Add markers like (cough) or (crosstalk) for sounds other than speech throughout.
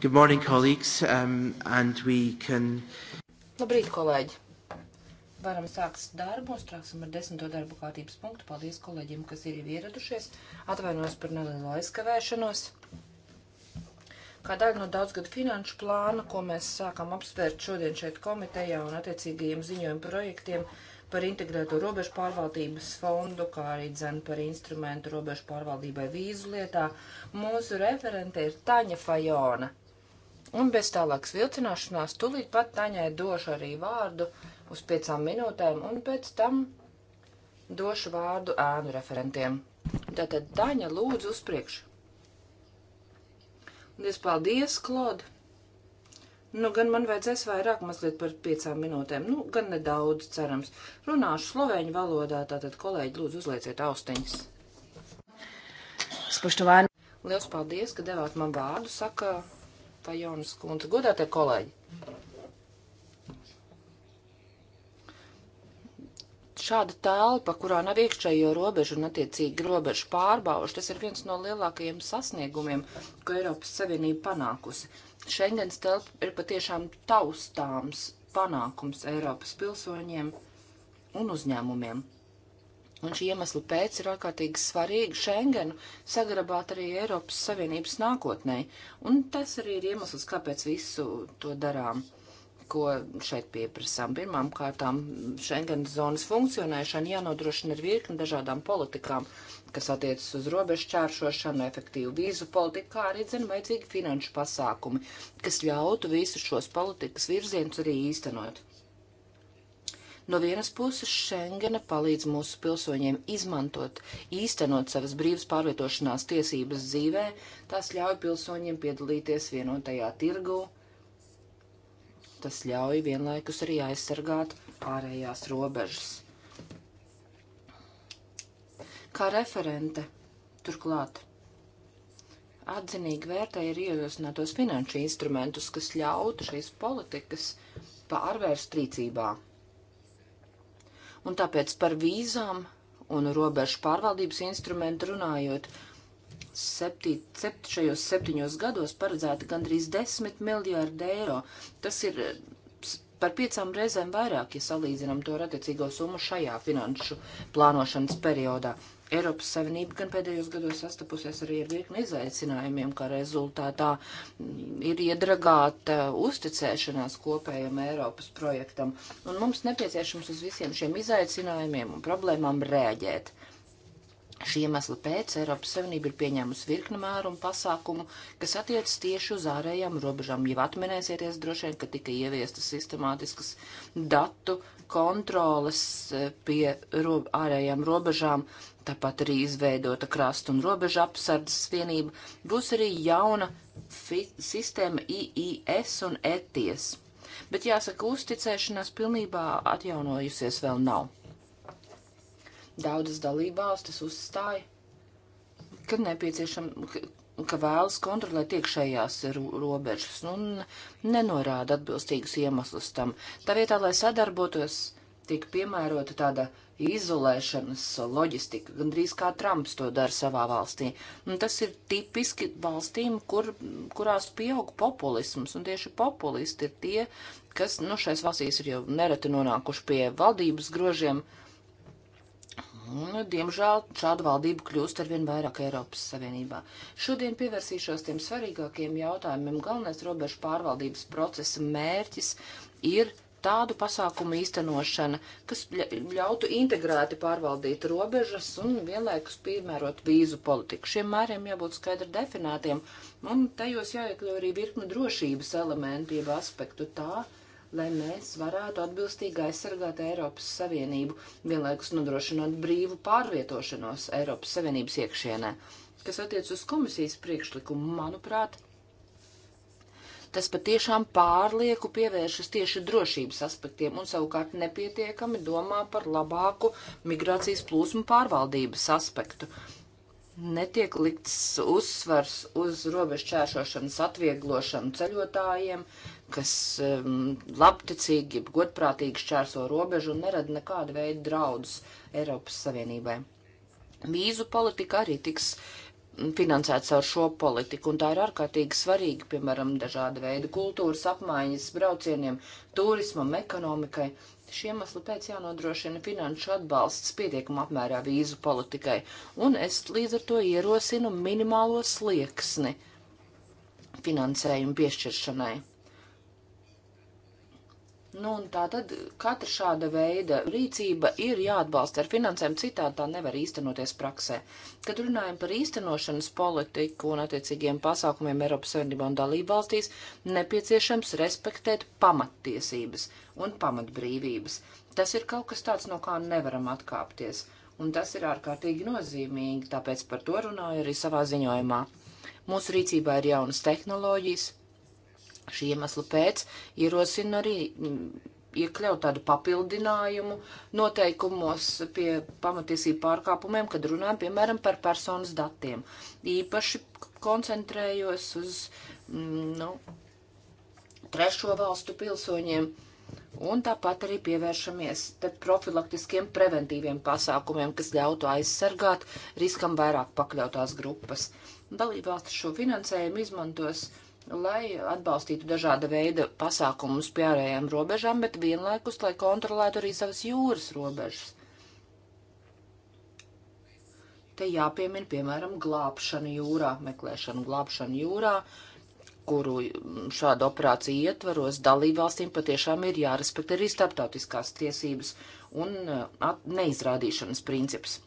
Good morning, colleagues, um, and we can... Labrīt, kolēģi! Varam sākt darbu un strāksim ar desmito darbu kārtības punktu. Paldies kolēģiem, kas ir ieradušies. Atvainojos par nelielu aizkavēšanos. Kā daļa no daudzgadu finanšu plāna, ko mēs sākam apsvērt šodien šeit komitejā un attiecīgajiem ziņojumu projektiem, par integrēto robežu pārvaldības fondu, kā arī dzen par instrumentu robežu pārvaldībai vīzu lietā. Mūsu referente ir Taņa Fajona. Un bez tālākas vilcināšanās tulīt pat Taņai došu arī vārdu uz piecām minūtēm, un pēc tam došu vārdu ēnu referentiem. Tātad Taņa lūdzu uz priekšu. Lies paldies, Klod! Nu, gan man vajadzēs vairāk mazliet par piecām minūtēm, nu, gan nedaudz, cerams. Runāšu slovēņu valodā, tātad kolēģi lūdzu uzlieciet austiņas. Spoštovāni! Liels paldies, ka devāt man vārdu, saka Fajonas kundze. Godātie kolēģi! Šāda telpa, kurā nav iekšējo robežu un attiecīgi robežu pārbaužu, tas ir viens no lielākajiem sasniegumiem, ko Eiropas Savienība panākusi. Šengens telpa ir patiešām taustāms panākums Eiropas pilsoņiem un uzņēmumiem. Un šī iemesla pēc ir ārkārtīgi svarīgi Schengenu saglabāt arī Eiropas Savienības nākotnē. Un tas arī ir iemesls, kāpēc visu to darām, ko šeit pieprasām. Pirmām kārtām Schengenas zonas funkcionēšana jānodrošina ar virkni dažādām politikām, kas attiecas uz robežu čēršošanu, efektīvu vīzu politiku, kā arī dzina vajadzīgi finanšu pasākumi, kas ļautu visus šos politikas virzienus arī īstenot. No vienas puses Schengena palīdz mūsu pilsoņiem izmantot, īstenot savas brīvas pārvietošanās tiesības dzīvē, tas ļauj pilsoņiem piedalīties vienotajā tirgu, tas ļauj vienlaikus arī aizsargāt ārējās robežas. Kā referente turklāt atzinīgi vērtēja ir ierosinātos finanšu instrumentus, kas ļautu šīs politikas pārvērst rīcībā. Un tāpēc par vīzām un robežu pārvaldības instrumentu runājot, septi, sept, šajos septiņos gados paredzēta gandrīz 10 miljārdi eiro. Tas ir par piecām reizēm vairāk, ja salīdzinām to ar attiecīgo summu šajā finanšu plānošanas periodā. Eiropas Savienība gan pēdējos gados sastapusies arī ar virkni izaicinājumiem, kā rezultātā ir iedragāta uzticēšanās kopējam Eiropas projektam. Un mums nepieciešams uz visiem šiem izaicinājumiem un problēmām rēģēt. Šī iemesla pēc Eiropas Savienība ir pieņēmusi virkni mēru un pasākumu, kas attiecas tieši uz ārējām robežām. Jau atminēsieties droši vien, ka tika ieviestas sistemātiskas datu kontroles eh, pie ro ārējām robežām Tāpat arī izveidota krasta un robeža apsardzes vienība. Būs arī jauna sistēma IIS un ETIES. Bet jāsaka, uzticēšanās pilnībā atjaunojusies vēl nav. Daudzas dalībvalstis uzstāja, ka nepieciešama, ka vēlas kontrolēt iekšējās robežas un nenorāda atbilstīgus iemeslus tam. Tā vietā, lai sadarbotos, tika piemērota tāda izolēšanas loģistika. Gandrīz kā Trumps to dara savā valstī. Un tas ir tipiski valstīm, kur, kurās pieaug populisms, un tieši populisti ir tie, kas nu, šais valstīs ir jau nereti nonākuši pie valdības grožiem. Un, diemžēl šāda valdība kļūst ar vien vairāk Eiropas Savienībā. Šodien pievērsīšos tiem svarīgākiem jautājumiem. Galvenais robežu pārvaldības procesa mērķis ir tādu pasākumu īstenošana, kas ļautu integrēti pārvaldīt robežas un vienlaikus piemērot vīzu politiku. Šiem mēriem jābūt skaidri definētiem, un tajos jāiekļau arī virkni drošības elementu, jeb aspektu tā, lai mēs varētu atbilstīgi aizsargāt Eiropas Savienību, vienlaikus nodrošinot brīvu pārvietošanos Eiropas Savienības iekšienē. Kas attiec uz komisijas priekšlikumu, manuprāt, tas patiešām pārlieku pievēršas tieši drošības aspektiem un savukārt nepietiekami domā par labāku migrācijas plūsmu pārvaldības aspektu. Netiek likts uzsvers uz robežu čēršošanas atvieglošanu ceļotājiem, kas um, labticīgi, godprātīgi šķērso robežu un nerada nekādu veidu draudus Eiropas Savienībai. Vīzu politika arī tiks uh, finansēts ar šo politiku, un tā ir ārkārtīgi svarīga, piemēram, dažāda veida kultūras apmaiņas braucieniem, turismam, ekonomikai. Šie iemesli pēc jānodrošina finanšu atbalsts pietiekamā apmērā vīzu politikai, un es līdz ar to ierosinu minimālo slieksni finansējumu piešķiršanai Nu, un tā tad katra šāda veida rīcība ir jāatbalsta ar finansēm, citādi tā nevar īstenoties praksē. Kad runājam par īstenošanas politiku un attiecīgiem pasākumiem Eiropas Savienībā un dalībvalstīs, nepieciešams respektēt pamattiesības un pamatbrīvības. Tas ir kaut kas tāds, no kā nevaram atkāpties, un tas ir ārkārtīgi nozīmīgi, tāpēc par to runāju arī savā ziņojumā. Mūsu rīcībā ir jaunas tehnoloģijas, Šī iemesla pēc ierosina arī mm, iekļaut tādu papildinājumu noteikumos pie pamatiesību pārkāpumiem, kad runājam, piemēram, par personas datiem. Īpaši koncentrējos uz, mm, nu, trešo valstu pilsoņiem. Un tāpat arī pievēršamies profilaktiskiem preventīviem pasākumiem, kas ļautu aizsargāt riskam vairāk pakļautās grupas. Dalībvalstis šo finansējumu izmantos uh, lai atbalstītu dažāda veida pasākumus pie ārējām robežām, bet vienlaikus, lai kontrolētu arī savas jūras robežas. Te jāpiemina, piemēram, glābšana jūrā, meklēšana glābšana jūrā, kuru mm, šāda operācija ietvaros dalībvalstīm patiešām ir jārespektē arī starptautiskās tiesības un eh, neizrādīšanas princips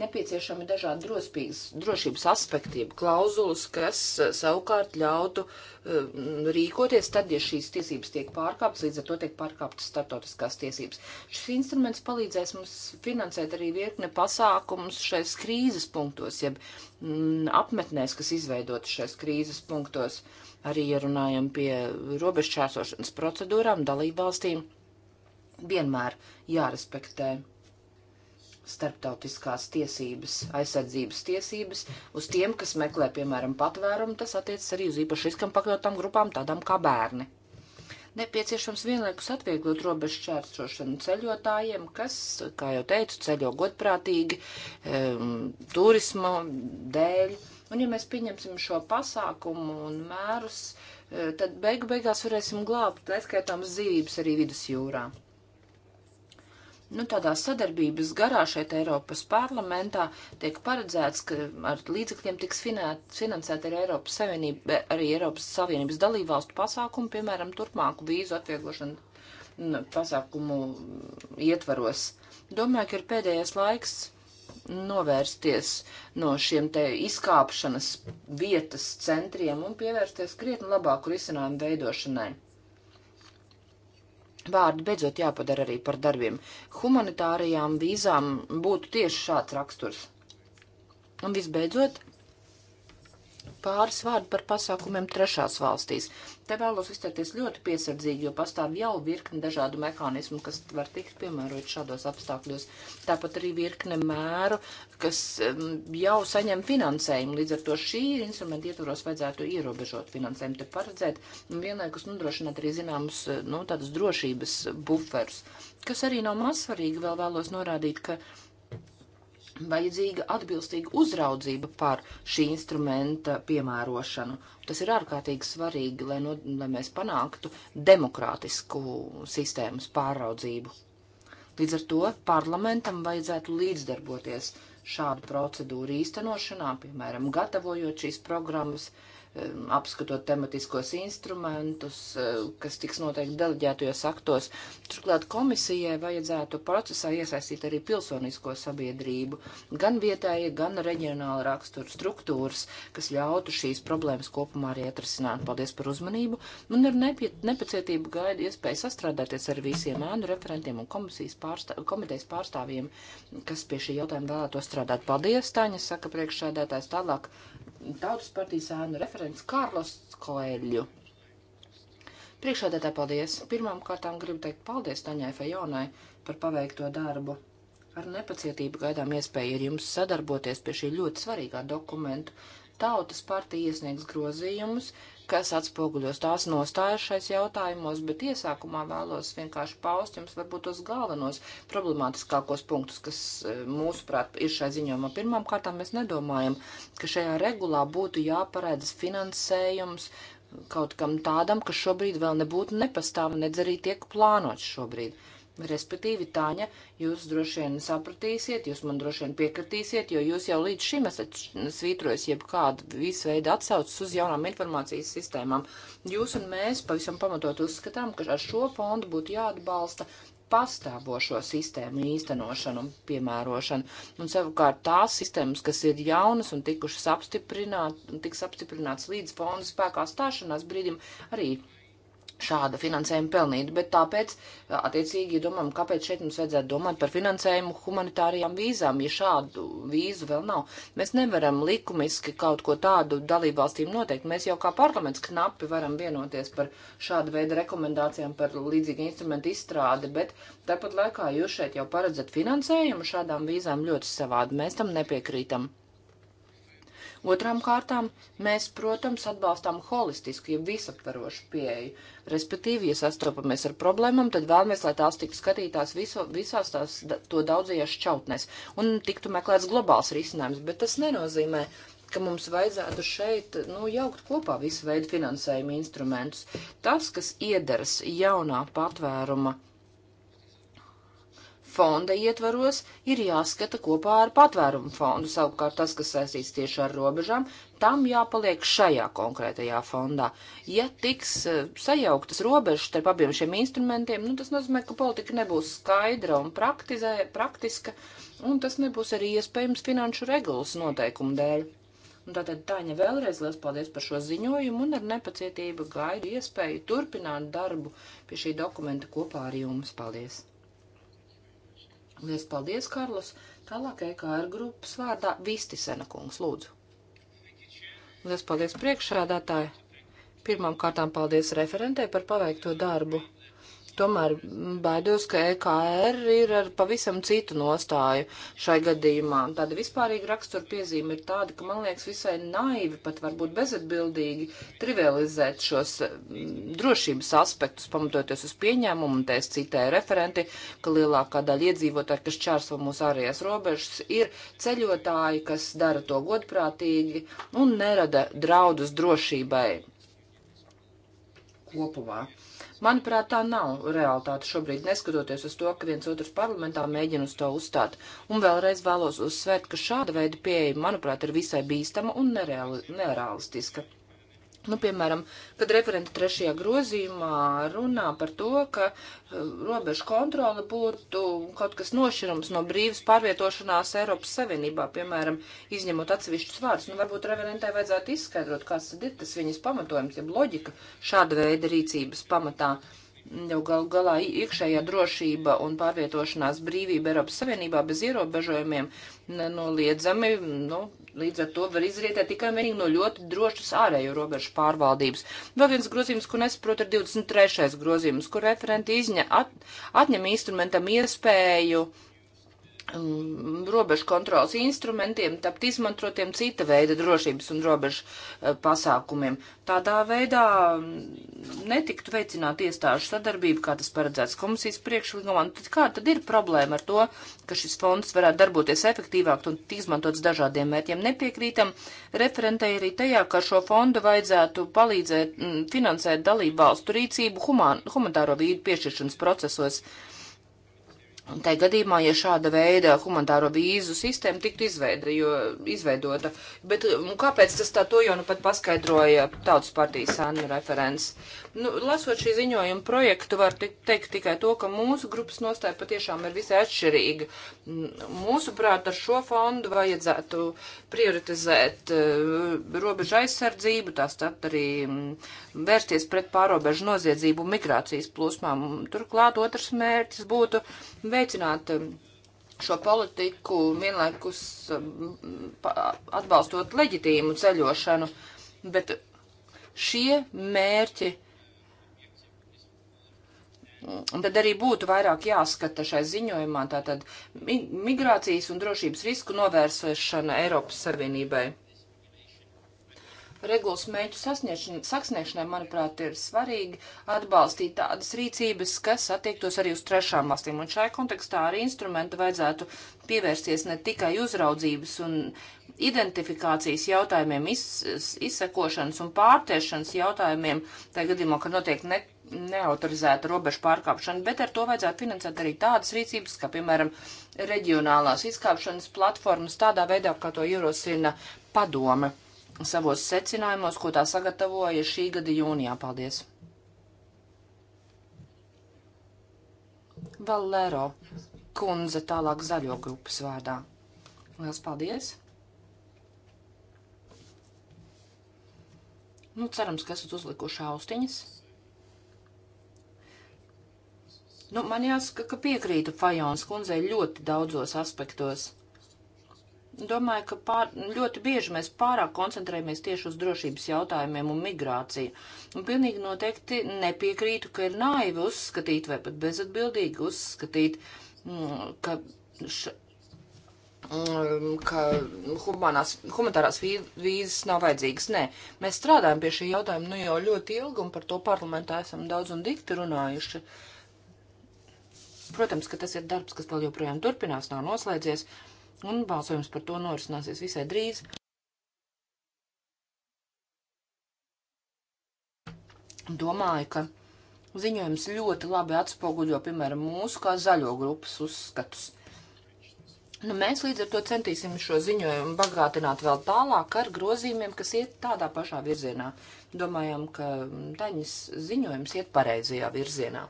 nepieciešami dažādi drospīgas, drošības aspekti, klauzulas, kas eh, savukārt ļautu eh, rīkoties tad, ja šīs tiesības tiek pārkāptas, līdz ar to tiek pārkāptas startautiskās tiesības. Šis instruments palīdzēs mums finansēt arī virkne pasākumus šais krīzes punktos, jeb m, mm, apmetnēs, kas izveidot šais krīzes punktos, arī ja runājam pie robežšķērsošanas procedūrām dalībvalstīm, vienmēr jārespektē starptautiskās tiesības, aizsardzības tiesības uz tiem, kas meklē, piemēram, patvērumu. Tas attiecas arī uz īpaši riskam pakļautām grupām, tādām kā bērni. Nepieciešams vienlaikus atvieglot robežu čērsošanu ceļotājiem, kas, kā jau teicu, ceļo godprātīgi, um, turisma dēļ. Un ja mēs pieņemsim šo pasākumu un mērus, eh, tad beigu beigās varēsim glābt, neskaitāms dzīvības arī vidusjūrā. jūrā nu, tādā sadarbības garā šeit Eiropas parlamentā tiek paredzēts, ka ar līdzekļiem tiks finansēta arī Eiropas Savienība, arī Eiropas Savienības dalībvalstu pasākumu, piemēram, turpmāku vīzu atvieglošanu nu, pasākumu ietvaros. Domāju, ka ir pēdējais laiks novērsties no šiem te izkāpšanas vietas centriem un pievērsties krietni labāku risinājumu veidošanai. Vārdi beidzot jāpadara arī par darbiem. Humanitārajām vīzām būtu tieši šāds raksturs. Un visbeidzot, Pāris vārdi par pasākumiem trešās valstīs. Te vēlos izteikties ļoti piesardzīgi, jo pastāv jau virkni dažādu mehānismu, kas var tikt piemērot šādos apstākļos. Tāpat arī virkne mēru, kas um, jau saņem finansējumu. Līdz ar to šī instrumenta ietvaros vajadzētu ierobežot finansējumu, te paredzēt un vienlaikus nodrošināt arī zināmus nu, tādus drošības buferus. Kas arī nav mazsvarīgi, vēl vēlos norādīt, ka vajadzīga atbilstīga uzraudzība par šī instrumenta piemērošanu. Tas ir ārkārtīgi svarīgi, lai, no, lai mēs panāktu demokrātisku sistēmas pāraudzību. Līdz ar to parlamentam vajadzētu līdzdarboties šādu procedūru īstenošanā, piemēram, gatavojot šīs programmas uh, apskatot tematiskos instrumentus, e, kas tiks noteikti deleģētajos aktos. Turklāt komisijai vajadzētu procesā iesaistīt arī pilsonisko sabiedrību, gan vietēja, gan reģionāla rakstura struktūras, kas ļautu šīs problēmas kopumā arī atrisināt. Paldies par uzmanību. Man ir nepie, nepacietību gaida iespēja sastrādāties ar visiem ēnu referentiem un komisijas pārstāv, komitejas pārstāvjiem, kas pie šī jautājuma vēlētos strādāt. Paldies, Taņa, saka priekšsēdētājs tālāk tautas partijas ēnu referents Kārlos Koeļu. Priekšādētā paldies. Pirmām kārtām gribu teikt paldies Taņai Fajonai par paveikto darbu. Ar nepacietību gaidām iespēju ar jums sadarboties pie šī ļoti svarīgā dokumentu. Tautas partija iesniegs grozījumus, kas atspoguļos tās nostājas šais jautājumos, bet iesākumā vēlos vienkārši paust jums varbūt tos galvenos problemātiskākos punktus, kas e, mūsuprāt ir šai ziņojumā. Pirmām kārtām mēs nedomājam, ka šajā regulā būtu jāparedz finansējums kaut kam tādam, kas šobrīd vēl nebūtu nepastāv, nedz arī tiek plānots šobrīd. Respektīvi, Tāņa, jūs droši vien sapratīsiet, jūs man droši vien piekritīsiet, jo jūs jau līdz šim esat svītrojis jebkādu visu veidu atsaucas uz jaunām informācijas sistēmām. Jūs un mēs pavisam pamatot uzskatām, ka ar šo fondu būtu jāatbalsta pastāvošo sistēmu īstenošanu un piemērošanu. Un savukārt tās sistēmas, kas ir jaunas un tikušas apstiprināt, tiks apstiprināts līdz fonda spēkā stāšanās brīdim, arī šāda finansējuma pelnītu, bet tāpēc, attiecīgi, domājam, kāpēc šeit mums vajadzētu domāt par finansējumu humanitārijām vīzām, ja šādu vīzu vēl nav. Mēs nevaram likumiski kaut ko tādu dalībvalstīm noteikt. Mēs jau kā parlaments knapi varam vienoties par šādu veidu rekomendācijām par līdzīgu instrumentu izstrādi, bet tāpat laikā jūs šeit jau paredzat finansējumu šādām vīzām ļoti savādi. Mēs tam nepiekrītam. Otrām kārtām mēs, protams, atbalstām holistisku, ja visaptvarošu pieeju. Respektīvi, ja sastopamies ar problēmām, tad vēlamies, lai tās tiktu skatītās viso, visās tās to daudzajās čautnēs un tiktu meklēts globāls risinājums, bet tas nenozīmē, ka mums vajadzētu šeit nu, jaukt kopā visu veidu finansējuma instrumentus. Tas, kas iedaras jaunā patvēruma fonda ietvaros ir jāskata kopā ar patvērumu fondu. Savukārt tas, kas saistīts tieši ar robežām, tam jāpaliek šajā konkrētajā fondā. Ja tiks e, sajauktas robežas starp abiem šiem instrumentiem, nu, tas nozīmē, ka politika nebūs skaidra un praktizē, praktiska, un tas nebūs arī iespējams finanšu regulas noteikumu dēļ. Un tātad Taņa vēlreiz liels paldies par šo ziņojumu un ar nepacietību gaidu iespēju turpināt darbu pie šī dokumenta kopā ar jums. Paldies! Lies paldies, Karlos. Tālāk EKR grupas vārdā Vistisena kungs, lūdzu. Lies paldies priekšādātāji. Pirmām kārtām paldies referentē par paveikto darbu. Tomēr baidos, ka EKR ir ar pavisam citu nostāju šai gadījumā. Tāda vispārīga rakstura piezīme ir tāda, ka man liekas visai naivi, pat varbūt bezatbildīgi trivializēt šos mm, drošības aspektus, pamatoties uz pieņēmumu, un te es citēju referenti, ka lielākā daļa iedzīvotāji, kas čārso mūsu ārējās robežas, ir ceļotāji, kas dara to godprātīgi un nerada draudus drošībai kopumā. Manuprāt, tā nav realitāte šobrīd, neskatoties uz to, ka viens otrs parlamentā mēģina uz to uzstāt. Un vēlreiz vēlos uzsvērt, ka šāda veida pieeja, manuprāt, ir visai bīstama un nerealistiska. Nu, piemēram, kad referenta trešajā grozījumā runā par to, ka e, robežu kontrole būtu kaut kas nošķirums no brīvas pārvietošanās Eiropas Savienībā, piemēram, izņemot atsevišķus vārdus, nu, varbūt referentai vajadzētu izskaidrot, kas tad ir tas viņas pamatojums, ja loģika šāda veida rīcības pamatā. Jau gal galā iekšējā drošība un pārvietošanās brīvība Eiropas Savienībā bez ierobežojumiem nenoliedzami, nu, Līdz ar to var izrietēt tikai vienīgi no ļoti drošas ārējo robežu pārvaldības. Vēl viens grozījums, ko nesaprot, ir 23. grozījums, kur referenti izņa, at, atņem instrumentam iespēju uh, Um, robežu kontrolas instrumentiem tapt izmantotiem cita veida drošības un robežu uh, pasākumiem. Tādā veidā um, netiktu veicināt iestāžu sadarbību, kā tas paredzēts komisijas priekšlikumā. Nu, tad kā tad ir problēma ar to, ka šis fonds varētu darboties efektīvāk un izmantots dažādiem mērķiem? Nepiekrītam referentei arī tajā, ka šo fondu vajadzētu palīdzēt mm, finansēt dalību valstu rīcību humanitāro vīdu piešķiršanas procesos. Un tai gadījumā, ja šāda veida humanitāro vīzu sistēma tiktu izveida, jo, izveidota, bet nu, kāpēc tas tā to jau nu pat paskaidroja Tautas partijas sānu referents? Nu, lasot šī ziņojuma projektu, var teikt tikai to, ka mūsu grupas nostāja patiešām ir visai atšķirīga. Mūsuprāt, ar šo fondu vajadzētu prioritizēt eh, robežu aizsardzību, tāstarp arī vērsties pret pārobežu noziedzību un migrācijas plūsmām. Turklāt otrs mērķis būtu veicināt šo politiku vienlaikus atbalstot leģitīmu ceļošanu, bet šie mērķi tad arī būtu vairāk jāskata šai ziņojumā tātad migrācijas un drošības risku novērsošana Eiropas Savienībai. Regulas mēķu sasniegšanai, manuprāt, ir svarīgi atbalstīt tādas rīcības, kas attiektos arī uz trešām valstīm. Un šajā kontekstā arī instrumenta vajadzētu pievērsties ne tikai uzraudzības un identifikācijas jautājumiem, iz, izsekošanas un pārtiešanas jautājumiem, tā tai gadījumā, ka notiek ne, neautorizēta robežu pārkāpšana, bet ar to vajadzētu finansēt arī tādas rīcības, kā piemēram reģionālās izkāpšanas platformas tādā veidā, kā to ierosina padome savos secinājumos, ko tā sagatavoja šī gada jūnijā. Paldies! Valero kundze tālāk zaļo grupas vārdā. Lielas paldies! Nu, cerams, ka esat uzlikuši austiņas. Nu, man jāsaka, ka piekrītu Fajons kundzei ļoti daudzos aspektos. Domāju, ka pār, ļoti bieži mēs pārāk koncentrējamies tieši uz drošības jautājumiem un migrāciju. Un pilnīgi noteikti nepiekrītu, ka ir naivi uzskatīt vai pat bezatbildīgi uzskatīt, mm, ka, š, mm, ka humanās, humanitārās vīzes nav vajadzīgas. Nē, mēs strādājam pie šī jautājuma nu jau ļoti ilgi un par to parlamentā esam daudz un dikti runājuši. Protams, ka tas ir darbs, kas vēl joprojām turpinās, nav noslēdzies. Uh, Un balsojums par to norisināsies visai drīz. Domāju, ka ziņojums ļoti labi atspoguļo, piemēram, mūsu kā zaļo grupas uzskatus. Nu, mēs līdz ar to centīsim šo ziņojumu bagātināt vēl tālāk ar grozījumiem, kas iet tādā pašā virzienā. Domājam, ka Daņas ziņojums iet pareizajā virzienā.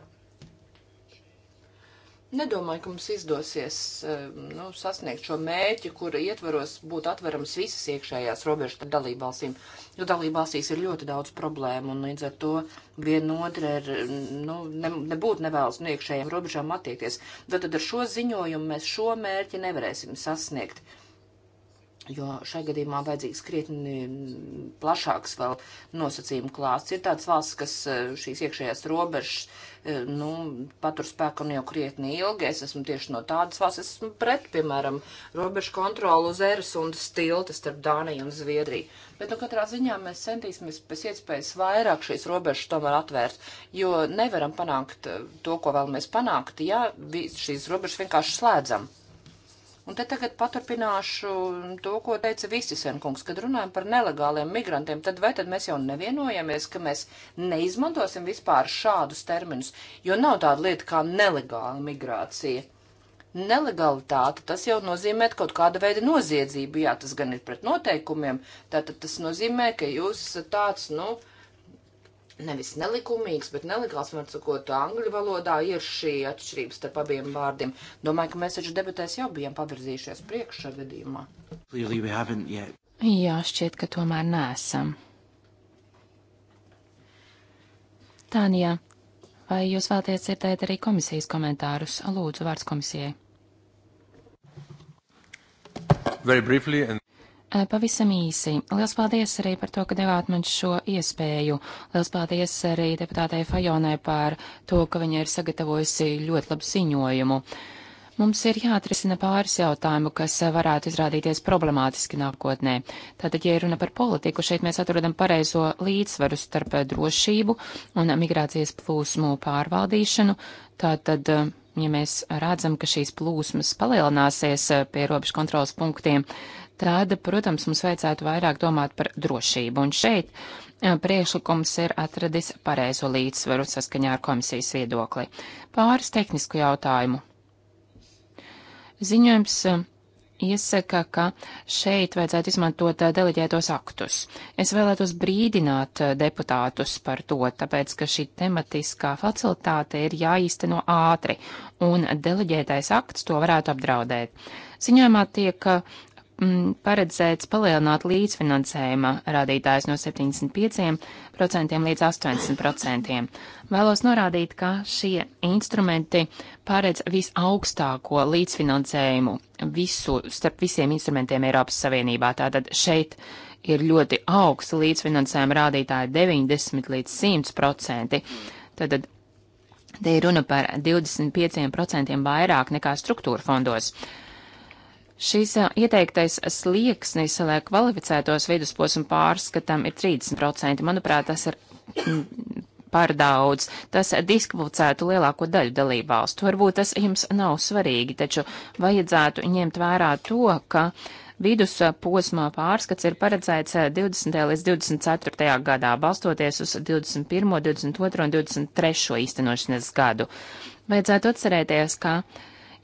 Nedomāju, ka mums izdosies eh, nu, sasniegt šo mērķi, kura ietvaros būtu atverams visas iekšējās robežas ar dalībvalstīm, jo dalībvalstīs ir ļoti daudz problēmu un līdz ar to vienotra ir, nu, ne, nebūtu nevēlas no iekšējām robežām attiekties. Bet tad ar šo ziņojumu mēs šo mērķi nevarēsim sasniegt jo šai gadījumā vajadzīgs krietni plašāks vēl nosacījumu klāsts. Ir tādas valsts, kas eh, šīs iekšējās robežas E, nu, patur spēkam nu jau krietni ilgi. Es esmu tieši no tādas valsts, esmu pret, piemēram, robežu kontroli uz eras un stilti starp Dāniju un Zviedriju. Bet, nu, katrā ziņā mēs centīsimies pēc iespējas vairāk šīs robežas tomēr atvērt, jo nevaram panākt e, to, ko vēlamies panākt, ja šīs robežas vienkārši slēdzam. Un te tagad paturpināšu to, ko teica Visisenkungs, kad runājam par nelegāliem migrantiem, tad vai tad mēs jau nevienojamies, ka mēs neizmantosim vispār šādus terminus, jo nav tāda lieta kā nelegāla migrācija. Nelegalitāte tas jau nozīmē kaut kāda veida noziedzību, jā, tas gan ir pret noteikumiem, tātad tas nozīmē, ka jūs esat tāds, nu, nevis nelikumīgs, bet nelegāls, var sakot, angļu valodā ir šī atšķirības starp abiem vārdiem. Domāju, ka mēs taču debatēs jau bijām pavirzījušies priekšā gadījumā. Jā, šķiet, ka tomēr nesam. Tānijā, vai jūs vēlaties dzirdēt arī komisijas komentārus? Lūdzu, vārds komisijai. And... Eh, pavisam īsi. Lielas paldies arī par to, ka devāt man šo iespēju. Lielas paldies arī deputātei Fajonai par to, ka viņa ir sagatavojusi ļoti labu ziņojumu. Mums ir jāatrisina pāris jautājumu, kas varētu izrādīties problemātiski nākotnē. Tātad, ja runa par politiku, šeit mēs atrodam pareizo līdzsvaru starp drošību un migrācijas plūsmu pārvaldīšanu. Tātad, ja mēs redzam, ka šīs plūsmas palielināsies pie robežu kontrolas punktiem, tad, protams, mums vajadzētu vairāk domāt par drošību. Un šeit eh, priekšlikums ir atradis pareizo līdzsvaru saskaņā ar komisijas viedokli. Pāris tehnisku jautājumu. Ziņojums eh, iesaka, ka šeit vajadzētu izmantot eh, deleģētos aktus. Es vēlētos brīdināt deputātus par to, tāpēc, ka šī tematiskā facilitāte ir jāīsteno ātri, un deleģētais akts to varētu apdraudēt. Ziņojumā tiek m, mm, paredzēts palielināt līdzfinansējuma rādītājs no 75% līdz 80%. Vēlos norādīt, ka šie instrumenti paredz visaugstāko līdzfinansējumu visu, starp visiem instrumentiem Eiropas Savienībā. Tātad šeit ir ļoti augsta līdzfinansējuma rādītāja 90 līdz 100%. Tātad te ir runa par 25% vairāk nekā struktūra fondos. Uh, Šīs uh, ieteiktais slieksnis, lai kvalificētos vidusposmu pārskatam, ir 30%. Manuprāt, tas ir mm, par daudz. Tas diskvalificētu lielāko daļu dalībvalstu. Varbūt tas jums nav svarīgi, taču vajadzētu ņemt vērā to, ka vidusposmā pārskats ir paredzēts 20. Uh, līdz 24. gadā, balstoties uz 21., 22. un 23. īstenošanas gadu. Vajadzētu atcerēties, ka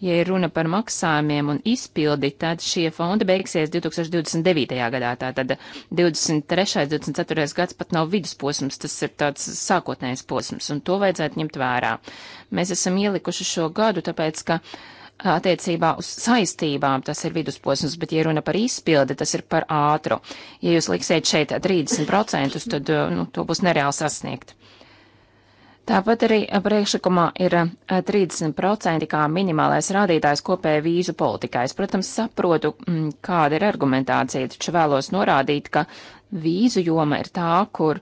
Ja ir runa par maksājumiem un izpildi, tad šie fondi beigsies 2029. gadā. Tātad 23. 24. gads pat nav vidusposms, tas ir tāds sākotnējs posms, un to vajadzētu ņemt vērā. Mēs esam ielikuši šo gadu, tāpēc, ka attiecībā uz saistībām tas ir vidusposms, bet, ja runa par izpildi, tas ir par ātru. Ja jūs liksiet šeit 30%, tad nu, to būs nereāli sasniegt. Tāpat arī priekšlikumā ir 30% eh, kā minimālais rādītājs kopēja vīzu politikai. Es, protams, saprotu, mm, kāda ir argumentācija, taču vēlos norādīt, ka vīzu joma ir tā, kur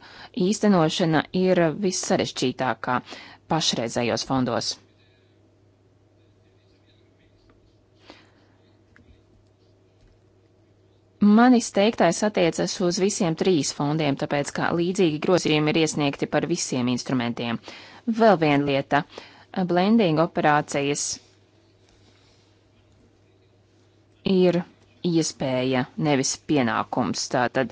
īstenošana ir vissarežģītākā pašreizējos fondos. Manis teiktais attiecas uz visiem trīs fondiem, tāpēc kā līdzīgi grozījumi ir iesniegti par visiem instrumentiem. Vēl viena lieta - blending operācijas ir iespēja, nevis pienākums. Tātad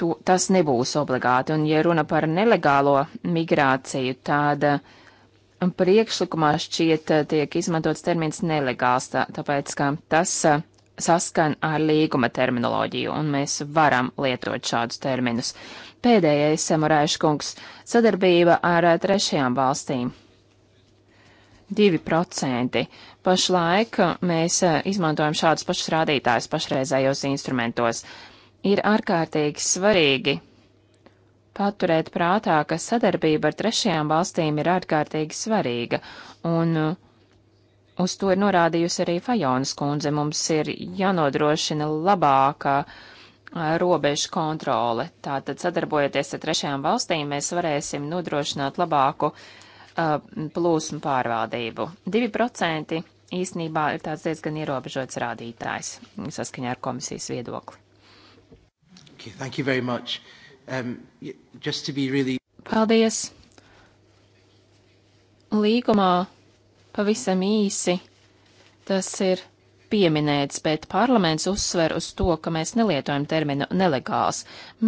to, tas nebūs obligāti. Un, ja runa par nelegālo migrāciju, tad um, priekšlikumā šķiet uh, tiek izmantots termins nelegāls, tā, tāpēc, ka tas uh, saskan ar līguma terminoloģiju, un mēs varam lietot šādus terminus. Pēdējais, Samuraiša kungs, sadarbība ar trešajām valstīm. 2%. Pašlaik mēs izmantojam šādus pašus rādītājus pašreizējos instrumentos. Ir ārkārtīgi svarīgi paturēt prātā, ka sadarbība ar trešajām valstīm ir ārkārtīgi svarīga, un uh, Uz to ir norādījusi arī Fajons kundze. Mums ir jānodrošina labāka robežu kontrole. Tātad sadarbojoties ar trešajām valstīm, mēs varēsim nodrošināt labāku uh, plūsmu pārvaldību. 2% īsnībā ir tāds diezgan ierobežots rādītājs saskaņā ar komisijas viedokli. Okay, thank you very much. Um, just to be really... Paldies. Līgumā Pavisam īsi tas ir pieminēts, bet parlaments uzsver uz to, ka mēs nelietojam terminu nelegāls,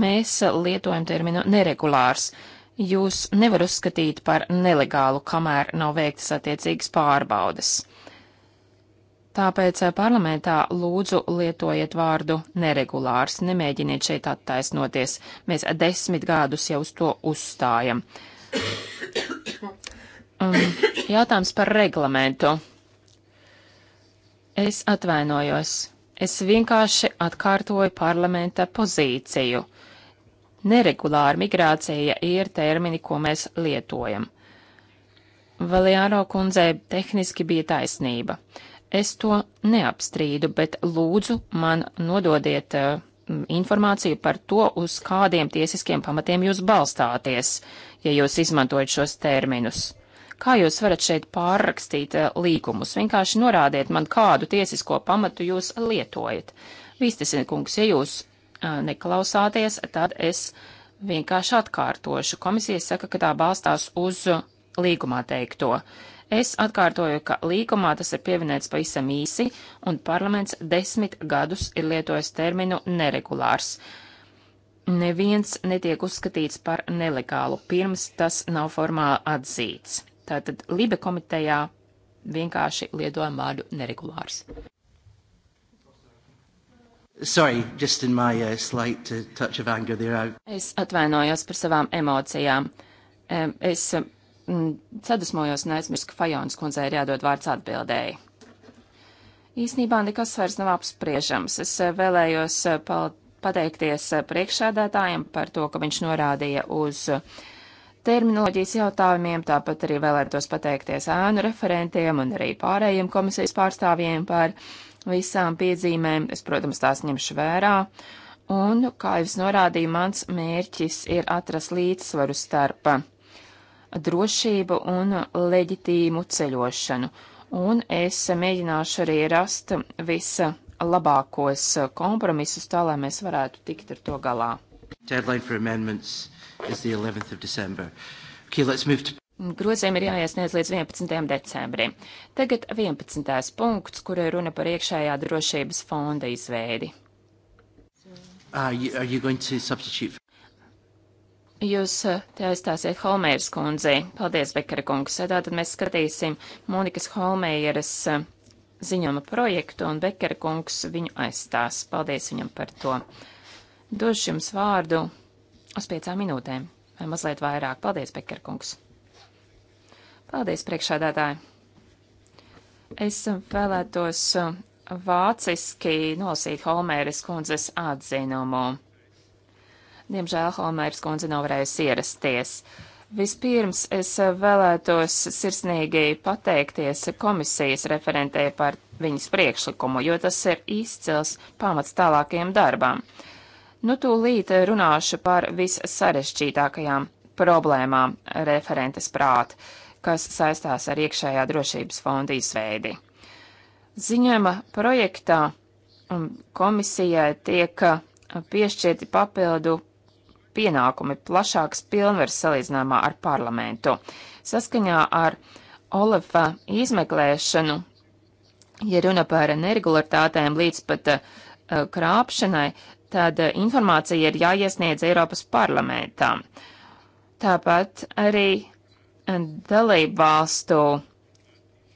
mēs lietojam terminu neregulārs. Jūs nevar uzskatīt par nelegālu, kamēr nav veiktas attiecīgas pārbaudas. Tāpēc eh, parlamentā lūdzu lietojiet vārdu neregulārs, nemēģiniet šeit attaisnoties. Mēs desmit gadus jau uz to uzstājam. Um, jautājums par reglamentu. Es atvainojos. Es vienkārši atkārtoju parlamenta pozīciju. Neregulāra migrācija ir termini, ko mēs lietojam. Valjāro kundzei tehniski bija taisnība. Es to neapstrīdu, bet lūdzu man nododiet uh, informāciju par to, uz kādiem tiesiskiem pamatiem jūs balstāties, ja jūs izmantojat šos terminus. Kā jūs varat šeit pārrakstīt eh, līgumus? Vienkārši norādiet man, kādu tiesisko pamatu jūs lietojat. Vīstesina kungs, ja jūs eh, neklausāties, tad es vienkārši atkārtošu. Komisija saka, ka tā balstās uz līgumā teikto. Es atkārtoju, ka līgumā tas ir pieminēts pavisam īsi, un parlaments desmit gadus ir lietojis terminu neregulārs. Neviens netiek uzskatīts par nelegālu, pirms tas nav formāli atzīts. Tātad Libe komitejā vienkārši lietojam vārdu neregulārs. Sorry, just in my uh, slight uh, touch of anger there. I... Es atvainojos par savām emocijām. Um, es um, sadusmojos un aizmirsu, ka Fajons kundzei ir jādod vārds atbildēji. Īsnībā nekas vairs nav apspriežams. Es eh, vēlējos eh, pateikties eh, priekšsēdētājiem par to, ka viņš norādīja uz uh, terminoloģijas jautājumiem, tāpat arī vēlētos pateikties ēnu referentiem un arī pārējiem komisijas pārstāvjiem par visām piedzīmēm. Es, protams, tās ņemšu vērā. Un, kā jau es norādīju, mans mērķis ir atrast līdzsvaru starp drošību un leģitīmu ceļošanu. Un es mēģināšu arī rast visa labākos kompromisus tā, lai mēs varētu tikt ar to galā. Deadline for amendments is the 11th of December. Okay, let's move to... Grozījumi ir jāiesniedz līdz 11. decembrim. Tagad 11. punkts, kur ir runa par iekšējā drošības fonda izveidi. Are ah, you, are you going to substitute? Jūs eh, te aizstāsiet Holmēras kundzei. Paldies, Bekara kungs. Tātad mēs skatīsim Monikas Holmēras eh, ziņojuma projektu, un Bekara kungs viņu aizstās. Paldies viņam par to. Došu jums vārdu uz piecām minūtēm, vai mazliet vairāk. Paldies, Pekarkungs! Paldies, priekšādātāji! Es vēlētos vāciski nolasīt Holmēras kundzes atzinumu. Diemžēl Holmēras kundze nav varējusi ierasties. Vispirms es vēlētos sirsnīgi pateikties komisijas referentē par viņas priekšlikumu, jo tas ir izcils pamats tālākajam darbam. Uh, Nu, tūlīt runāšu par vissarežģītākajām problēmām referentes prāt, kas saistās ar iekšējā drošības fonda izveidi. Ziņojuma projektā um, komisijai tiek uh, piešķirti papildu pienākumi plašāks pilnvers salīdzinājumā ar parlamentu. Saskaņā ar Olefa izmeklēšanu, ja runa par neregulārtātēm līdz pat uh, krāpšanai, tad informācija ir jāiesniedz Eiropas parlamentām. Tāpat arī dalību valstu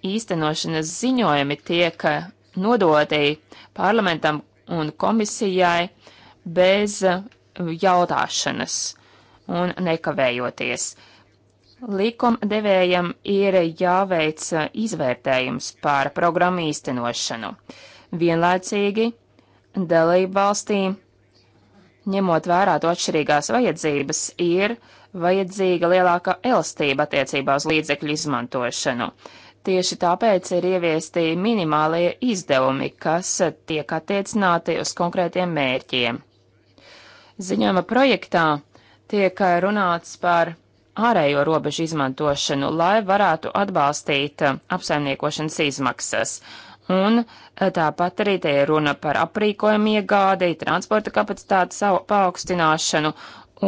īstenošanas ziņojumi tiek nodoti parlamentam un komisijai bez jautāšanas un nekavējoties. Likumdevējam ir jāveic izvērtējums par programmu īstenošanu. Vienlaicīgi dalību valstīm ņemot vērā to atšķirīgās vajadzības, ir vajadzīga lielāka elastība attiecībā uz līdzekļu izmantošanu. Tieši tāpēc ir ieviesti minimālie izdevumi, kas tiek attiecināti uz konkrētiem mērķiem. Ziņojuma projektā tiek runāts par ārējo robežu izmantošanu, lai varētu atbalstīt apsaimniekošanas izmaksas. Un eh, tāpat arī te ir runa par aprīkojumu iegādi, transporta kapacitātes paaugstināšanu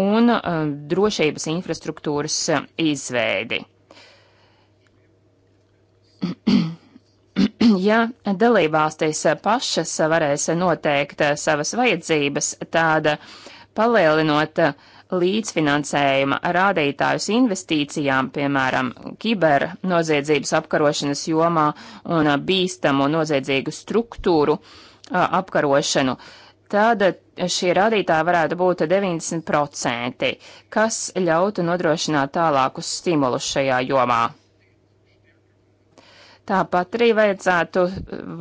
un um, drošības infrastruktūras eh, izveidi. (clears throat) ja dalībvalstīs pašas varēs noteikt savas vajadzības, tāda palielinot uh, līdzfinansējuma rādītājus investīcijām, piemēram, kiber noziedzības apkarošanas jomā un bīstamu noziedzīgu struktūru apkarošanu, tad šie rādītāji varētu būt 90%, kas ļautu nodrošināt tālākus stimulus šajā jomā. Tāpat arī vajadzētu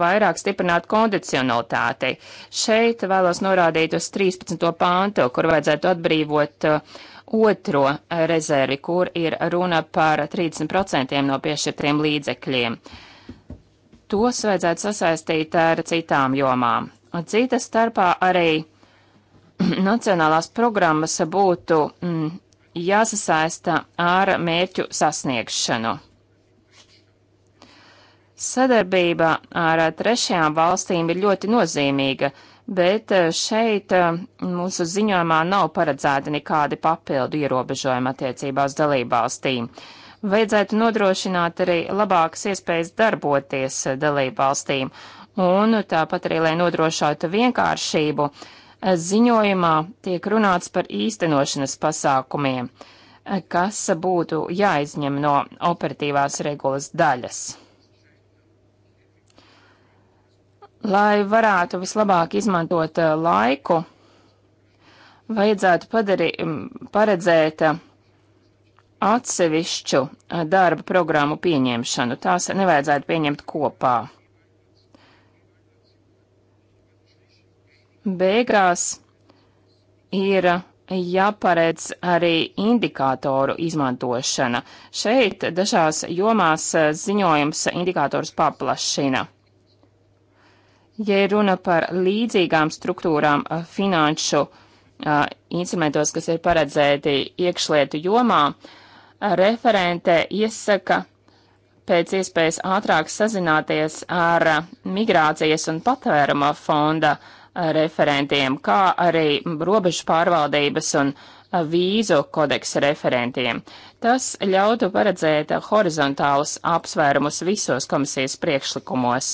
vairāk stiprināt kondicionalitāti. Šeit vēlos norādīt uz 13. pāntu, kur vajadzētu atbrīvot uh, otro rezervi, kur ir runa par 30% no piešķirtiem līdzekļiem. Tos vajadzētu sasaistīt ar citām jomām. Cita starpā arī (clears throat) nacionālās programmas būtu mm, jāsasaista ar mērķu sasniegšanu. Sadarbība ar trešajām valstīm ir ļoti nozīmīga, bet eh, šeit eh, mūsu ziņojumā nav paredzēta nekādi papildu ierobežojumi attiecībā uz dalībvalstīm. Vajadzētu nodrošināt arī labākas iespējas darboties eh, dalībvalstīm, un tāpat arī, lai nodrošātu vienkāršību, ziņojumā tiek runāts par īstenošanas pasākumiem, kas būtu jāizņem no operatīvās regulas daļas. Lai varētu vislabāk izmantot eh, laiku, vajadzētu padarī, paredzēt eh, atsevišķu eh, darba programmu pieņemšanu. Tās nevajadzētu pieņemt kopā. Beigās ir jāparedz arī indikātoru izmantošana. Šeit dažās jomās ziņojums indikātors paplašina. Ja runa par līdzīgām struktūrām eh, finanšu a, eh, instrumentos, kas ir paredzēti iekšlietu jomā, eh, referente iesaka pēc iespējas ātrāk sazināties ar migrācijas un patvēruma fonda referentiem, kā arī robežu pārvaldības un vīzu kodeksa referentiem. Tas ļautu paredzēt horizontālus apsvērumus visos komisijas priekšlikumos.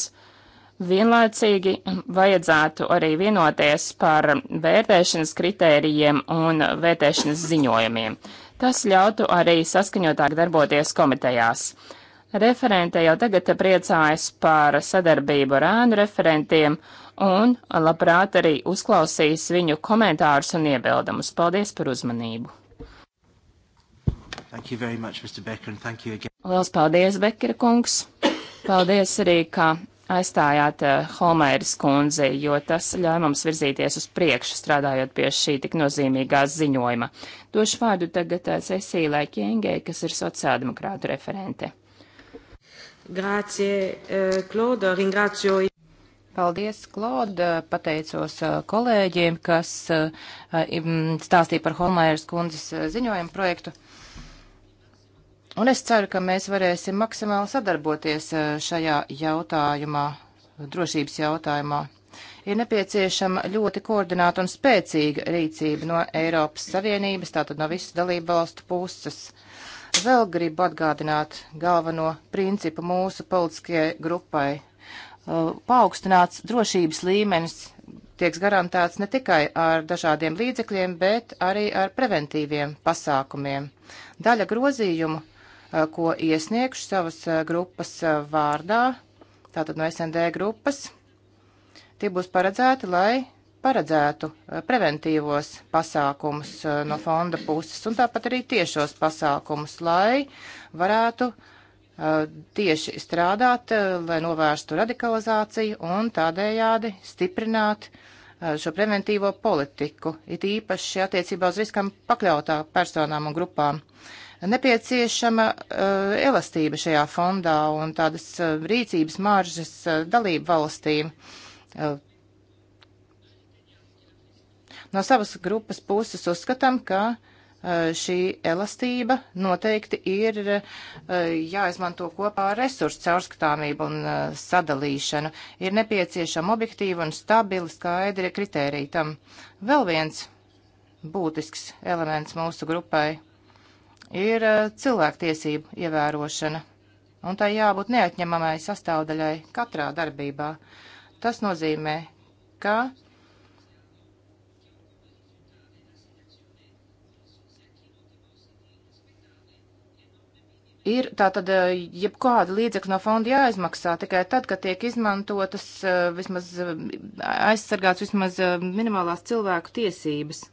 Vienlaicīgi vajadzētu arī vienoties par vērtēšanas kritērijiem un vērtēšanas ziņojumiem. Tas ļautu arī saskaņotāk darboties komitejās. Referente jau tagad priecājas par sadarbību ar ēnu referentiem un labprāt arī uzklausīs viņu komentārus un iebildumus. Paldies par uzmanību! Much, Becker, Lielas paldies, Bekera kungs! Paldies arī, ka aizstājāt eh, Holmēras kundzi, jo tas ļauj mums virzīties uz priekšu, strādājot pie šī tik nozīmīgā ziņojuma. Došu vārdu tagad eh, Cecīlai Kiengai, kas ir sociāldemokrātu referente. Grācie, Klauda, eh, ringrācio. Paldies, Klauda, pateicos kolēģiem, kas stāstīja par Holmēras kundzes ziņojumu projektu. Un es ceru, ka mēs varēsim maksimāli sadarboties eh, šajā jautājumā, drošības jautājumā. Ir nepieciešama ļoti koordināta un spēcīga rīcība no Eiropas Savienības, tātad no visas dalību valstu puses. Vēl gribu atgādināt galveno principu mūsu politiskajai grupai. Eh, paaugstināts drošības līmenis tiek garantēts ne tikai ar dažādiem līdzekļiem, bet arī ar preventīviem pasākumiem. Daļa grozījumu ko iesniegšu savas grupas vārdā, tātad no SND grupas. Tie būs paredzēti, lai paredzētu preventīvos pasākumus no fonda puses un tāpat arī tiešos pasākumus, lai varētu tieši strādāt, lai novērstu radikalizāciju un tādējādi stiprināt šo preventīvo politiku, it īpaši attiecībā uz riskam pakļautā personām un grupām nepieciešama uh, elastība šajā fondā un tādas uh, rīcības maržas uh, dalību valstīm. Uh, No savas grupas puses uzskatām, ka uh, šī elastība noteikti ir uh, jāizmanto kopā ar resursu caurskatāmību un uh, sadalīšanu. Ir nepieciešama objektīva un stabili skaidri kritērija tam. Vēl viens būtisks elements mūsu grupai ir eh, cilvēktiesību ievērošana, un tai jābūt neatņemamai sastāvdaļai katrā darbībā. Tas nozīmē, ka Ir tātad eh, jebkāda līdzekļa no fonda jāizmaksā tikai tad, kad tiek izmantotas eh, vismaz aizsargāts vismaz minimālās cilvēku tiesības.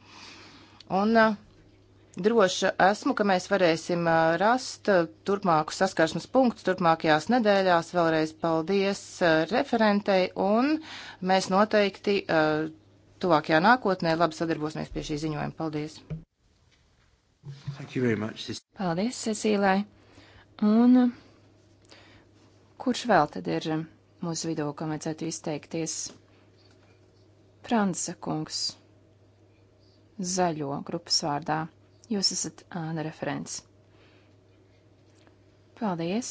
Un uh, Droša esmu, ka mēs varēsim rast turpmākus saskarsmes punktus turpmākajās nedēļās. Vēlreiz paldies referentei un mēs noteikti tuvākajā nākotnē labi sadarbosimies pie šī ziņojuma. Paldies! Paldies, Cecīlai! Un kurš vēl tad ir mūsu vidū, kam vajadzētu izteikties? Franca kungs, zaļo grupas vārdā. Jūs esat āna referents. Paldies!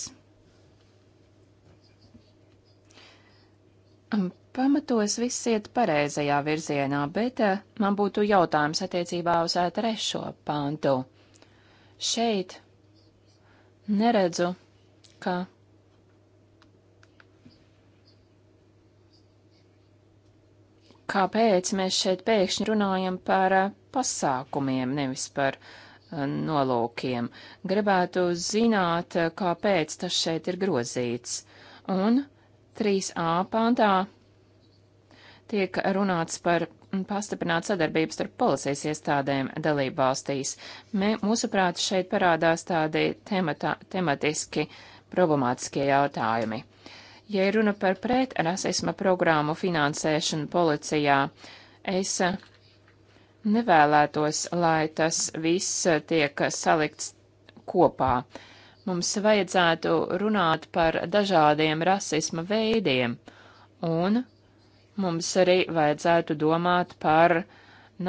Pamatos viss iet pareizajā virzienā, bet man būtu jautājums attiecībā uz trešo pāntu. Šeit neredzu, ka kāpēc mēs šeit pēkšņi runājam par eh, pasākumiem, nevis par eh, nolūkiem. Gribētu zināt, eh, kāpēc tas šeit ir grozīts. Un 3a pāntā tiek runāts par pastiprināt sadarbības starp policijas iestādēm dalību valstīs. Mūsuprāt, šeit parādās tādi temata, tematiski problemātiskie jautājumi. Uh, Ja runa par pretrasisma programmu finansēšanu policijā, es eh, nevēlētos, lai tas viss tiek salikts kopā. Mums vajadzētu runāt par dažādiem rasisma veidiem, un mums arī vajadzētu domāt par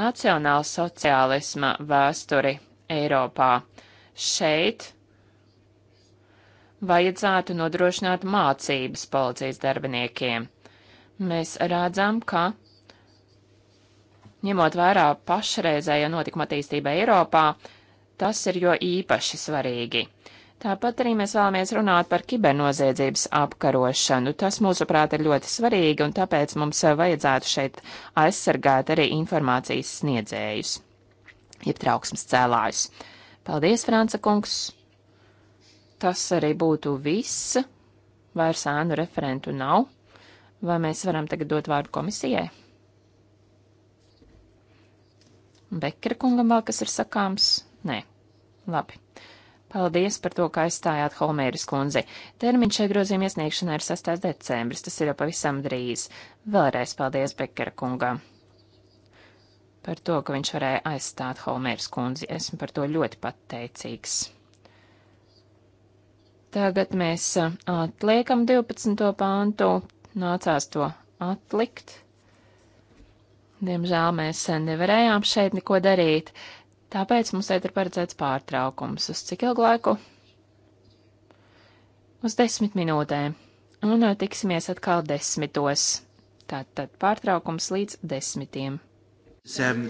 nacionālsociālisma vēsturi Eiropā. Šeit vajadzētu nodrošināt mācības policijas darbiniekiem. Mēs redzam, ka ņemot vērā pašreizējo notikumu attīstību Eiropā, tas ir jo īpaši svarīgi. Tāpat arī mēs vēlamies runāt par kibernoziedzības apkarošanu. Tas, mūsuprāt, ir ļoti svarīgi, un tāpēc mums vajadzētu šeit aizsargāt arī informācijas sniedzējus, jeb trauksmes cēlājus. Paldies, Franca kungs! Tas arī būtu viss. Vairs ēnu referentu nav. Vai mēs varam tagad dot vārdu komisijai? Bekra kungam vēl kas ir sakāms? Nē. Labi. Paldies par to, ka aizstājāt Holmēras kundzi. Termiņš šai grozījuma iesniegšanai ir 6. decembris, tas ir jau pavisam drīz. Vēlreiz paldies Bekara kungam par to, ka viņš varēja aizstāt Holmēras kundzi. Esmu par to ļoti pateicīgs. Tagad mēs atliekam 12. pāntu, nācās to atlikt. Diemžēl mēs nevarējām šeit neko darīt, tāpēc mums šeit ir paredzēts pārtraukums. Uz cik ilgu laiku? Uz desmit minūtēm. Un tiksimies atkal desmitos. Tātad pārtraukums līdz desmitiem. Um,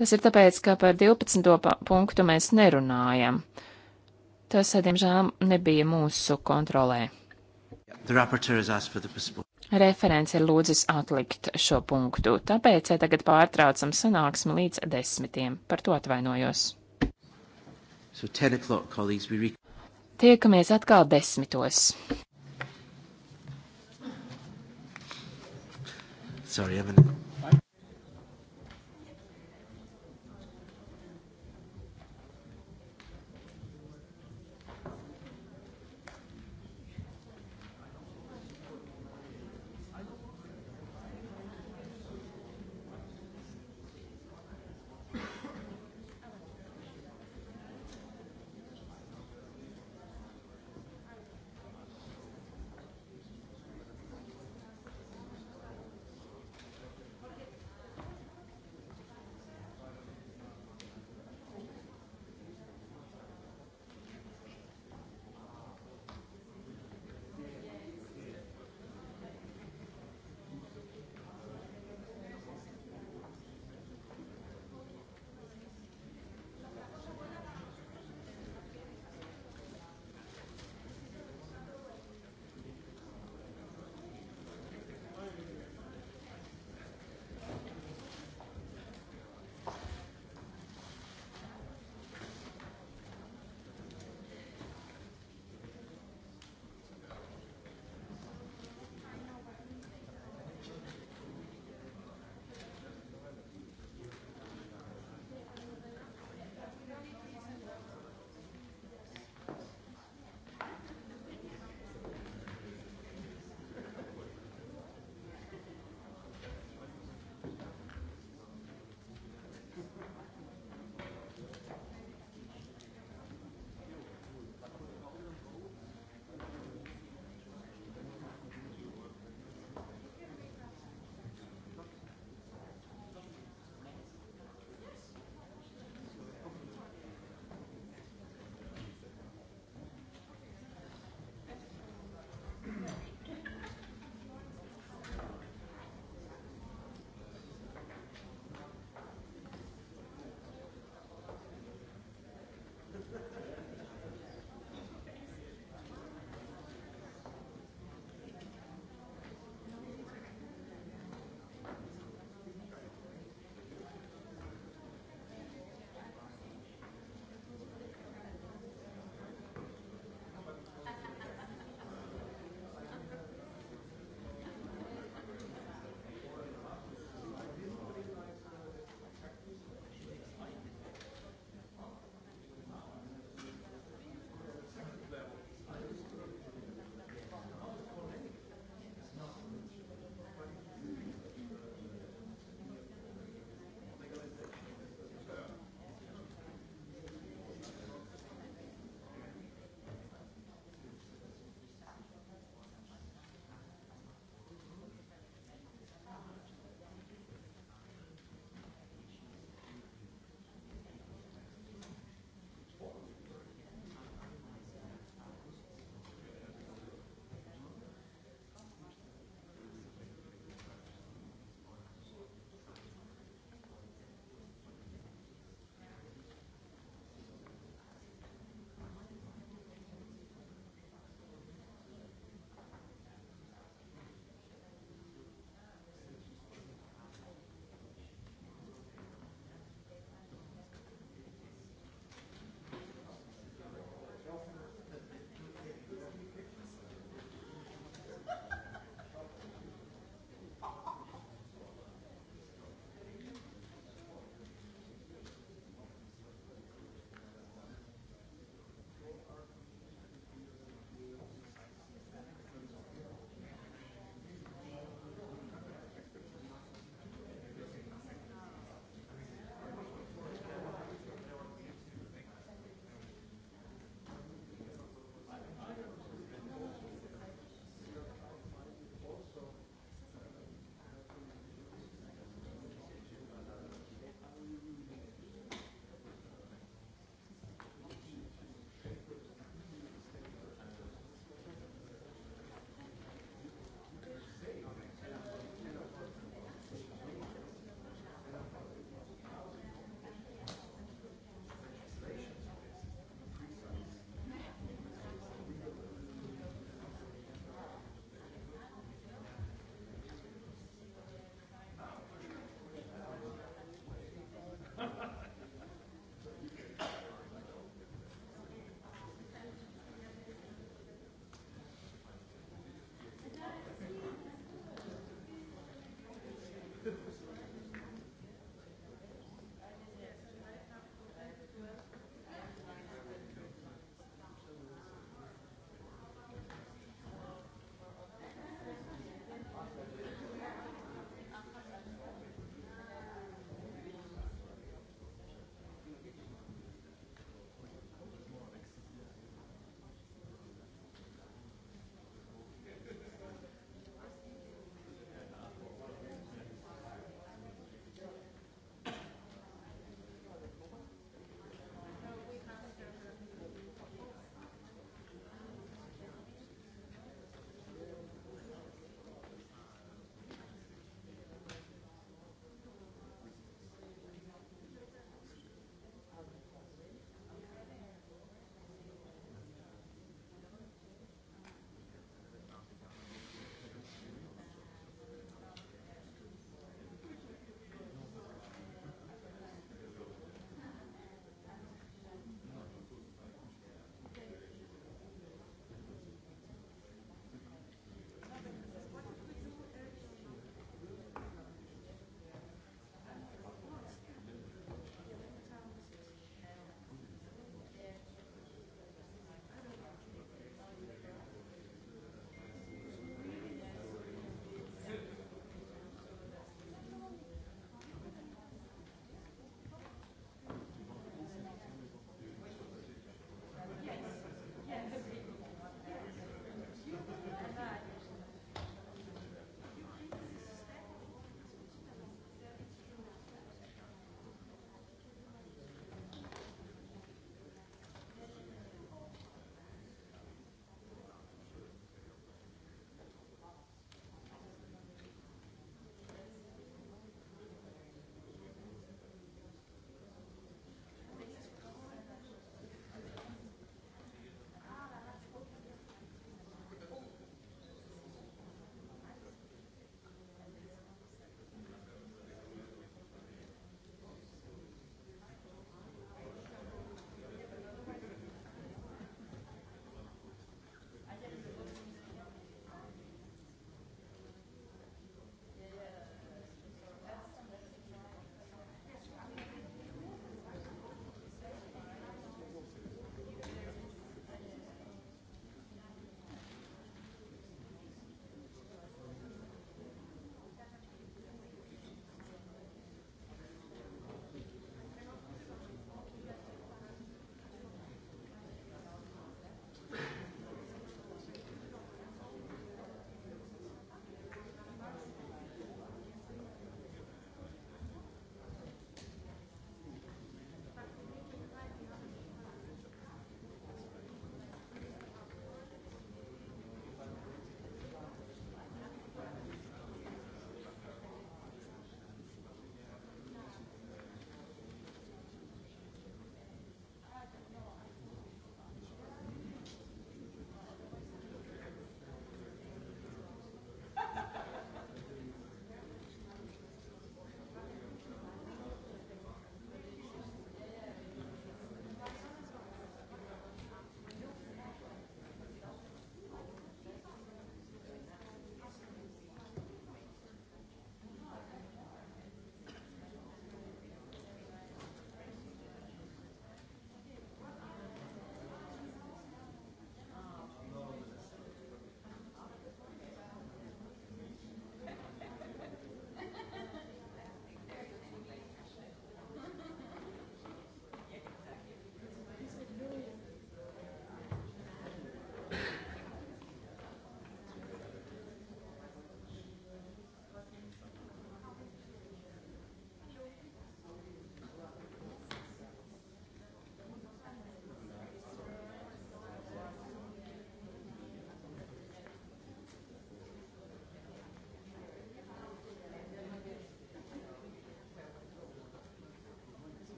Tas ir tāpēc, ka par 12. punktu mēs nerunājam. Tas, diemžēl, nebija mūsu kontrolē. Referents ir lūdzis atlikt šo punktu, tāpēc tagad pārtraucam sanāksmi līdz desmitiem. Par to atvainojos. So we... Tiekamies atkal desmitos. Sorry, Evan.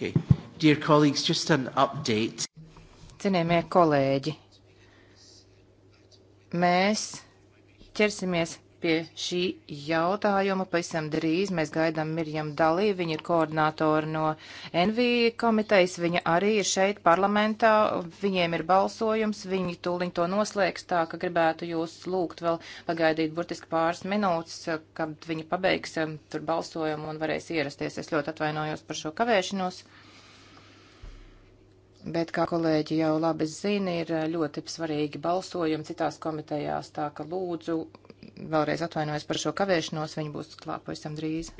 Okay. Dear colleagues, just an update. Cienējamie kolēģi, mēs ķersimies pie šī jautājuma. Pavisam drīz mēs gaidām Mirjam Dalī, viņa ir koordinātori no NV komitejas, viņa arī ir šeit parlamentā, viņiem ir balsojums, viņi tūliņ to noslēgs, tā ka gribētu jūs lūgt vēl pagaidīt burtiski pāris minūtes, kad viņi pabeigs um, tur balsojumu un varēs ierasties. Es ļoti atvainojos par šo kavēšanos. Bet, kā kolēģi jau labi zina, ir uh, ļoti svarīgi balsojumi citās komitejās, tā ka lūdzu vēlreiz atvainojos par šo kavēšanos, viņi būs klāt pavisam drīz.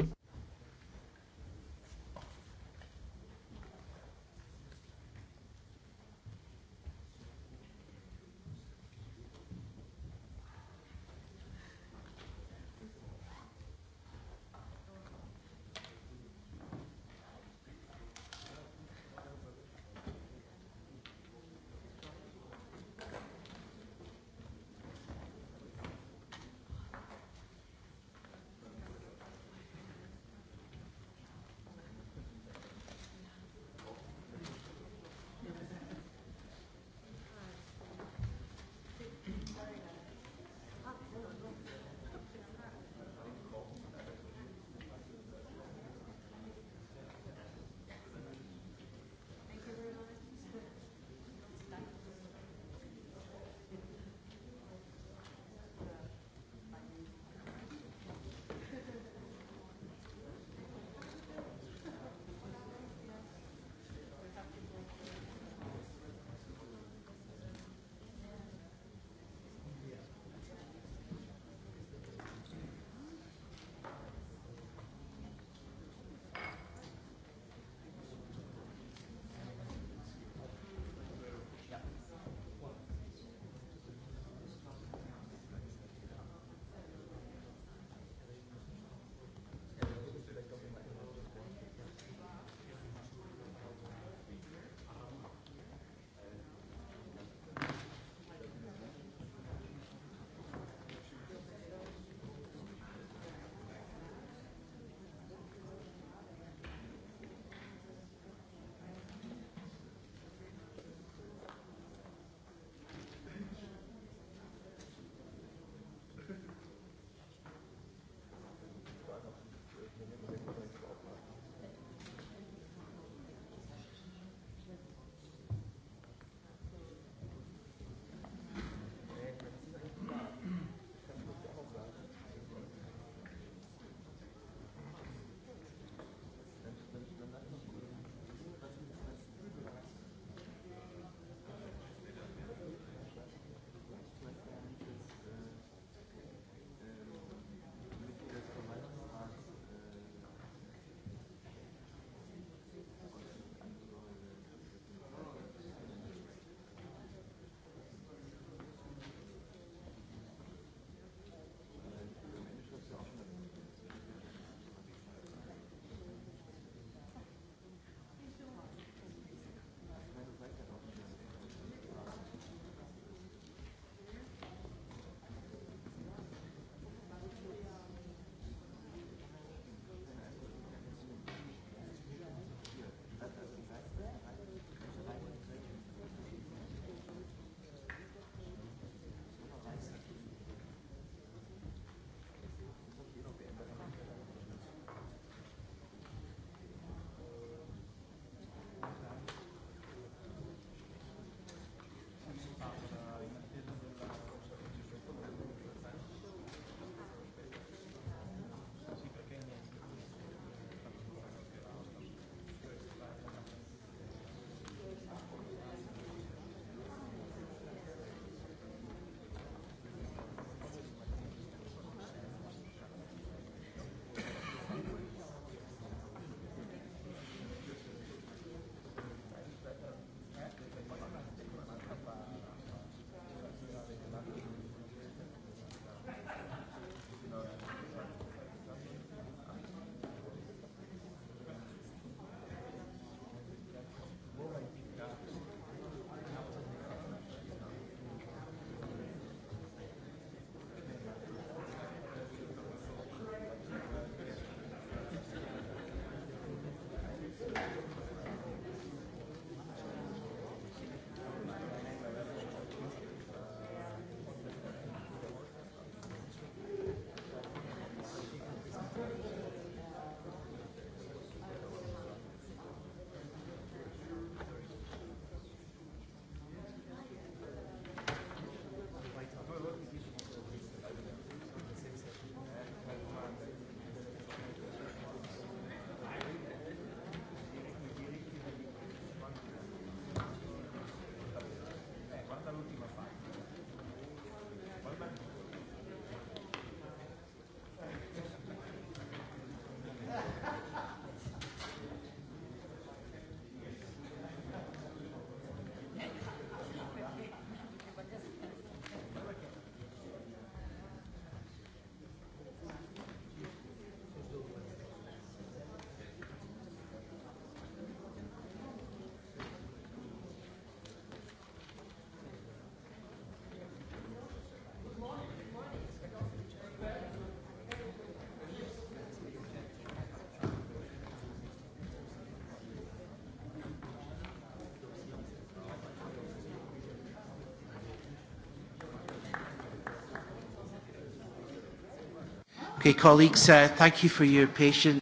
Okay, colleagues, uh, thank you for your patience.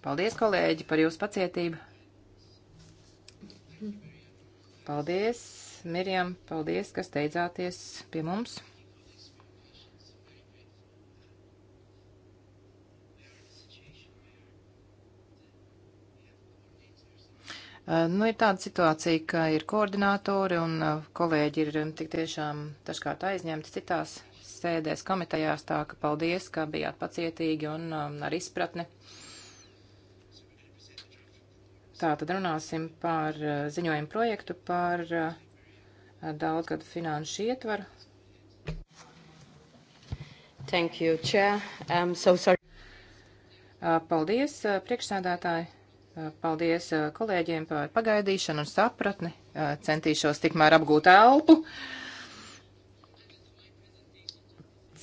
Paldies, kolēģi, par jūsu pacietību. Paldies, Mirjam, paldies, ka steidzāties pie mums. Uh, nu, ir tāda situācija, ka ir koordinātori un uh, kolēģi ir um, tik tiešām dažkārt aizņemti citās sēdēs komitejās, tā ka paldies, ka bijāt pacietīgi un um, ar izpratni. Tā tad runāsim par uh, ziņojumu projektu par uh, daudzgadu finanšu ietvaru. Thank you, Chair. I'm um, so sorry. Uh, paldies, uh, priekšsēdētāji. Uh, paldies uh, kolēģiem par pagaidīšanu un sapratni. Uh, centīšos tikmēr apgūt elpu.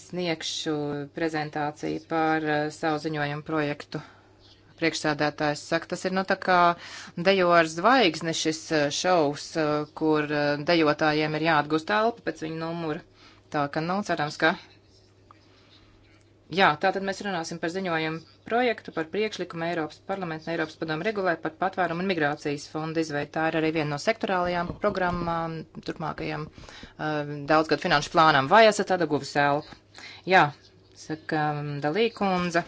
sniegšu prezentāciju par eh, savu ziņojumu projektu. Priekšsādātājs saka, tas ir nu tā kā dejo ar zvaigzni šis eh, šovs, eh, kur dejotājiem ir jāatgūst elpa pēc viņa numura. Tā ka, nu, cerams, ka. Jā, tā tad mēs runāsim par ziņojumu projektu par priekšlikumu Eiropas parlamentu un Eiropas padomu regulē par patvērumu un migrācijas fondu izveidu. Tā ir arī viena no sektorālajām programmām, turpmākajam uh, daudzgad finanšu plānam. Vai esat tāda guvis elpu? Jā, saka um, Dalīkundze.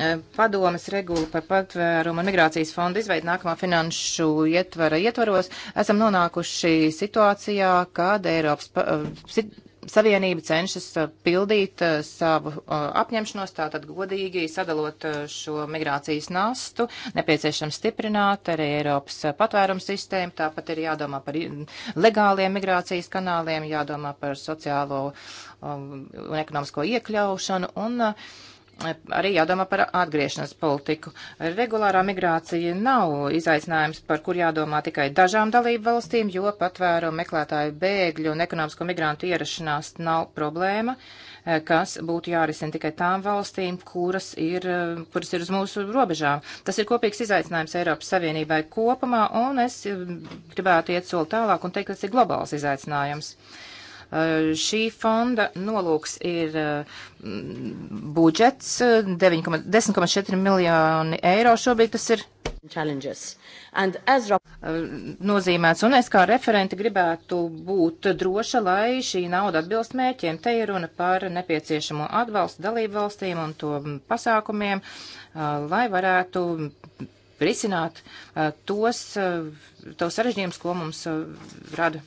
Uh, padomas regula par patvērumu un migrācijas fondu izveidu nākamā finanšu ietvara ietvaros esam nonākuši situācijā, kad Eiropas, uh, sit, Savienība cenšas uh, pildīt uh, savu uh, apņemšanos, tātad godīgi sadalot šo migrācijas nastu, nepieciešams stiprināt arī Eiropas patvērums sistēmu, tāpat ir jādomā par legāliem migrācijas kanāliem, jādomā par sociālo um, un ekonomisko iekļaušanu un uh, arī jādomā par atgriešanas politiku. Regulārā migrācija nav izaicinājums, par kur jādomā tikai dažām dalību valstīm, jo patvēru meklētāju bēgļu un ekonomisko migrantu ierašanās nav problēma, eh, kas būtu jārisina tikai tām valstīm, kuras ir, eh, kuras ir uz mūsu robežām. Tas ir kopīgs izaicinājums Eiropas Savienībai kopumā, un es eh, gribētu iet soli tālāk un teikt, ka tas ir globāls izaicinājums. Thank you Šī fonda nolūks ir budžets 10,4 miljoni eiro. Šobrīd tas ir nozīmēts, un es kā referenti gribētu būt droša, lai šī nauda atbilst mērķiem. Te ir runa par nepieciešamo atbalstu dalību valstīm un to pasākumiem, lai varētu risināt tos, tos sarežģījumus, ko mums rada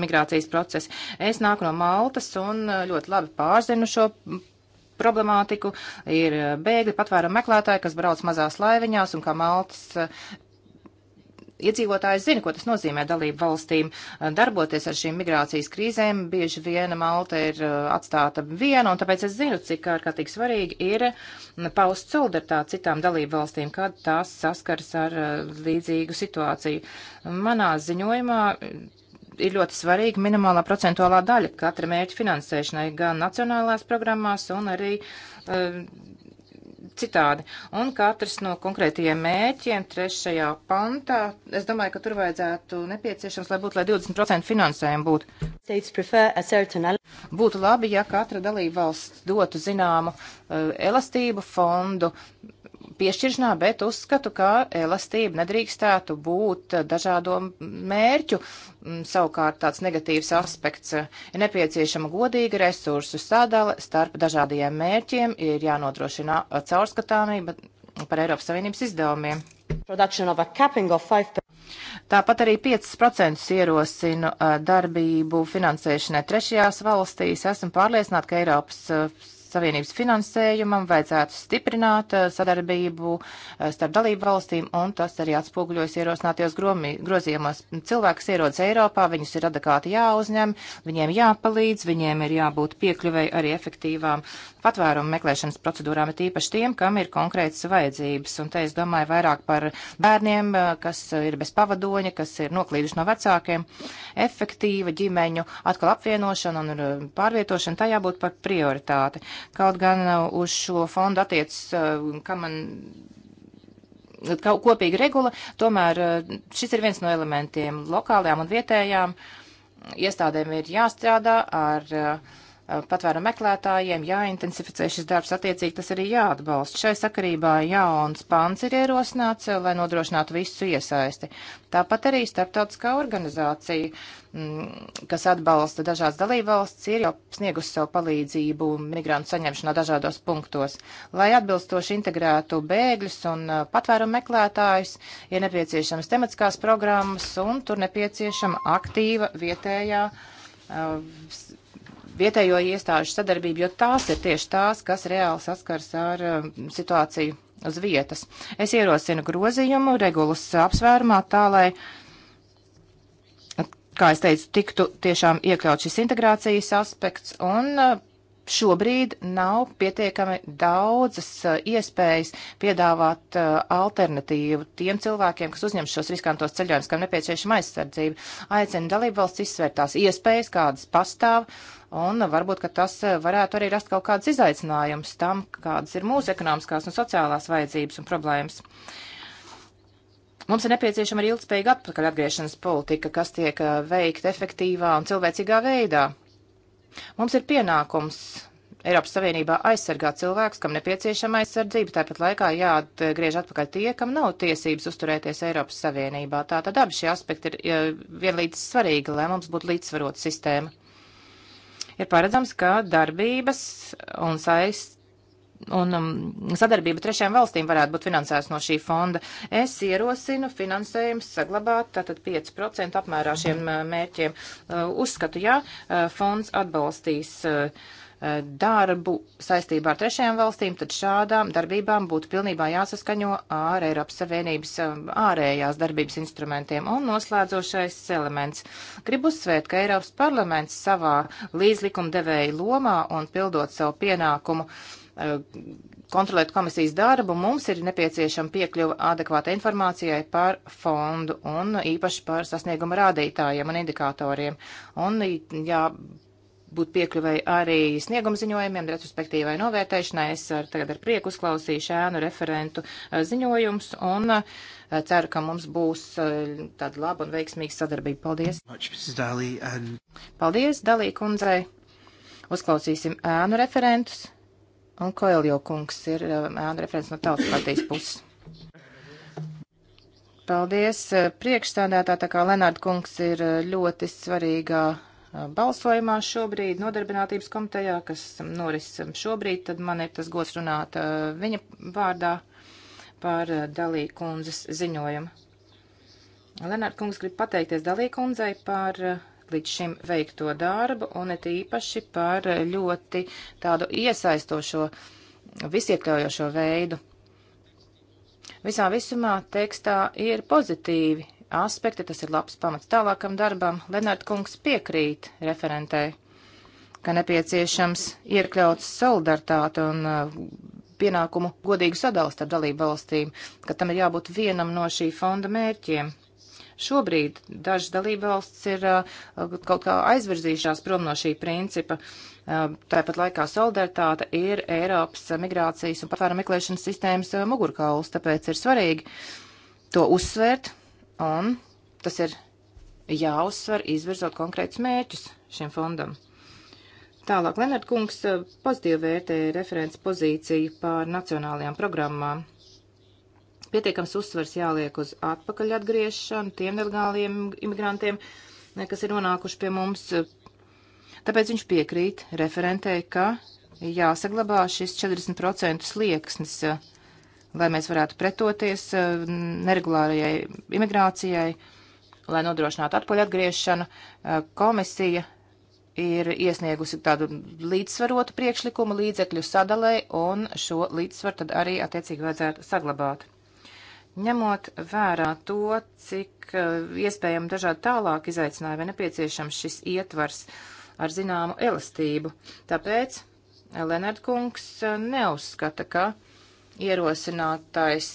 migrācijas procesi. Es nāku no Maltas un eh, ļoti labi pārzinu šo problemātiku. Ir eh, bēgļi, patvērumu meklētāji, kas brauc mazās laiviņās un kā Maltas eh, iedzīvotāji zina, ko tas nozīmē dalību valstīm darboties ar šīm migrācijas krīzēm. Bieži viena malta ir atstāta viena, un tāpēc es zinu, cik ārkārtīgi svarīgi ir mm, paust solidaritāti citām dalību valstīm, kad tās saskars ar līdzīgu situāciju. Manā ziņojumā ir ļoti svarīga minimālā procentuālā daļa katra mērķa finansēšanai gan nacionālās programmās un arī uh, citādi. Un katrs no konkrētajiem mērķiem trešajā pantā, es domāju, ka tur vajadzētu nepieciešams, lai būtu, lai 20% finansējumu būtu. Būtu labi, ja katra dalībvalsts dotu zināmu uh, elastību fondu piešķiršanā, bet uzskatu, ka elastība nedrīkstētu būt dažādo mērķu. Mm, savukārt tāds negatīvs aspekts ir nepieciešama godīga resursu sadale starp dažādajiem mērķiem, ir jānodrošina caurskatāmība par Eiropas Savienības izdevumiem. Tāpat arī 5% ierosinu eh, darbību finansēšanai trešajās valstīs. Esmu pārliecināta, ka Eiropas eh, Savienības finansējumam vajadzētu stiprināt eh, sadarbību eh, starp dalību valstīm, un tas arī atspūgļojas ierosinātajos grozījumos. Cilvēks ierodas Eiropā, viņus ir adekvāti jāuzņem, viņiem jāpalīdz, viņiem ir jābūt piekļuvai arī efektīvām patvērumu meklēšanas procedūrām, bet īpaši tiem, kam ir konkrētas vajadzības. Un te es domāju vairāk par bērniem, eh, kas ir bez pavadoņa, kas ir noklīduši no vecākiem. Efektīva ģimeņu atkal apvienošana un eh, pārvietošana, tā jābūt par prioritāti. Kaut gan eh, uz šo fondu attiec, kam man kopīga regula, tomēr šis ir viens no elementiem lokālajām un vietējām. Iestādēm ir jāstrādā ar uh, Eh, patvēru meklētājiem jāintensificē šis darbs, attiecīgi tas arī jāatbalsta. Šai sakarībā jauns pants ir ierosināts, eh, lai nodrošinātu visu iesaisti. Tāpat arī starptautiskā organizācija, mm, kas atbalsta dažādas dalībvalsts, ir jau sniegusi savu palīdzību migrantu saņemšanā dažādos punktos. Lai atbilstoši integrētu bēgļus un eh, patvēru meklētājus, ir nepieciešamas tematiskās programmas un tur nepieciešama aktīva vietējā uh, vietējo iestāžu sadarbību, jo tās ir tieši tās, kas reāli saskars ar um, situāciju uz vietas. Es ierosinu grozījumu regulas apsvērumā tā, lai kā es teicu, tiktu tiešām iekļaut šis integrācijas aspekts un uh, šobrīd nav pietiekami daudzas uh, iespējas piedāvāt uh, alternatīvu tiem cilvēkiem, kas uzņem šos riskantos ceļojumus, kam nepieciešama aizsardzība. Aicinu dalībvalsts izsvērt tās iespējas, kādas pastāv, un varbūt, ka tas uh, varētu arī rast kaut kādas izaicinājumus tam, kādas ir mūsu ekonomiskās un sociālās vajadzības un problēmas. Mums ir nepieciešama arī ilgspējīga atpakaļ atgriešanas politika, kas tiek veikta efektīvā un cilvēcīgā veidā. Mums ir pienākums Eiropas Savienībā aizsargā cilvēks, kam nepieciešama aizsardzība, tāpat laikā jāatgriež atpakaļ tie, kam nav tiesības uzturēties Eiropas Savienībā. Tātad abi šie aspekti ir ja, vienlīdz svarīgi, lai mums būtu līdzsvarota sistēma. Ir paredzams, ka darbības un saist un um, sadarbība trešajām valstīm varētu būt finansēts no šī fonda. Es ierosinu finansējumu saglabāt tātad 5% apmērā šiem uh, mērķiem. Uh, uzskatu, ja uh, fonds atbalstīs uh, uh, darbu saistībā ar trešajām valstīm, tad šādām darbībām būtu pilnībā jāsaskaņo ar Eiropas Savienības um, ārējās darbības instrumentiem. Un noslēdzošais elements. Gribu uzsvērt, ka Eiropas parlaments savā līdzlikumdevēja lomā un pildot savu pienākumu uh, kontrolēt komisijas darbu, mums ir nepieciešama piekļuva adekvāta informācijai par fondu un īpaši par sasnieguma rādītājiem un indikatoriem. Un jā, būt piekļuvēji arī snieguma ziņojumiem, retrospektīvai novērtēšanai. Es ar, tagad ar prieku uzklausīšu ēnu referentu eh, ziņojums un eh, ceru, ka mums būs eh, tāda laba un veiksmīga sadarbība. Paldies! Much, Dali, and... Paldies, Dalī kundzei! Uzklausīsim ēnu referentus. Un Koeljo kungs ir eh, ēnu referents no tautas partijas puses. Paldies. Eh, Priekšstādētā tā kā Lenārda kungs ir eh, ļoti svarīgā balsojumā šobrīd nodarbinātības komitejā, kas noris šobrīd, tad man ir tas gods runāt viņa vārdā par Dalī kundzes ziņojumu. Lenārda kungs grib pateikties Dalī kundzei par uh, līdz šim veikto darbu un it īpaši par ļoti tādu iesaistošo, visiekļaujošo veidu. Visā visumā tekstā ir pozitīvi aspekti, tas ir labs pamats tālākam darbam. Lenārd kungs piekrīt referentē, ka nepieciešams iekļaut solidaritāti un uh, pienākumu godīgu sadalstu ar dalību valstīm, ka tam ir jābūt vienam no šī fonda mērķiem. Šobrīd dažas dalībvalsts ir uh, kaut kā aizvirzījušās prom no šī principa. Uh, tāpat laikā solidaritāte ir Eiropas migrācijas un patvēru meklēšanas sistēmas uh, mugurkauls, tāpēc ir svarīgi to uzsvērt, un tas ir jāuzsver, izvirzot konkrētus mērķus šim fondam. Tālāk Lenard kungs pozitīvi vērtēja referents pozīciju pār nacionālajām programmām pietiekams uzsvars jāliek uz atpakaļ atgriešanu tiem nelegāliem imigrantiem, kas ir nonākuši pie mums. Tāpēc viņš piekrīt referentei, ka jāsaglabā šis 40% slieksnis, lai mēs varētu pretoties eh, neregulārajai imigrācijai, lai nodrošinātu atpakaļ atgriešanu. Eh, komisija ir iesniegusi tādu līdzsvarotu priekšlikumu līdzekļu sadalē, un šo līdzsvaru tad arī attiecīgi vajadzētu saglabāt. Ņemot vērā to, cik eh, iespējami dažādi tālāk izaicinājumi ir nepieciešams šis ietvars ar zināmu elastību. Tāpēc eh, Lenard kungs eh, neuzskata, ka ierosinātais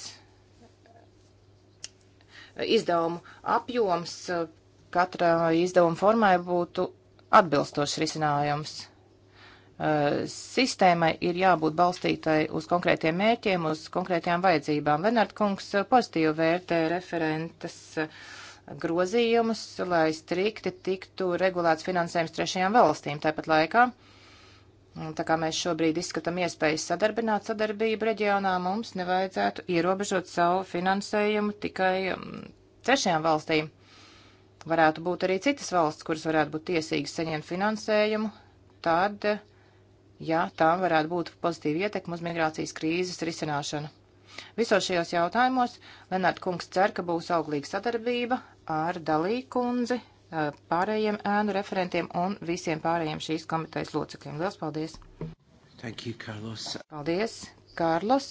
izdevumu apjoms katrai izdevuma formai būtu atbilstošs risinājums sistēmai ir jābūt balstītai uz konkrētiem mērķiem, uz konkrētām vajadzībām. Lenārd Kungs pozitīvi vērtē referentes grozījumus, lai strikti tiktu regulēts finansējums trešajām valstīm tāpat laikā. Tā kā mēs šobrīd izskatām iespējas sadarbināt sadarbību reģionā, mums nevajadzētu ierobežot savu finansējumu tikai um, trešajām valstīm. Varētu būt arī citas valsts, kuras varētu būt tiesīgas saņemt finansējumu, tad uh, ja tām varētu būt pozitīva ietekma uz migrācijas krīzes risināšanu. Visos šajos jautājumos Lenārda kungs cer, ka būs auglīga sadarbība ar Dalī kundzi, pārējiem ēnu referentiem un visiem pārējiem šīs komitejas locekļiem. Lielas paldies! Thank you, Carlos. Paldies, Kārlos!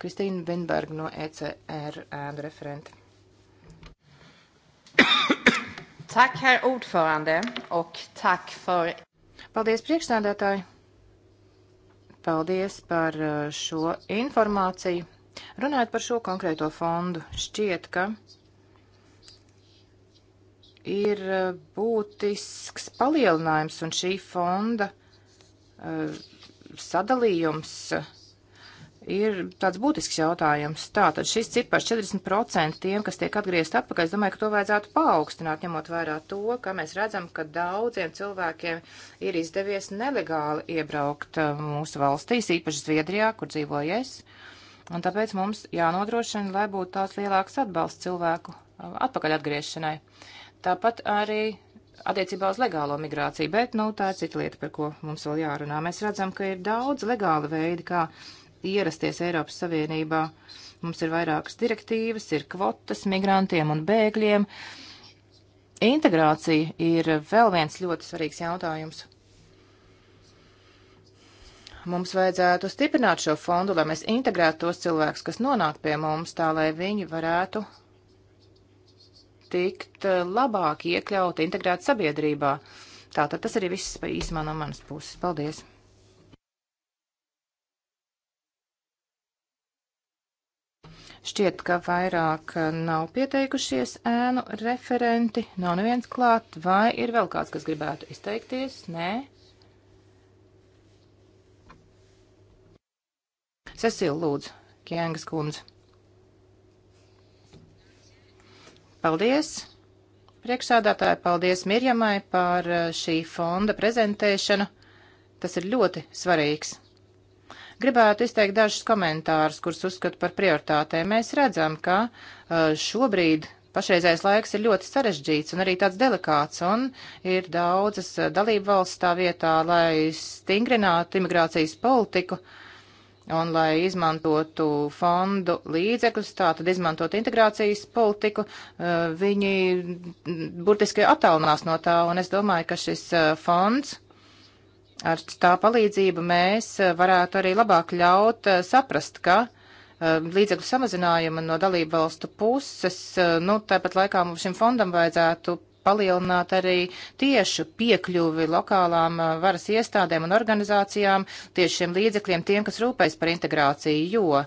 Kristīna Vinberga no ECR ēnu referente. Tack herr ordförande och tack för Paldies priekšstādātāji! Paldies par uh, šo informāciju. Runājot par šo konkrēto fondu, šķiet, ka ir uh, būtisks palielinājums un šī fonda uh, sadalījums ir tāds būtisks jautājums. Tātad šis cipars 40% tiem, kas tiek atgriezt atpakaļ, es domāju, ka to vajadzētu paaugstināt, ņemot vērā to, ka mēs redzam, ka daudziem cilvēkiem ir izdevies nelegāli iebraukt uh, mūsu valstīs, īpaši Zviedrijā, kur dzīvoju es. Un tāpēc mums jānodrošina, lai būtu tāds lielāks atbalsts cilvēku uh, atpakaļ atgriešanai. Tāpat arī attiecībā uz legālo migrāciju, bet, nu, tā ir cita lieta, par ko mums vēl jārunā. Mēs redzam, ka ir daudz legāla veidi, kā ierasties Eiropas Savienībā. Mums ir vairākas direktīvas, ir kvotas migrantiem un bēgļiem. Integrācija ir vēl viens ļoti svarīgs jautājums. Mums vajadzētu stiprināt šo fondu, lai mēs integrētu tos cilvēkus, kas nonāk pie mums, tā lai viņi varētu tikt eh, labāk iekļauti, integrēt sabiedrībā. Tātad tas arī viss īsumā no manas puses. Paldies! Šķiet, ka vairāk nav pieteikušies ēnu referenti, nav neviens klāt, vai ir vēl kāds, kas gribētu izteikties? Nē. Cecil, lūdzu, Kjēngas kundze. Paldies! Priekšsādātāji, paldies Mirjamai par eh, šī fonda prezentēšanu. Tas ir ļoti svarīgs. Gribētu izteikt dažus komentārus, kurus uzskatu par prioritātēm. Mēs redzam, ka šobrīd pašreizējais laiks ir ļoti sarežģīts un arī tāds delikāts, un ir daudzas dalību valsts tā vietā, lai stingrinātu imigrācijas politiku un lai izmantotu fondu līdzekļus, tātad izmantot integrācijas politiku, viņi burtiski attālinās no tā, un es domāju, ka šis fonds ar tā palīdzību mēs varētu arī labāk ļaut eh, saprast, ka eh, līdzekļu samazinājuma no dalību valstu puses, eh, nu, tāpat laikā mums šim fondam vajadzētu palielināt arī tiešu piekļuvi lokālām varas iestādēm un organizācijām tieši šiem līdzekļiem tiem, kas rūpējas par integrāciju, jo,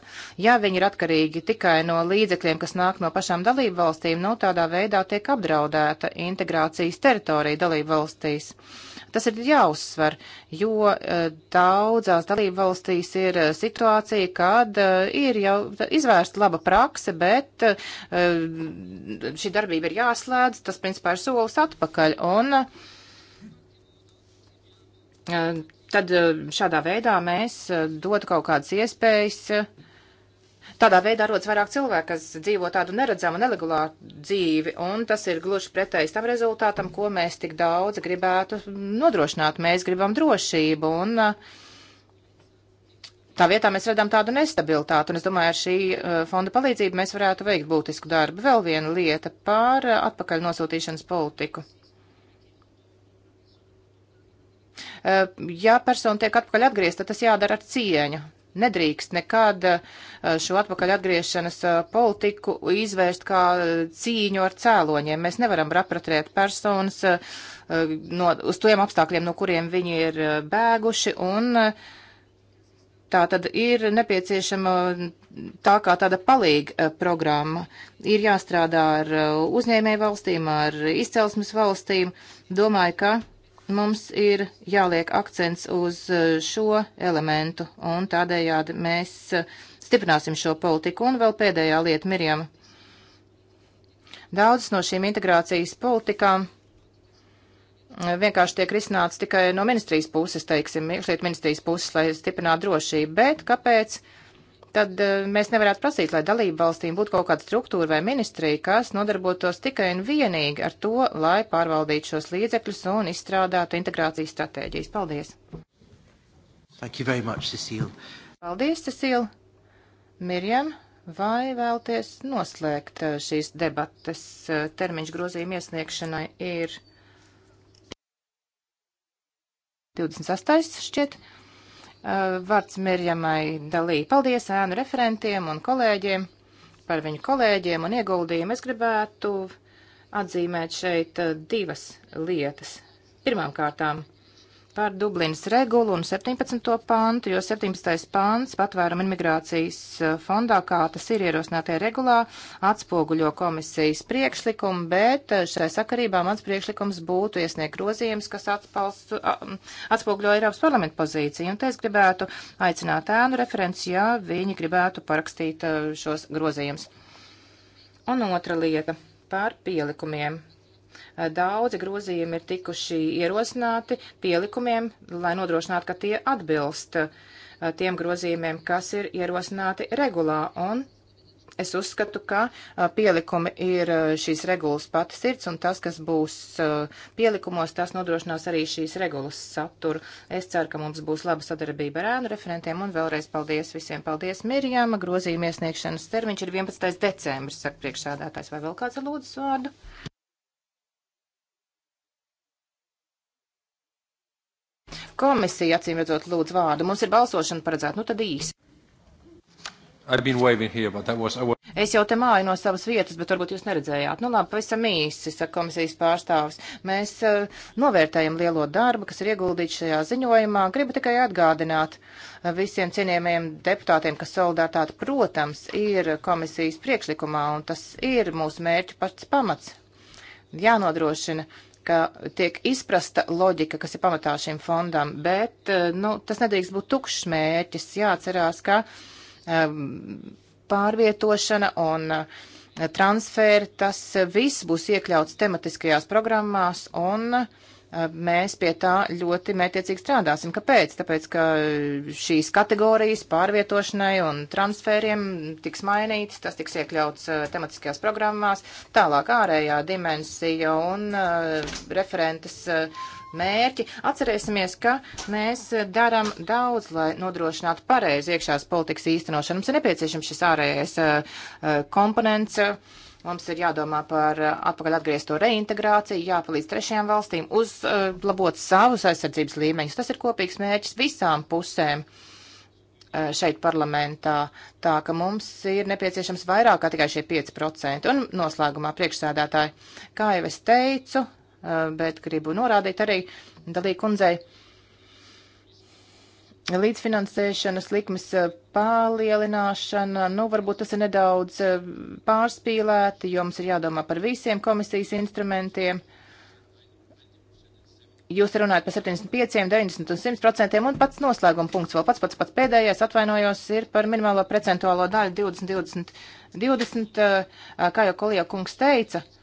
ja viņi ir atkarīgi tikai no līdzekļiem, kas nāk no pašām dalību valstīm, nu, tādā veidā tiek apdraudēta integrācijas teritorija dalību valstīs. Uh, Tas ir jāuzsver, jo e, daudzās dalību valstīs ir e, situācija, kad e, ir jau izvērsta laba prakse, bet šī darbība ir jāslēdz, tas principā ir solis atpakaļ. Un tad šādā veidā mēs dotu kaut kādas iespējas Tādā veidā rodas vairāk cilvēku, kas dzīvo tādu neredzamu, nelegulāru dzīvi, un tas ir gluži pretējs tam rezultātam, ko mēs tik daudz gribētu nodrošināt. Mēs gribam drošību, un uh, tā vietā mēs redzam tādu nestabilitātu, un es domāju, ar šī uh, fonda palīdzību mēs varētu veikt būtisku darbu. Vēl viena lieta par uh, atpakaļ nosūtīšanas politiku. ja persona tiek atpakaļ atgriezta, tas jādara ar cieņu. Nedrīkst nekad eh, šo atpakaļ atgriešanas eh, politiku izvērst kā eh, cīņu ar cēloņiem. Mēs nevaram rapatrēt personas no, uz tiem apstākļiem, no kuriem viņi ir bēguši, un tā tad ir nepieciešama mm, tā kā tāda palīga programma. Ir jāstrādā ar uzņēmē valstīm, ar izcelsmes valstīm. Domāju, ka mums ir jāliek akcents uz eh, šo elementu, un tādējādi mēs eh, stiprināsim šo politiku. Un vēl pēdējā lieta, Mirjam. Daudzas no šīm integrācijas politikām eh, vienkārši tiek risināts tikai no ministrijas puses, teiksim, iekšliet ministrijas puses, lai stiprinātu drošību, bet kāpēc? Uh, tad e, mēs nevarētu prasīt, lai dalību valstīm būtu kaut kāda struktūra vai ministrija, kas nodarbotos tikai un vienīgi ar to, lai pārvaldītu šos līdzekļus un izstrādātu integrācijas stratēģijas. Paldies! Thank you very much, Cecile. Paldies, Cecile! Mirjam, vai vēlties noslēgt e, šīs debates? E, termiņš grozījuma iesniegšanai ir 28. šķiet. Eh, vārds Mirjamai Dalī. Paldies ēnu referentiem un kolēģiem par viņu kolēģiem un ieguldījumu. Es gribētu atzīmēt šeit eh, divas lietas. Pirmām kārtām par Dublinas regulu un 17. pantu, jo 17. pants patvērum imigrācijas eh, fondā, kā tas ir ierosinātajā regulā, atspoguļo komisijas priekšlikumu, bet eh, šai sakarībā mans priekšlikums būtu iesniegt grozījums, kas atspalstu, atspoguļo Eiropas parlamentu pozīciju. Un te es gribētu aicināt ēnu referents, ja viņi gribētu parakstīt eh, šos grozījumus. Un otra lieta par pielikumiem Daudzi grozījumi ir tikuši ierosināti pielikumiem, lai nodrošinātu, ka tie atbilst tiem grozījumiem, kas ir ierosināti regulā. Un es uzskatu, ka pielikumi ir šīs regulas pati sirds, un tas, kas būs pielikumos, tas nodrošinās arī šīs regulas saturu. Es ceru, ka mums būs laba sadarbība ar ēnu referentiem, un vēlreiz paldies visiem. Paldies Mirjama, grozījuma iesniegšanas termiņš ir 11. decembris, saka priekšsādātājs, vai vēl kāds lūdzu vārdu? Komisija acīm redzot lūdz vārdu. Mums ir balsošana paredzēta, nu tad īsi. Here, was... Es jau te māju no savas vietas, bet varbūt jūs neredzējāt. Nu labi, pavisam īsi, saka komisijas pārstāvis. Mēs uh, novērtējam lielo darbu, kas ir ieguldīts šajā ziņojumā. Gribu tikai atgādināt eh, visiem cienījamiem deputātiem, ka solidaritāte, protams, ir komisijas priekšlikumā, un tas ir mūsu mērķi pats pamats. Jānodrošina. Uh, ka tiek izprasta loģika, kas ir pamatā šim fondam, bet eh, nu, tas nedrīkst būt tukšs mērķis. Jāatcerās, ka ehm, pārvietošana un eh, transferi, tas viss būs iekļauts tematiskajās programmās un uh, mēs pie tā ļoti mērķiecīgi strādāsim. Kāpēc? Tāpēc, ka šīs kategorijas pārvietošanai un transferiem tiks mainīts, tas tiks iekļauts tematiskajās programmās, tālāk ārējā dimensija un uh, referentes uh, mērķi. Atcerēsimies, ka mēs darām daudz, lai nodrošinātu pareizi iekšās politikas īstenošanu. Mums ir nepieciešams šis ārējais uh, komponents. Uh, Mums ir jādomā par atpakaļ atgriezto reintegrāciju, jāpalīdz trešajām valstīm uzlabot savus aizsardzības līmeņus. Tas ir kopīgs mērķis visām pusēm eh, šeit parlamentā, tā ka mums ir nepieciešams vairāk kā tikai šie 5%. Un noslēgumā priekšsēdētāji, kā jau es teicu, eh, bet gribu norādīt arī dalīkundzei. kundzei līdzfinansēšanas likmes eh, palielināšana, nu, varbūt tas ir nedaudz eh, pārspīlēti, jo mums ir jādomā par visiem komisijas instrumentiem. Jūs runājat par 75, 90 un 100 procentiem, un pats noslēguma punkts vēl pats pats pats pēdējais, atvainojos, ir par minimālo procentuālo daļu 20, 20, 20, kā jau kolija kungs teica. Uh,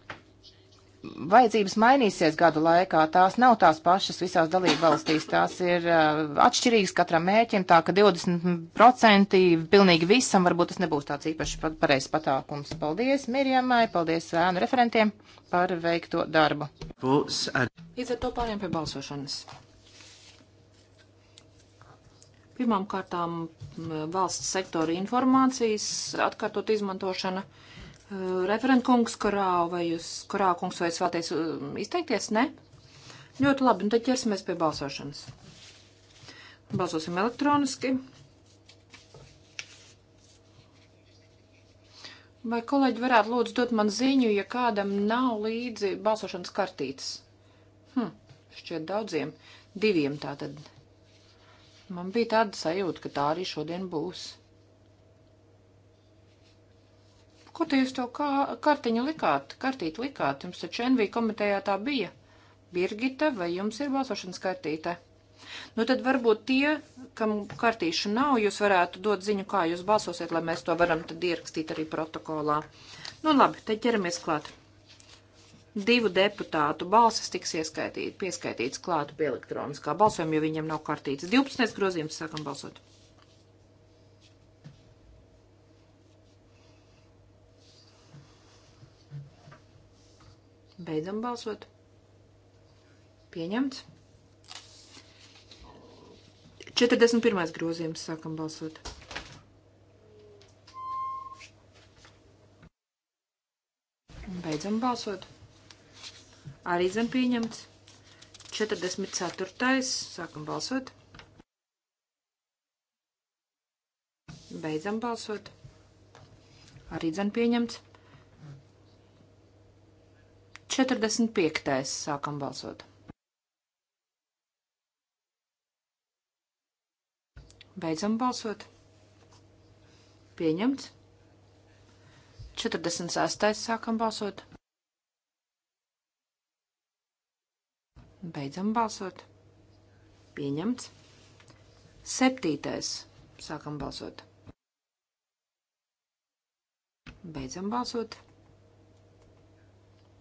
vajadzības mainīsies gadu laikā. Tās nav tās pašas visās dalību valstīs. Tās ir uh, atšķirīgas katram mērķim, tā ka 20% pilnīgi visam varbūt tas nebūs tāds īpaši pareizs patākums. Paldies Mirjamai, paldies ēnu referentiem par veikto darbu. Līdz ar to pāriem pie balsošanas. Pirmām kārtām valsts sektora informācijas atkārtot izmantošana. Uh, Eh, Referentkungs, kurā, vai jūs, kurā kungs vai jūs vēlaties eh, izteikties? Nē? Ļoti labi, un nu, tad ķersimies pie balsošanas. Balsosim elektroniski. Vai kolēģi varētu lūdzu dot man ziņu, ja kādam nav līdzi balsošanas kartītes? Hm, šķiet daudziem, diviem tātad. Man bija tāda sajūta, ka tā arī šodien būs. Ko te jūs to kā, kartiņu likāt, kartīt likāt? Jums taču NV komitejā tā bija. Birgita, vai jums ir balsošanas kartīte? Nu tad varbūt tie, kam kartīšu nav, jūs varētu dot ziņu, kā jūs balsosiet, lai mēs to varam tad ierakstīt arī protokolā. Nu labi, tad ķeramies klāt. Divu deputātu balsis tiks ieskaitīt, pieskaitīts klātu pie elektroniskā balsojuma, jo viņiem nav kartītes. 12. grozījums sākam balsot. 12. Beidzam balsot. Pieņemts. 41. grozījums sākam balsot. Beidzam balsot. Arī zem pieņemts. 44. sākam balsot. Beidzam balsot. Arī zem pieņemts. 45. sākam balsot. Beidzam balsot. Pieņemts. 46. sākam balsot. Beidzam balsot. Pieņemts. 7. sākam balsot. Beidzam balsot.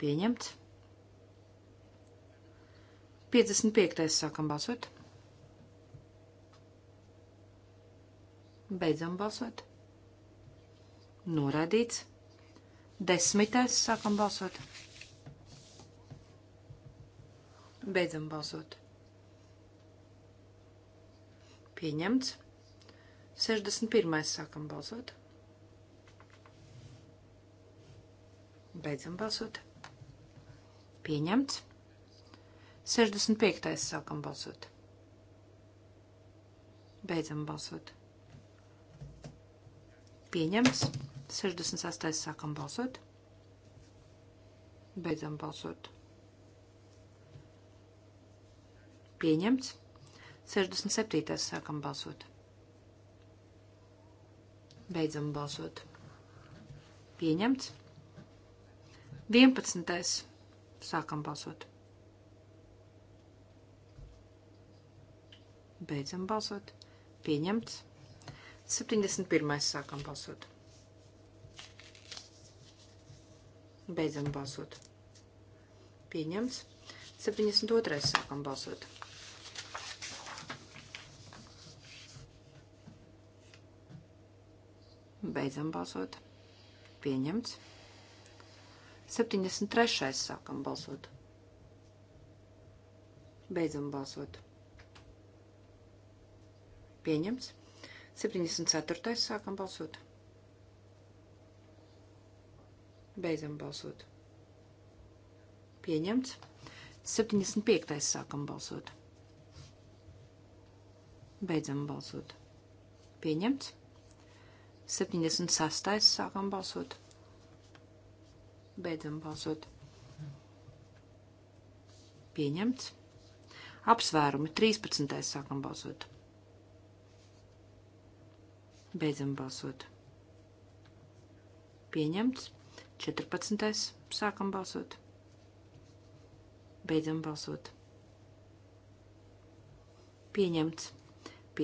Pieņemts. 55. sākam balsot. Beidzam balsot. Noraidīts. Desmitais sākam balsot. Beidzam balsot. Pieņemts. 61. sākam balsot. Beidzam balsot. Pieņemts. 65. sākam balsot. Beidzam balsot. Pieņemts. 68. sākam balsot. Beidzam balsot. Pieņemts. 67. sākam balsot. Beidzam balsot. Pieņemts. 11. Sākam balsot. Beidzam balsot. Pieņemts. 71. Sākam balsot. Beidzam balsot. Pieņemts. 72. Sākam balsot. Beidzam balsot. Pieņemts. 73. sākam balsot. Beidzam balsot. Pieņemts. 74. sākam balsot. Beidzam balsot. Pieņemts. 75. sākam balsot. Beidzam balsot. Pieņemts. 76. sākam balsot. Pieņemts. Beidzam balsot. Pieņemts. Apsvērumi 13. sākam balsot. Beidzam balsot. Pieņemts. 14. sākam balsot. Beidzam balsot. Pieņemts.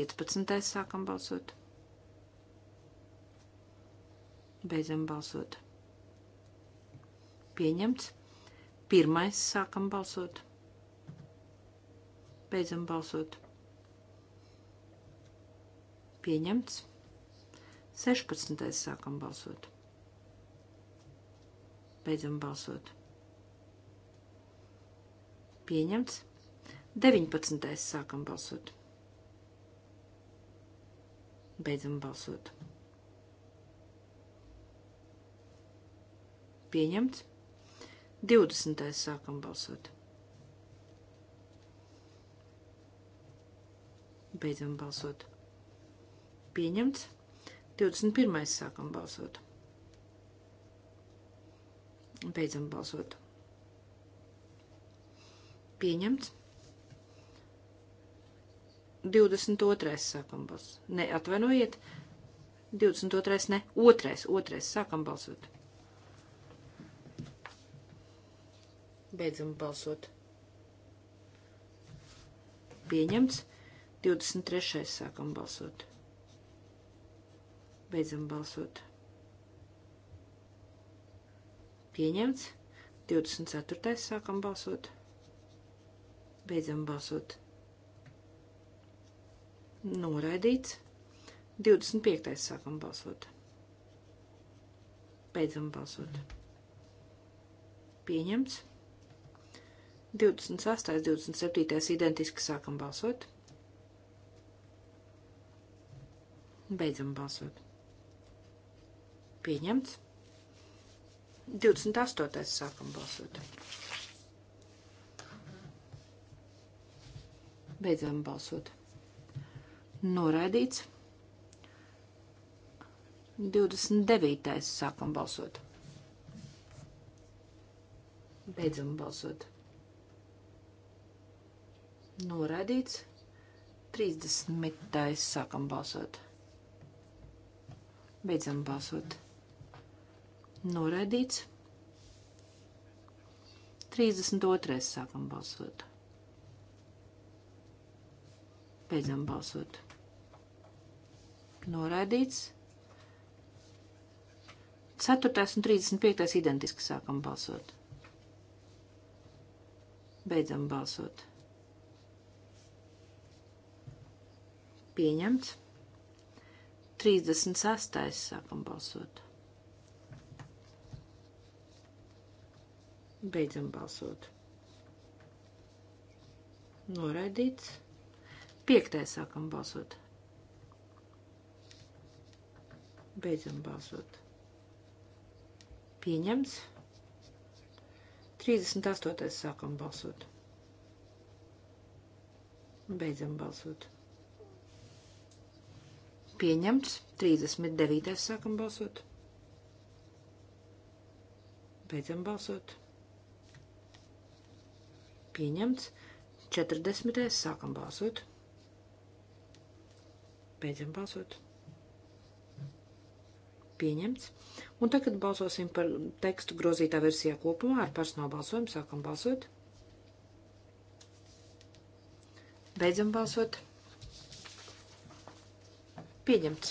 15. sākam balsot. Beidzam balsot pieņemts. Pirmais sākam balsot. Beidzam balsot. Pieņemts. 16. sākam balsot. Beidzam balsot. Pieņemts. 19. sākam balsot. Beidzam balsot. Pieņemts. 20. sākam balsot. Beidzam balsot. Pieņemts. 21. sākam balsot. Beidzam balsot. Pieņemts. 22. sākam balsot. Ne, atvainojiet. 22. ne. 2. 2. sākam balsot. Beidzam balsot. Pieņemts. 23. sākam balsot. Beidzam balsot. Pieņemts. 24. sākam balsot. Beidzam balsot. Noraidīts. 25. sākam balsot. Beidzam balsot. Pieņemts. 28, 27 identiski sākam balsot. Beidzam balsot. Pieņemts. 28. sākam balsot. Beidzam balsot. Noraidīts. 29. sākam balsot. Beidzam balsot. Noraidīts. 30. Sākam balsot. Beidzam balsot. Noraidīts. 32. Sākam balsot. Beidzam balsot. Noraidīts. 4. un 35. identiski sākam balsot. Beidzam balsot. Pieņemts. 36. sākam balsot. Beidzam balsot. Noraidīts. 5. sākam balsot. Beidzam balsot. Pieņems. 38. sākam balsot. Beidzam balsot. Pieņemts. 39. sākam balsot. Beidzam balsot. Pieņemts. 40. sākam balsot. Beidzam balsot. Pieņemts. Un tagad balsosim par tekstu grozītā versijā kopumā ar personālu balsojumu. Sākam balsot. Beidzam balsot. Beidzam balsot. Pieņemts.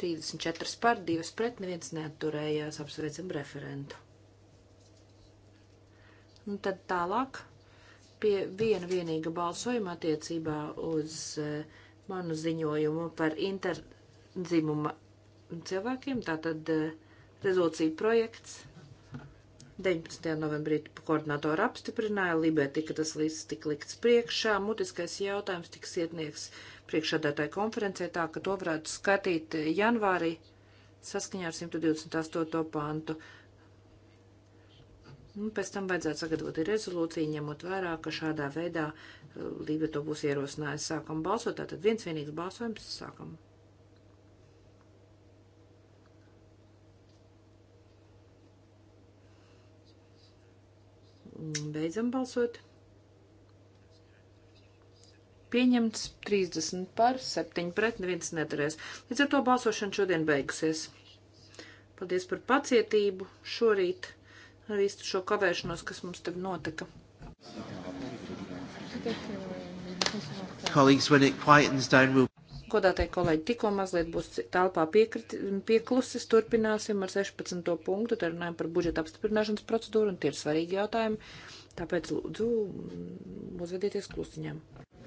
34 par, 2 pret, neviens neatturējās, apsveicam referentu. Un nu, tad tālāk pie viena vienīga balsojuma attiecībā uz uh, manu ziņojumu par interdzimuma cilvēkiem. Tātad uh, rezolūcija projekts 19. novembrī koordinātori apstiprināja, Libē tika tas līdz tik likts priekšā, mutiskais jautājums tiks ietnieks priekšādātāja konferencē, tā ka to varētu skatīt janvārī saskaņā ar 128. pantu. Un pēc tam vajadzētu sagatavot rezolūciju, ņemot vērā, ka šādā veidā uh, Lība to būs ierosinājusi. Sākam balsot, tātad viens vienīgs balsojums, sākam. Beidzam balsot. Pieņemts 30 par 7 pret, neviens neturēs. Līdz ar to balsošana šodien beigsies. Paldies par pacietību šorīt ar visu šo kavēšanos, kas mums tagad notika. Colleagues, when it quietens down, we'll godātie kolēģi, tikko mazliet būs telpā pieklusis, turpināsim ar 16. punktu, tad runājam par budžeta apstiprināšanas procedūru, un tie ir svarīgi jautājumi, tāpēc lūdzu mm, uzvedieties klusiņam.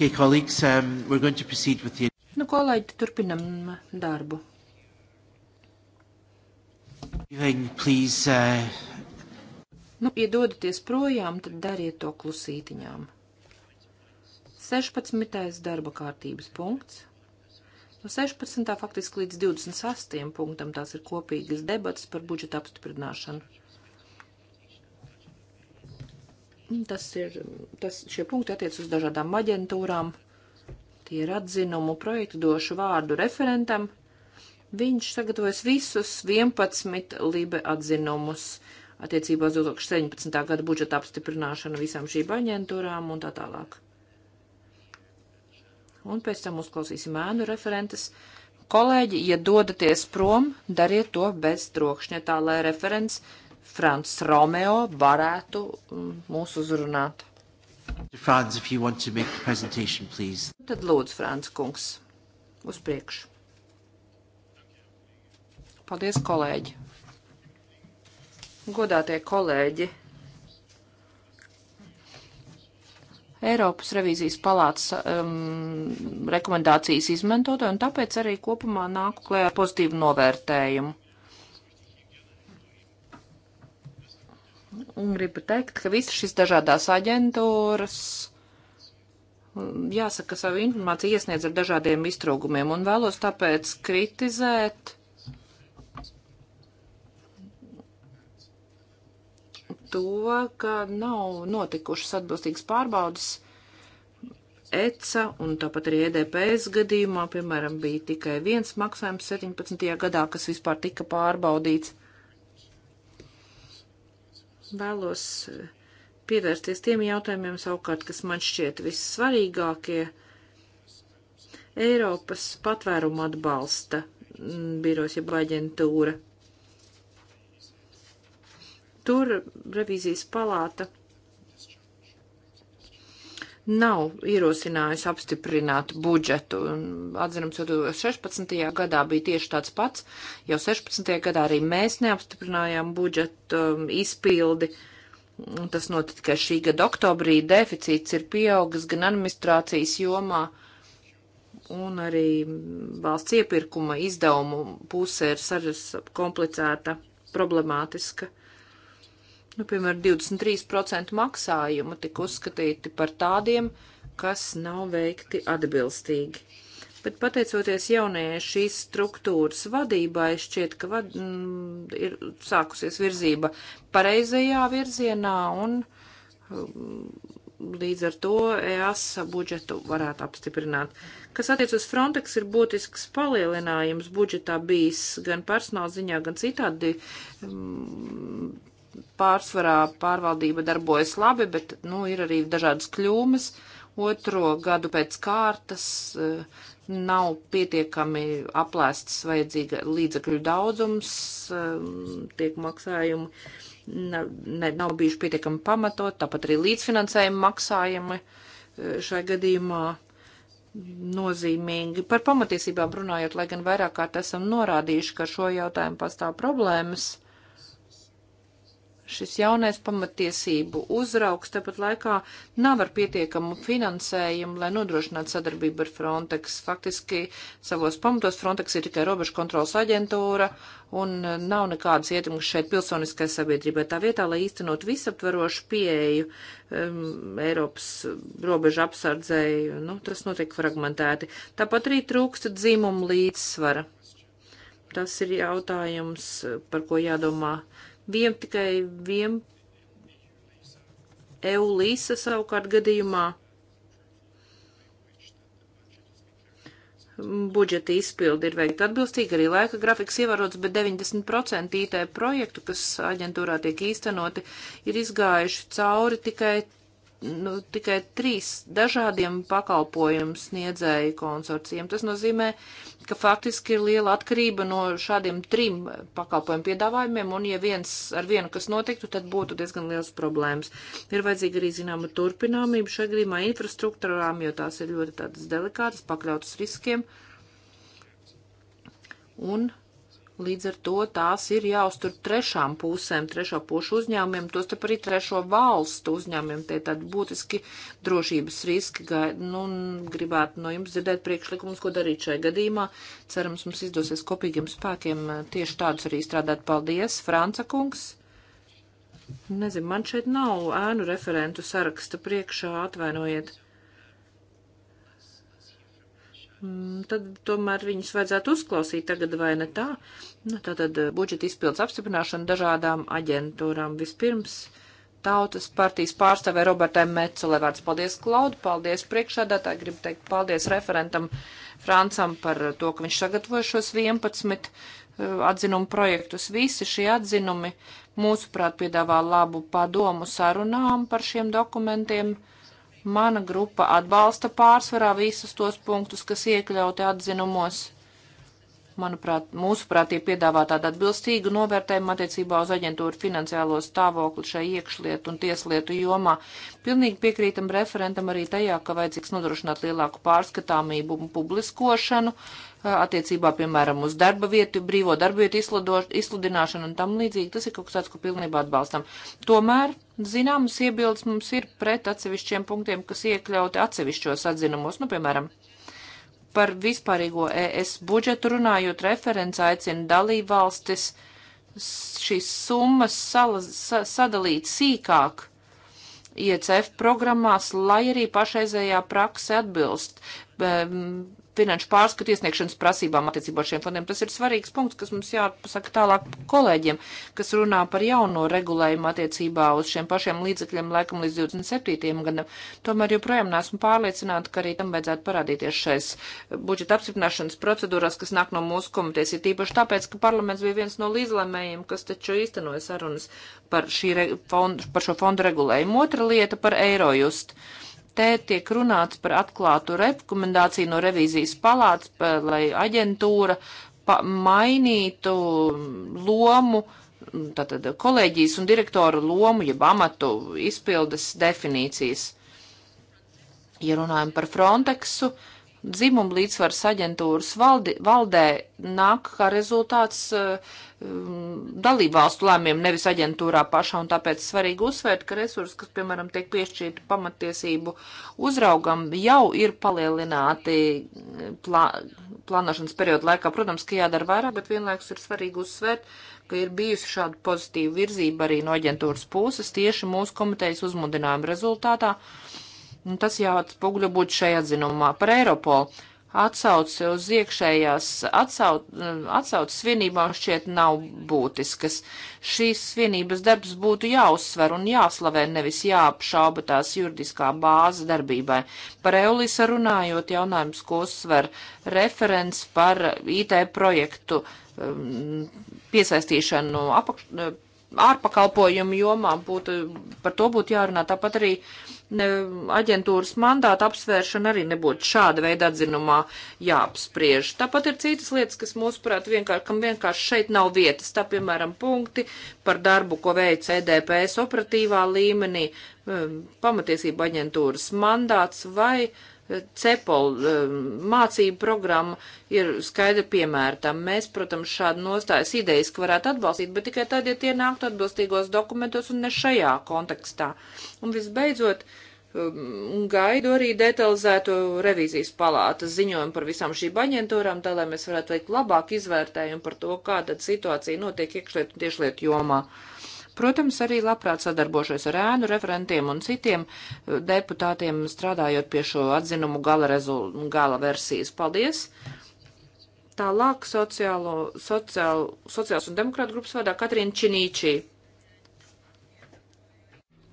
Okay, colleagues, um, we're going to proceed with the... Nu, kolēģi, turpinam darbu. Please, uh... Nu, ja dodaties projām, tad dariet to klusītiņām. 16. darba kārtības punkts. No 16. faktiski līdz 26. punktam tās ir kopīgas debatas par budžeta apstiprināšanu. Tas ir, tas šie punkti attiec uz dažādām aģentūrām. Tie ir atzinumu projektu došu vārdu referentam. Viņš sagatavojas visus 11 libe atzinumus attiecībā uz 2017. gada budžeta apstiprināšanu visām šīm aģentūrām un tā tālāk. Un pēc tam uzklausīsim ēnu referentes. Kolēģi, ja dodaties prom, dariet to bez trokšņa, tā lai referents Frans Romeo varētu mm, mūs uzrunāt. Franz, if you want to make the presentation, please. Tad lūdzu, Frans kungs, uz priekšu. Paldies, kolēģi. Godātie kolēģi. Eiropas revīzijas palātas um, rekomendācijas izmantot, un tāpēc arī kopumā nāku klējā pozitīvu novērtējumu. Un gribu teikt, ka visas šīs dažādās aģentūras, um, jāsaka, savu informāciju iesniedz ar dažādiem iztrūgumiem un vēlos tāpēc kritizēt. To, ka nav notikušas atbilstīgas pārbaudas ECA un tāpat arī EDPS gadījumā, piemēram, bija tikai viens maksājums 17. gadā, kas vispār tika pārbaudīts. Vēlos pievērsties tiem jautājumiem savukārt, kas man šķiet vissvarīgākie Eiropas patvērumu atbalsta mm, biros jeb aģentūra. Tur revīzijas palāta nav ierosinājusi apstiprināt budžetu. Atzinums jau 16. gadā bija tieši tāds pats. Jau 16. gadā arī mēs neapstiprinājām budžetu um, izpildi. Tas notika tikai šī gada oktobrī. Deficīts ir pieaugas gan administrācijas jomā, un arī valsts iepirkuma izdevumu puse ir saras komplicēta, problemātiska. Nu, piemēram, 23% maksājumu tika uzskatīti par tādiem, kas nav veikti atbilstīgi. Bet pateicoties jaunajai šīs struktūras vadībai, šķiet, ka vad, m, mm, ir sākusies virzība pareizajā virzienā un m, mm, līdz ar to EAS budžetu varētu apstiprināt. Kas attiec uz Frontex, ir būtisks palielinājums budžetā bijis gan personāla ziņā, gan citādi. M, mm, pārsvarā pārvaldība darbojas labi, bet, nu, ir arī dažādas kļūmes. Otro gadu pēc kārtas eh, nav pietiekami aplēsts vajadzīga līdzekļu daudzums, eh, tiek maksājumi, ne, nav bijuši pietiekami pamatot, tāpat arī līdzfinansējumi maksājumi eh, šai gadījumā nozīmīgi. Par pamatiesībām runājot, lai gan vairāk kārt esam norādījuši, ka šo jautājumu pastāv problēmas Šis jaunais pamatiesību uzraugs tāpat laikā nav ar pietiekamu finansējumu, lai nodrošinātu sadarbību ar Frontex. Faktiski savos pamatos Frontex ir tikai robežu kontrols aģentūra un e, nav nekādas ietekmes šeit pilsoniskai sabiedrībai. Tā vietā, lai īstenot visaptverošu pieeju um, Eiropas robežu apsardzēji, nu, tas notiek fragmentēti. Tāpat arī trūkst dzimumu līdzsvara. Tas ir jautājums, par ko jādomā Vien tikai vien Eulīsa savukārt gadījumā budžeta izpildi ir veikta atbilstīgi, arī laika grafiks ievērots, bet 90% IT projektu, kas aģentūrā tiek īstenoti, ir izgājuši cauri tikai nu, tikai trīs dažādiem pakalpojumu sniedzēju konsorcijiem. Tas nozīmē, ka faktiski ir liela atkarība no šādiem trim pakalpojumu piedāvājumiem, un ja viens ar vienu, kas notiktu, tad būtu diezgan liels problēmas. Ir vajadzīga arī zināma turpināmība šai grīmā infrastruktūrām, jo tās ir ļoti tādas delikātas, pakļautas riskiem. Un Līdz ar to tās ir jāuztur trešām pusēm, trešo pušu uzņēmumiem, tos tep arī trešo valstu uzņēmumiem. Tie tādi būtiski drošības riski. Nu, gribētu no jums dzirdēt priekšlikumus, ko darīt šajā gadījumā. Cerams, mums izdosies kopīgiem spēkiem eh, tieši tādus arī strādāt. Paldies, Franca kungs! Nezinu, man šeit nav ēnu referentu saraksta priekšā, atvainojiet. Mm, tad tomēr viņus vajadzētu uzklausīt tagad vai ne tā. Nu, tātad eh, budžeta izpildes apstiprināšana dažādām aģentūrām. Vispirms tautas partijas pārstāvē Robertai Mecelevārds. Paldies, Klaudu, paldies priekšādātāji, gribu teikt paldies referentam Francam par to, ka viņš sagatavoja šos 11 eh, atzinumu projektus. Visi šie atzinumi, mūsuprāt, piedāvā labu padomu sarunām par šiem dokumentiem. Mana grupa atbalsta pārsvarā visus tos punktus, kas iekļauti atzinumos. Manuprāt, mūsuprāt, tie piedāvā tādu atbilstīgu novērtējumu attiecībā uz aģentūru finansiālo stāvokli šai iekšlietu un tieslietu jomā. Pilnīgi piekrītam referentam arī tajā, ka vajadzīgs nodrošināt lielāku pārskatāmību un publiskošanu attiecībā, piemēram, uz darba vietu, brīvo darba vietu izsludināšanu un tam līdzīgi. Tas ir kaut kas tāds, ko pilnībā atbalstam. Tomēr Zināmas iebildes mums ir pret atsevišķiem punktiem, kas iekļauti atsevišķos atzinumos, nu, piemēram, par vispārīgo ES budžetu runājot, referents aicina dalībvalstis šīs summas salas, sa, sadalīt sīkāk ICF e programmās, lai arī pašreizējā prakse atbilst um, finanšu pārskatu iesniegšanas prasībām attiecībā šiem fondiem. Tas ir svarīgs punkts, kas mums jāpasaka tālāk kolēģiem, kas runā par jauno regulējumu attiecībā uz šiem pašiem līdzekļiem laikam līdz 27. gadam. Tomēr joprojām neesmu pārliecināta, ka arī tam vajadzētu parādīties šais budžeta apstiprināšanas procedūras, kas nāk no mūsu komitejas, ir tīpaši tāpēc, ka parlaments bija viens no līdzlēmējiem, kas taču īstenoja sarunas par, šī, fondu, par šo fondu regulējumu. Otra lieta par Eirojust. Uh, te tiek runāts par atklātu rekomendāciju no revīzijas palāts, lai aģentūra mainītu lomu, tātad kolēģijas un direktora lomu, jeb amatu izpildes definīcijas. Ja runājam par Frontexu, uh, dzimumu līdzsvars aģentūras valdi, valdē nāk kā rezultāts uh, dalībvalstu lēmiem, nevis aģentūrā pašā, un tāpēc svarīgi uzsvērt, ka resursi, kas, piemēram, tiek piešķirti pamatiesību uzraugam, jau ir palielināti eh, plā, plānošanas periodu laikā. Protams, ka jādara vairāk, bet vienlaikus ir svarīgi uzsvērt, ka ir bijusi šāda pozitīva virzība arī no aģentūras puses tieši mūsu komitejas uzmudinājuma rezultātā. Uh, Un nu, tas jāatspūgļo būtu šajā atzinumā par Eiropolu. Atsauce uz iekšējās atsau, atsauces svinībām šķiet nav būtiskas. Šīs svinības darbs būtu jāuzsver un jāslavē, nevis jāapšauba tās juridiskā bāze darbībai. Par Eulisa runājot jaunājums, ko uzsver referents par IT projektu um, piesaistīšanu apakš, ārpakalpojumu jomām, būtu, par to būtu jārunā. Tāpat arī uh, aģentūras mandāta apsvēršana arī nebūtu šāda veida atzinumā jāapspriež. Tāpat ir citas lietas, kas mūsuprāt vienkārši, kam vienkārši šeit nav vietas. Tā, piemēram, punkti par darbu, ko veic EDPS operatīvā līmenī, um, pamatiesība aģentūras mandāts vai uh, CEPOL e, mācību programma ir skaidra piemēra tam. Mēs, protams, šādu nostājas idejas, ka varētu atbalstīt, bet tikai tad, ja tie nāktu atbilstīgos dokumentos un ne šajā kontekstā. Un visbeidzot, um, gaidu arī detalizēto revīzijas palātas ziņojumu par visām šīm aģentūrām, tā lai mēs varētu veikt labāk izvērtējumu par to, kā tad situācija notiek iekšlietu un tiešlietu jomā. Protams, arī labprāt sadarbošos ar ēnu referentiem un citiem eh, deputātiem strādājot pie šo atzinumu gala, rezul, gala versijas. Paldies! Tālāk sociālo, sociāl, sociāls un demokrāta grupas vadā Katrīna Činīčī.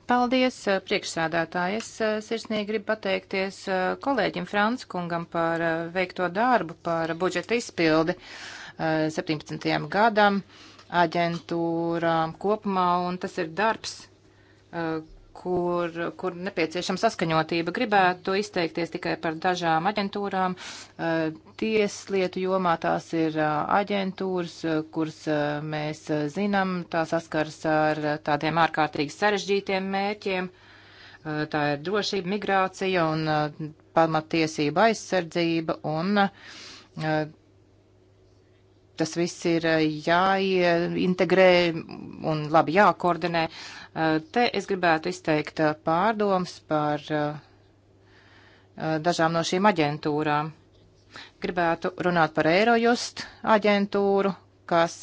Paldies, eh, priekšsādātāji. Es eh, sirsnīgi gribu pateikties kolēģim Franskungam par veikto darbu, par budžeta izpildi 17. gadam aģentūrām kopumā, un tas ir darbs, eh, kur, kur nepieciešama saskaņotība. Gribētu izteikties tikai par dažām aģentūrām. Eh, tieslietu jomā tās ir eh, aģentūras, kuras mēs zinām, tās saskars ar tādiem ārkārtīgi sarežģītiem mērķiem. Tā ir drošība, migrācija un pamatiesība aizsardzība un tas viss ir jāintegrē un labi jākoordinē. Te es gribētu izteikt pārdoms par dažām no šīm aģentūrām. Gribētu runāt par Eirojust aģentūru, kas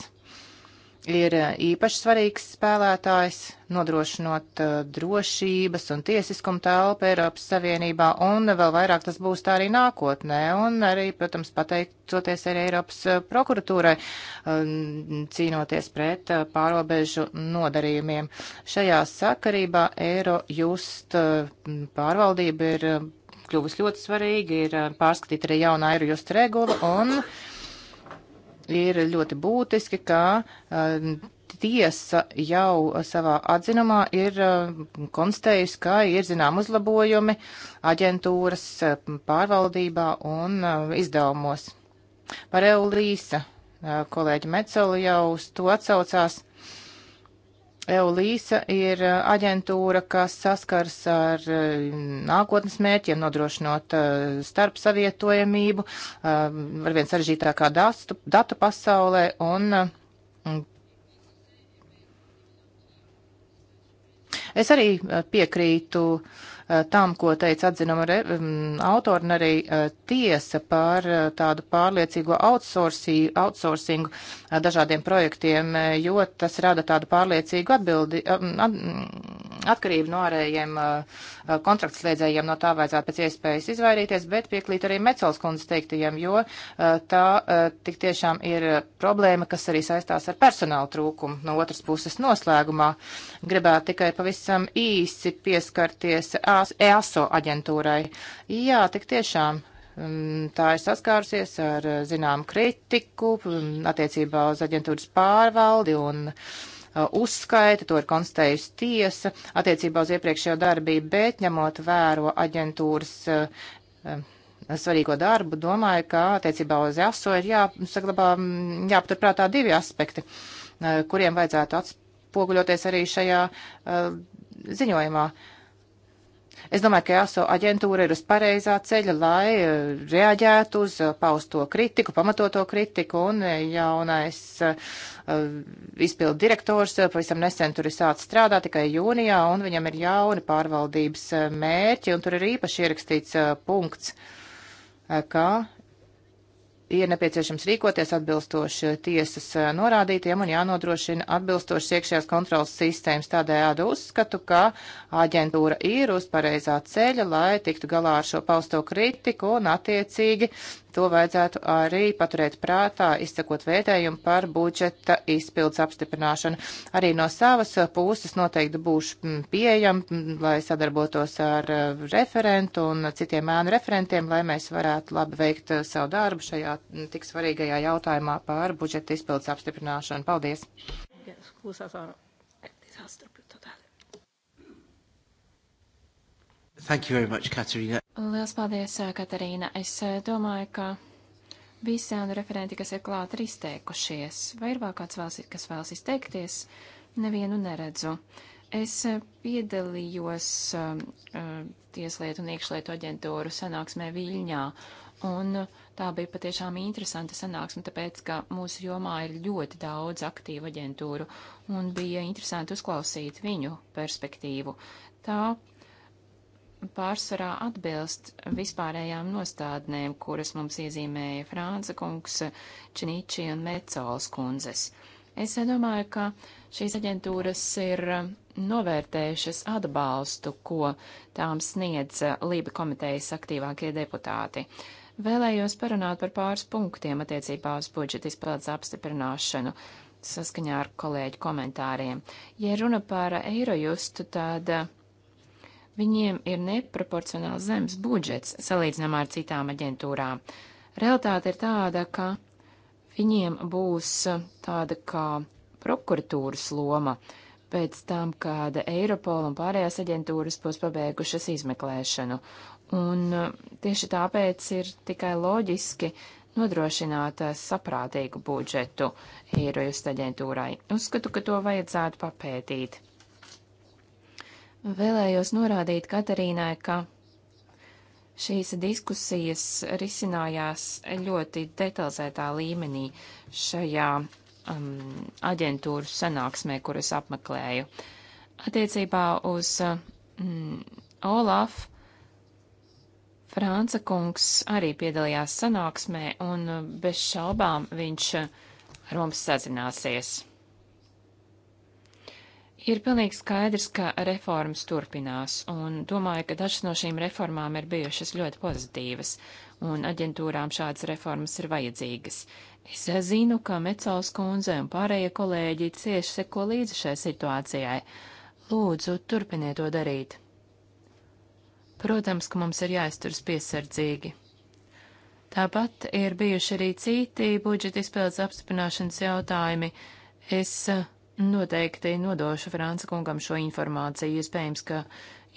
ir īpaši svarīgs spēlētājs nodrošinot eh, drošības un tiesiskumu telpu Eiropas Savienībā, un vēl vairāk tas būs tā arī nākotnē, un arī, protams, pateicoties arī Eiropas eh, prokuratūrai, um, cīnoties pret eh, pārobežu nodarījumiem. Šajā sakarībā Eiro just pārvaldība ir kļuvusi ļoti svarīga, ir pārskatīta arī jauna Eiro just regula, un ir ļoti būtiski, ka uh, tiesa jau savā atzinumā ir uh, konstatējusi, ka ir zinām uzlabojumi aģentūras uh, pārvaldībā un uh, izdevumos. Par Eulīsa kolēģi Meceli jau uz to atsaucās. Eulīsa ir aģentūra, kas saskars ar nākotnes mērķiem, nodrošinot starp savietojamību, arvien sarežģītākā datu, datu pasaulē un Es arī eh, piekrītu uh, Eh, tam, ko teica atzinuma mm, autori un arī eh, tiesa par eh, tādu pārliecīgo outsourcingu dažādiem projektiem, jo tas rada tādu pārliecīgu atbildi, mm, at, mm, atkarību no ārējiem kontraktslēdzējiem, no tā vajadzētu pēc iespējas izvairīties, bet piekrīt arī Mecels kundzes teiktajiem, jo tā tik tiešām ir problēma, kas arī saistās ar personāla trūkumu. No otras puses noslēgumā gribētu tikai pavisam īsi pieskarties. A, pievēršanās EASO aģentūrai. Jā, tik tiešām. Mm, tā ir saskārusies ar eh, zinām kritiku mm, attiecībā uz aģentūras pārvaldi un eh, uzskaita, to ir konstatējusi tiesa attiecībā uz iepriekšējo darbību, bet ņemot vēro aģentūras eh, svarīgo darbu, domāju, ka attiecībā uz ASO ir jāsaglabā, mm, jāpaturprātā divi aspekti, kuriem vajadzētu atspoguļoties arī šajā ziņojumā. Uh, Es domāju, ka ASO aģentūra ir uz pareizā ceļa, lai e, reaģētu uz pausto kritiku, pamatoto kritiku, un e, jaunais e, izpildu direktors pavisam nesen tur ir sācis strādāt tikai jūnijā, un viņam ir jauni pārvaldības mērķi, un tur ir īpaši ierakstīts punkts, ka Ir nepieciešams rīkoties atbilstoši tiesas eh, norādītiem un jānodrošina atbilstoši iekšējās kontrolas sistēmas. Tādējādi uzskatu, ka aģentūra ir uz pareizā ceļa, lai tiktu galā ar šo pausto kritiku un attiecīgi To vajadzētu arī paturēt prātā, izsakot vērtējumu par budžeta izpildes apstiprināšanu. Arī no savas puses noteikti būšu mm, pieejam, mm, lai sadarbotos ar eh, referentu un citiem ēnu referentiem, lai mēs varētu labi veikt eh, savu darbu šajā mm, tik svarīgajā jautājumā par budžeta izpildes apstiprināšanu. Paldies! Yes, Thank you very much, Katarina. Lielas paldies, Katarīna. Es domāju, ka visi ēnu referenti, kas ir klāt, ir izteikušies. Vai ir vēl kāds, vēls, kas vēlas izteikties? Nevienu neredzu. Es piedalījos uh, Tieslietu un iekšlietu aģentūru sanāksmē Viļņā, un tā bija patiešām interesanta sanāksme, tāpēc, ka mūsu jomā ir ļoti daudz aktīvu aģentūru, un bija interesanti uzklausīt viņu perspektīvu. Tā pārsvarā atbilst vispārējām nostādnēm, kuras mums iezīmēja Frānca kungs, Činiči un Mecols kundzes. Es domāju, ka šīs aģentūras ir novērtējušas atbalstu, ko tām sniedz Lība komitejas aktīvākie deputāti. Vēlējos parunāt par pāris punktiem attiecībā uz budžeta izpildes apstiprināšanu saskaņā ar kolēģu komentāriem. Ja runa par Eirojustu, tad uh, Viņiem ir neproporcionāli zems budžets salīdzinām ar citām aģentūrām. Realtāte ir tāda, ka viņiem būs eh, tāda kā prokuratūras loma pēc tam, kad Eiropola un pārējās aģentūras būs pabeigušas izmeklēšanu. Un eh, tieši tāpēc ir tikai loģiski nodrošināt eh, saprātīgu budžetu Eirojust aģentūrai. Uzskatu, ka to vajadzētu papētīt. Vēlējos norādīt Katarīnai, ka šīs diskusijas risinājās ļoti detalizētā līmenī šajā um, aģentūru sanāksmē, kuras apmeklēju. Attiecībā uz um, Olaf Franca kungs arī piedalījās sanāksmē, un um, bez šaubām viņš uh, ar mums sazināsies. Ir pilnīgi skaidrs, ka reformas turpinās, un domāju, ka dažas no šīm reformām ir bijušas ļoti pozitīvas, un aģentūrām šādas reformas ir vajadzīgas. Es zinu, ka Mecāls kundze un pārējie kolēģi cieši seko līdzi šai situācijai. Lūdzu, turpiniet to darīt. Protams, ka mums ir jāizturas piesardzīgi. Tāpat ir bijuši arī citi budžeta izpildes apstiprināšanas jautājumi. Es uh, Noteikti nodošu Franca kungam šo informāciju. Iespējams, ka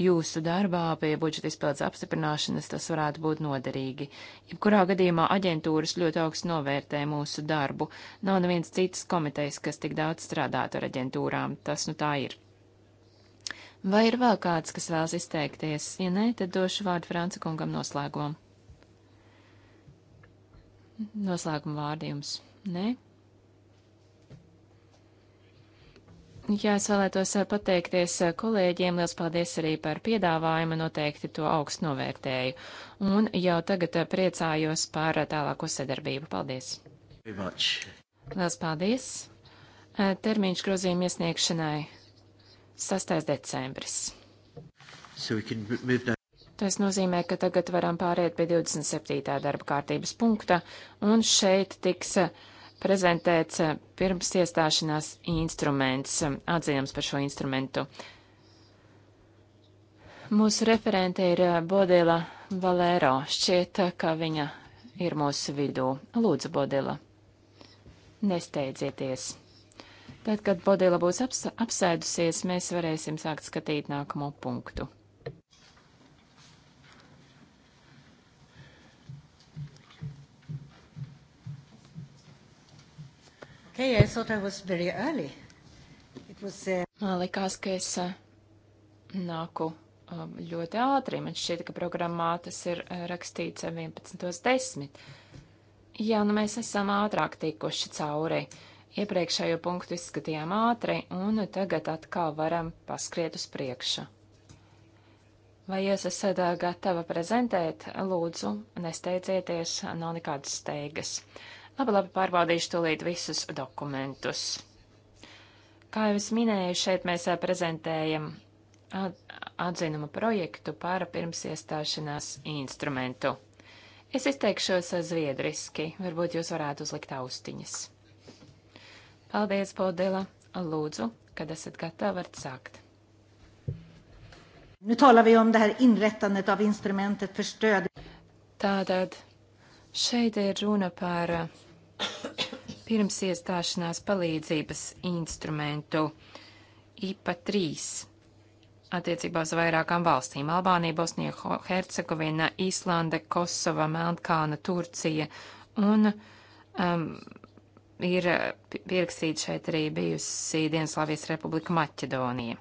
jūsu darbā pie budžeta izpildes apstiprināšanas tas varētu būt noderīgi. Jebkurā gadījumā aģentūras ļoti augsts novērtē mūsu darbu. Nav neviens cits komitejs, kas tik daudz strādātu ar aģentūrām. Tas nu tā ir. Vai ir vēl kāds, kas vēlas izteikties? Ja nē, tad došu vārdu Franca kungam noslēgumam. Noslēguma vārdi jums. Nē? Jā, es vēlētos eh, pateikties eh, kolēģiem, liels paldies arī par piedāvājumu, noteikti to augstu novērtēju. Un jau tagad eh, priecājos par tālāko sadarbību. Paldies! Liels paldies! Termiņš grozījuma iesniegšanai 6. decembris. So Tas nozīmē, ka tagad varam pāriet pie 27. darba kārtības punkta, un šeit tiks uh, prezentēts pirms iestāšanās instruments, atzinums par šo instrumentu. Mūsu referente ir eh, Bodila Valero. Šķiet, eh, ka viņa ir mūsu vidū. Lūdzu, Bodila, nesteidzieties. Tad, kad Bodila būs apsēdusies, mēs varēsim sākt skatīt nākamo punktu. Okay, I thought I was very early. It was, uh... Man likās, ka es uh, nāku um, ļoti ātri. Man šķiet, ka programmā tas ir uh, rakstīts 11.10. Uh, Jā, nu mēs esam ātrāk tikuši cauri. Iepriekšējo punktu izskatījām ātri, un tagad atkal varam paskriet uz priekšu. Vai jūs esat uh, gatava prezentēt? Lūdzu, nesteidzieties, nav nekādas steigas. Uh, Labi, labi, pārbaudīšu tūlīt visus dokumentus. Kā jau es minēju, šeit mēs prezentējam atzinuma projektu par pirms iestāšanās instrumentu. Es izteikšos zviedriski, varbūt jūs varētu uzlikt austiņas. Paldies, Bodila! Lūdzu, kad esat gatavi, varat sākt. Nu talar vi om det här inrättandet av instrumentet för stöd. Tātad šeit ir runa par pirms iestāšanās palīdzības instrumentu IPA 3 attiecībā uz vairākām valstīm - Albānija, Bosnija, Hercegovina, Īslande, Kosova, Melnkalna, Turcija un um, ir uh, pierakstīta šeit arī bijusi Dienaslāvijas Republika Maķedonija.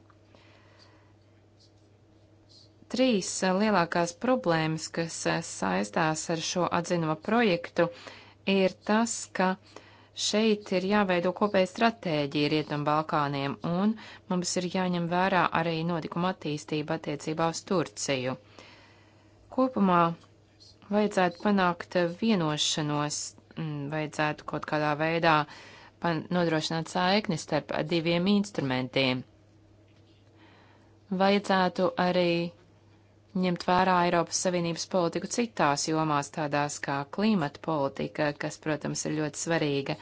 Trīs uh, lielākās problēmas, kas uh, saistās ar šo atzinuma projektu, ir ir tas, ka šeit ir jāveido kopēja stratēģija Rietumbalkāniem, un mums ir jāņem vērā arī notikuma attīstība attiecībā uz Turciju. Kopumā vajadzētu panākt vienošanos, vajadzētu kaut kādā veidā nodrošināt saikni starp diviem instrumentiem. Vajadzētu arī ņemt vērā Eiropas Savienības politiku citās jomās, tādās kā klimata politika, kas, protams, ir ļoti svarīga,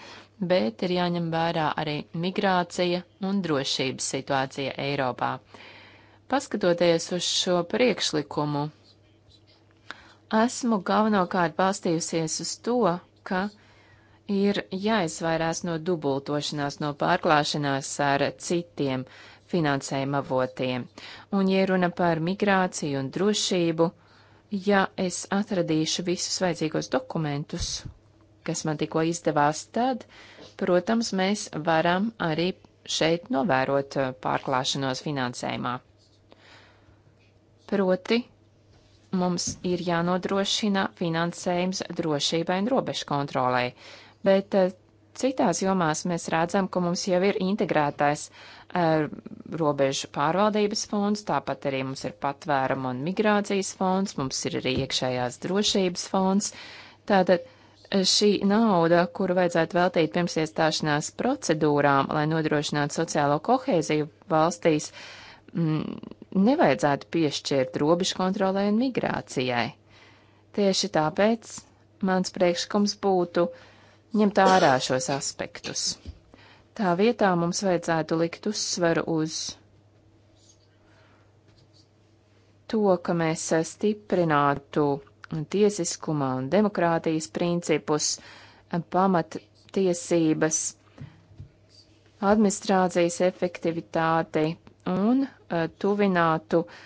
bet ir jāņem vērā arī migrācija un drošības situācija Eiropā. Paskatoties uz šo priekšlikumu, esmu galvenokārt balstījusies uz to, ka ir jāizvairās no dubultošanās, no pārklāšanās ar citiem uh, finansējuma avotiem. Un, ja runa par migrāciju un drošību, ja es atradīšu visus vajadzīgos dokumentus, kas man tikko izdevās, tad, protams, mēs varam arī šeit novērot eh, pārklāšanos finansējumā. Proti, mums ir jānodrošina finansējums drošībai un robežu kontrolai, bet eh, Citās jomās mēs redzam, ka mums jau ir integrētais uh, robežu pārvaldības fonds, tāpat arī mums ir patvērumu un migrācijas fonds, mums ir arī iekšējās drošības fonds. Tātad eh, šī nauda, kuru vajadzētu veltīt pirms iestāšanās procedūrām, lai nodrošinātu sociālo kohēziju valstīs, m, mm, nevajadzētu piešķirt robežu kontrolē un migrācijai. Tieši tāpēc mans priekšlikums būtu uh, ņemt ārā šos aspektus. Tā vietā mums vajadzētu likt uzsvaru uz to, ka mēs stiprinātu tiesiskuma un demokrātijas principus, pamattiesības, administrācijas efektivitāti un eh, tuvinātu uh,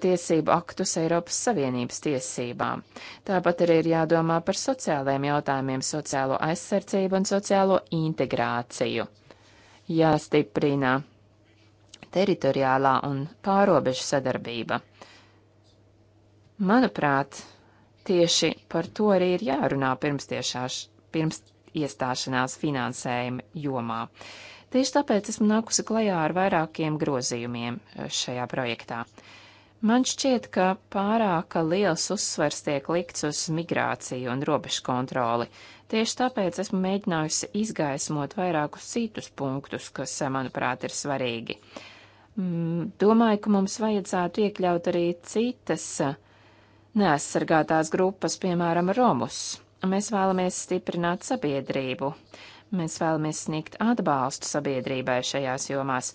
tiesību aktus Eiropas Savienības tiesībām. Tāpat arī ir jādomā par sociālajiem jautājumiem, sociālo aizsardzību un sociālo integrāciju. Jāstiprina teritoriālā un pārobežu sadarbība. Manuprāt, tieši par to arī ir jārunā pirms, tiešās, pirms iestāšanās finansējuma jomā. Tieši tāpēc esmu nākusi klajā ar vairākiem grozījumiem eh, šajā projektā. Man šķiet, ka pārāk liels uzsvers tiek likts uz migrāciju un robežu kontroli. Tieši tāpēc esmu mēģinājusi izgaismot vairākus citus punktus, kas, manuprāt, ir svarīgi. Mm, domāju, ka mums vajadzētu iekļaut arī citas neaizsargātās grupas, piemēram, romus. Mēs vēlamies stiprināt sabiedrību. Mēs vēlamies sniegt atbalstu sabiedrībai šajās jomās,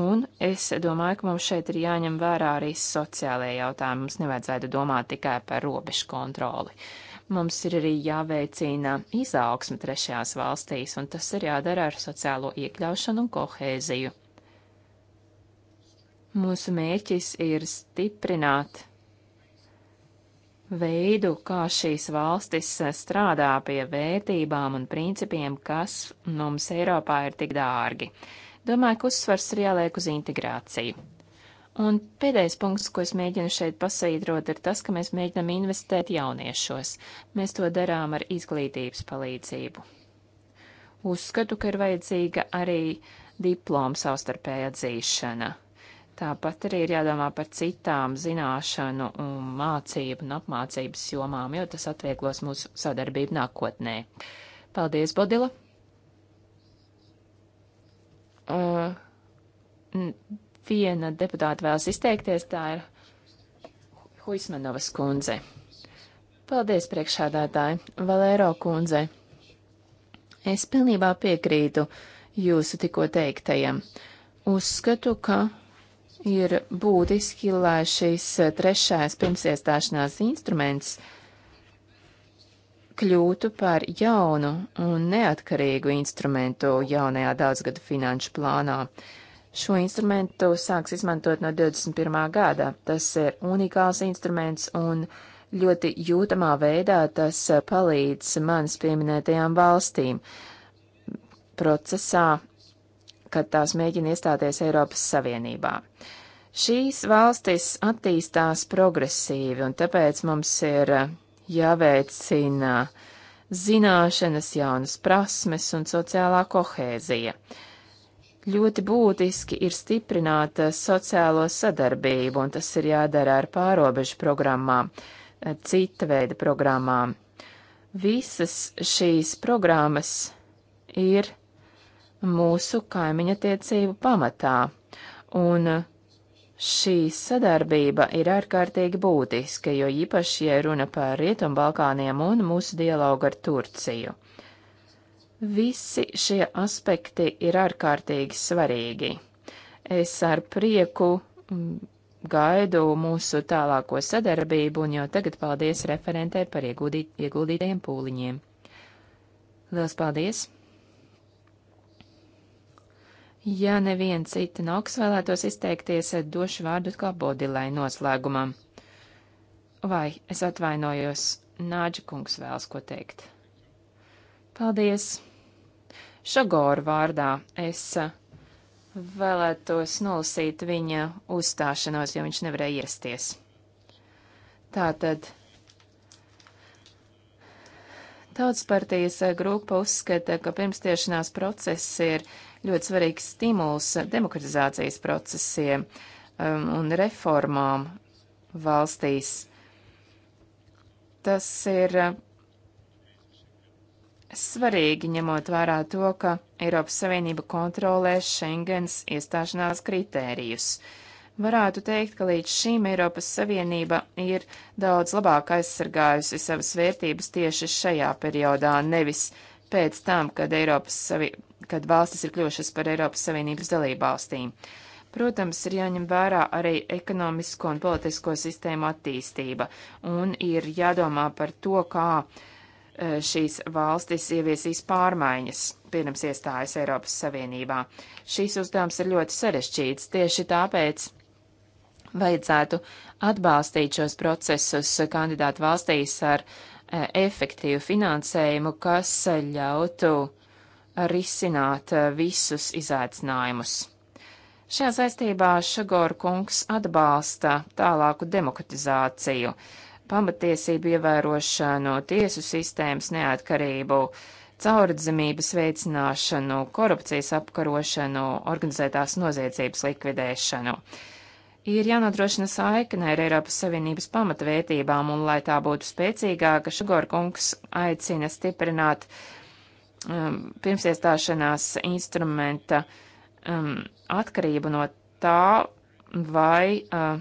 un es domāju, ka mums šeit ir jāņem vērā arī sociālajie jautājumi. Mums nevajadzētu domāt tikai par robežu kontroli. Mums ir arī jāveicina izaugsme trešajās valstīs, un tas ir jādara ar sociālo iekļaušanu un kohēziju. Mūsu mērķis ir stiprināt veidu, kā šīs valstis eh, strādā pie vērtībām un principiem, kas mums Eiropā ir tik dārgi. Domāju, ka uzsvars ir jāliek uz integrāciju. Un pēdējais punkts, ko es mēģinu šeit pasvītrot, ir tas, ka mēs mēģinam investēt jauniešos. Mēs to darām ar izglītības palīdzību. Uzskatu, ka ir vajadzīga arī diploma savstarpēja atzīšana. Tāpat arī ir jādomā par citām zināšanu un mācību un apmācības jomām, jo tas atvieglos mūsu sadarbību nākotnē. Paldies, Bodila! Uh, viena deputāta vēlas izteikties, tā ir Huismanovas kundze. Paldies, priekšādātāji, Valēro kundze. Es pilnībā piekrītu jūsu tikko teiktajam. Uzskatu, ka ir būtiski, lai šis trešais pirmsiestāšanās instruments kļūtu par jaunu un neatkarīgu instrumentu jaunajā daudzgada finanšu plānā. Šo instrumentu sāks izmantot no 21. gada. Tas ir unikāls instruments un ļoti jūtamā veidā tas palīdz manas pieminētajām valstīm procesā kad tās mēģina iestāties Eiropas Savienībā. Šīs valstis attīstās progresīvi, un tāpēc mums ir eh, jāveicina zināšanas, jaunas prasmes un sociālā kohēzija. Ļoti būtiski ir stiprināt eh, sociālo sadarbību, un tas ir jādara ar pārobežu programmām, eh, cita veida programmām. Visas šīs programmas ir mūsu kaimiņatiecību pamatā, un šī sadarbība ir ārkārtīgi būtiska, jo īpaši, ja runa par Rietumbalkāniem un mūsu dialogu ar Turciju. Visi šie aspekti ir ārkārtīgi svarīgi. Es ar prieku mm, gaidu mūsu tālāko sadarbību, un jau tagad paldies referentē par ieguldītajiem pūliņiem. Lielas paldies! Ja neviens citi noks vēlētos izteikties, došu vārdu kā bodilai noslēgumam. Vai es atvainojos, Nāģa kungs vēlas ko teikt. Paldies! Šagoru vārdā es vēlētos nolasīt viņa uzstāšanos, jo viņš nevarēja ierasties. Tātad. Tautas partijas grupa uzskata, ka pirmstiešanās process ir ļoti svarīgs stimuls demokratizācijas procesiem um, un reformām valstīs. Tas ir uh, svarīgi, ņemot vērā to, ka Eiropas Savienība kontrolē Schengens iestāšanās kritērijus. Varētu teikt, ka līdz šim Eiropas Savienība ir daudz labāk aizsargājusi savas vērtības tieši šajā periodā, nevis pēc tam, kad Eiropas Savi kad valstis ir kļuvušas par Eiropas Savienības dalību valstīm. Protams, ir jāņem vērā arī ekonomisko un politisko sistēmu attīstība, un ir jādomā par to, kā e, šīs valstis ieviesīs pārmaiņas pirms iestājas Eiropas Savienībā. Šīs uzdevums ir ļoti sarežģīts, tieši tāpēc vajadzētu atbalstīt šos procesus kandidātu valstīs ar e, efektīvu finansējumu, kas ļautu risināt eh, visus izaicinājumus. Šajā saistībā Šagor kungs atbalsta tālāku demokratizāciju, pamatiesību ievērošanu, tiesu sistēmas neatkarību, caurdzamības veicināšanu, korupcijas apkarošanu, organizētās noziedzības likvidēšanu. Ir jānodrošina saikne ar Eiropas Savienības pamatvērtībām, un, lai tā būtu spēcīgāka, Šagorkungs aicina stiprināt Um, pirmsiestāšanās instrumenta um, atkarība no tā, vai uh,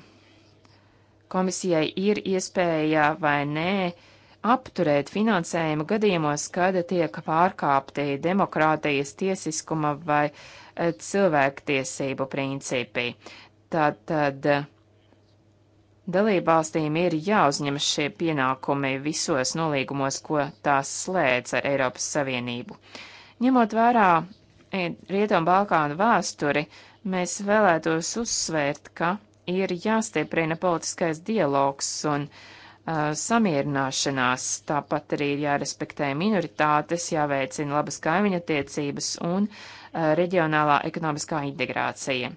komisijai ir iespēja vai nē apturēt finansējumu gadījumos, kad tiek pārkāpti demokrātijas tiesiskuma vai uh, cilvēktiesību principi. Tātad. tad Dalībvalstīm ir jāuzņemas šie pienākumi visos nolīgumos, ko tās slēdz ar Eiropas Savienību. Ņemot vērā e, Rietumbalkānu vēsturi, mēs vēlētos uzsvērt, ka ir jāstieprina politiskais dialogs un uh, samierināšanās, tāpat arī jārespektē minoritātes, jāveicina labas kaimiņa tiecības un uh, reģionālā ekonomiskā integrācija.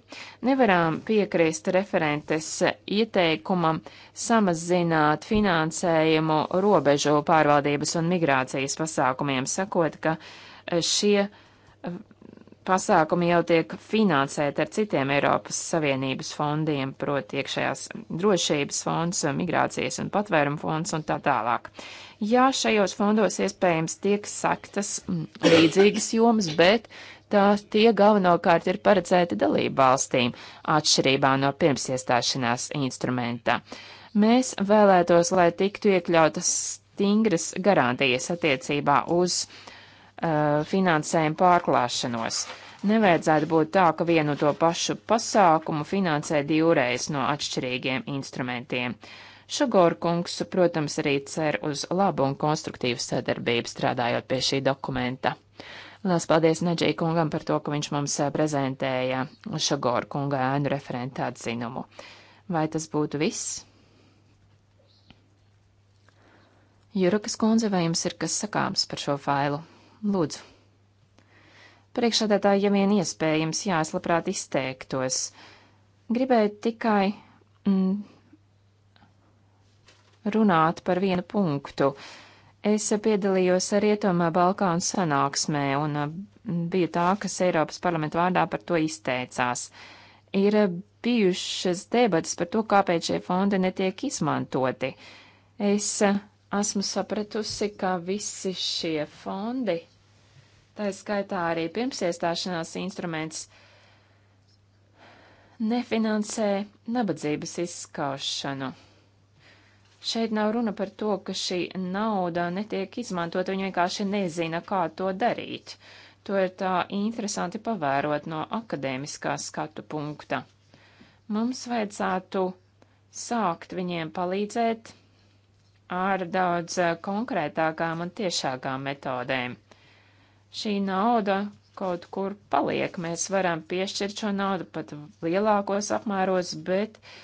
Nevaram piekrist referentes ieteikumam samazināt finansējumu robežu pārvaldības un migrācijas pasākumiem, sakot, ka šie pasākumi jau tiek finansēti ar citiem Eiropas Savienības fondiem, proti iekšējās drošības fonds, migrācijas un patvērumu fonds un tā tālāk. Jā, šajos fondos iespējams tiek saktas mm, līdzīgas jomas, bet tās tie galvenokārt ir paredzēti dalību valstīm, atšķirībā no pirms iestāšanās instrumenta. Mēs vēlētos, lai tiktu iekļautas stingras garantijas attiecībā uz uh, finansējumu pārklāšanos. Nevajadzētu būt tā, ka vienu to pašu pasākumu finansē divreiz no atšķirīgiem instrumentiem. Uh, Šagorkungs, protams, arī cer uz labu un konstruktīvu sadarbību strādājot pie šī dokumenta. Lielas paldies Nedžai kungam par to, ka viņš mums eh, prezentēja Šagoru kunga ēnu referenta atzinumu. Vai tas būtu viss? Jurukas kundze, vai jums ir kas sakāms par šo failu? Lūdzu. Priekšādātāji, ja vien iespējams, jā, es labprāt izteiktos. Gribēju tikai mm, runāt par vienu punktu. Es piedalījos Rietumā Balkānu sanāksmē un uh, biju tā, kas Eiropas parlamentu vārdā par to izteicās. Ir bijušas debatas par to, kāpēc šie fondi netiek izmantoti. Es uh, esmu sapratusi, ka visi šie fondi, tā skaitā arī pirmsiestāšanās instruments, nefinansē nabadzības izskaušanu. Šeit nav runa par to, ka šī nauda netiek izmantot, viņi vienkārši nezina, kā to darīt. To ir tā interesanti pavērot no akadēmiskā skatu punkta. Mums vajadzētu sākt viņiem palīdzēt ar daudz konkrētākām un tiešākām metodēm. Šī nauda kaut kur paliek. Mēs varam piešķirt šo naudu pat lielākos apmēros, bet uh,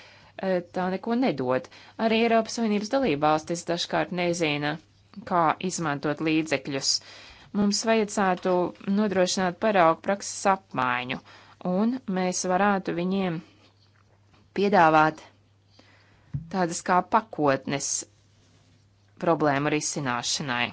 E, tā neko nedod. Arī Eiropas Savienības dalībvalstis dažkārt nezina, kā izmantot līdzekļus. Mums vajadzētu nodrošināt paraugu prakses apmaiņu, un mēs varētu viņiem piedāvāt tādas kā pakotnes problēmu risināšanai.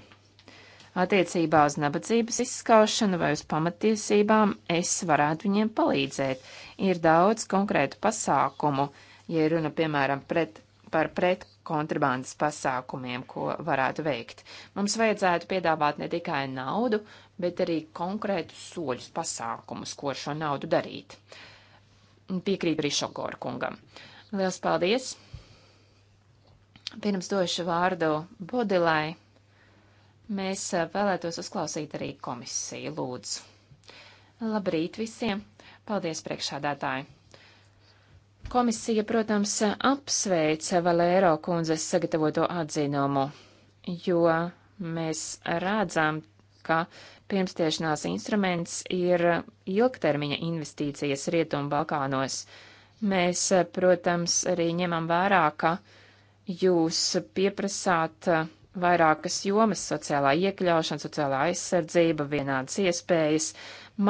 Attiecībā uz nabadzības izskaušanu vai uz pamatiesībām es varētu viņiem palīdzēt. Ir daudz konkrētu pasākumu, uh, ja runa, piemēram, pret, par pret kontrabandas pasākumiem, ko varētu veikt. Mums vajadzētu piedāvāt ne tikai naudu, bet arī konkrētus soļus, pasākumus, ko ar šo naudu darīt. Piekrīt Rišogor kungam. Liels paldies! Pirms došu vārdu Bodilai, mēs eh, vēlētos uzklausīt arī komisiju, lūdzu. Labrīt visiem! Paldies priekšādātāji! Komisija, protams, apsveica Valēro kundzes sagatavoto atzinumu, jo mēs redzam, ka pirmstiešanās instruments ir ilgtermiņa investīcijas Rietumu Balkānos. Mēs, protams, arī ņemam vērā, ka jūs pieprasāt vairākas jomas - sociālā iekļaušana, sociālā aizsardzība, vienādas iespējas,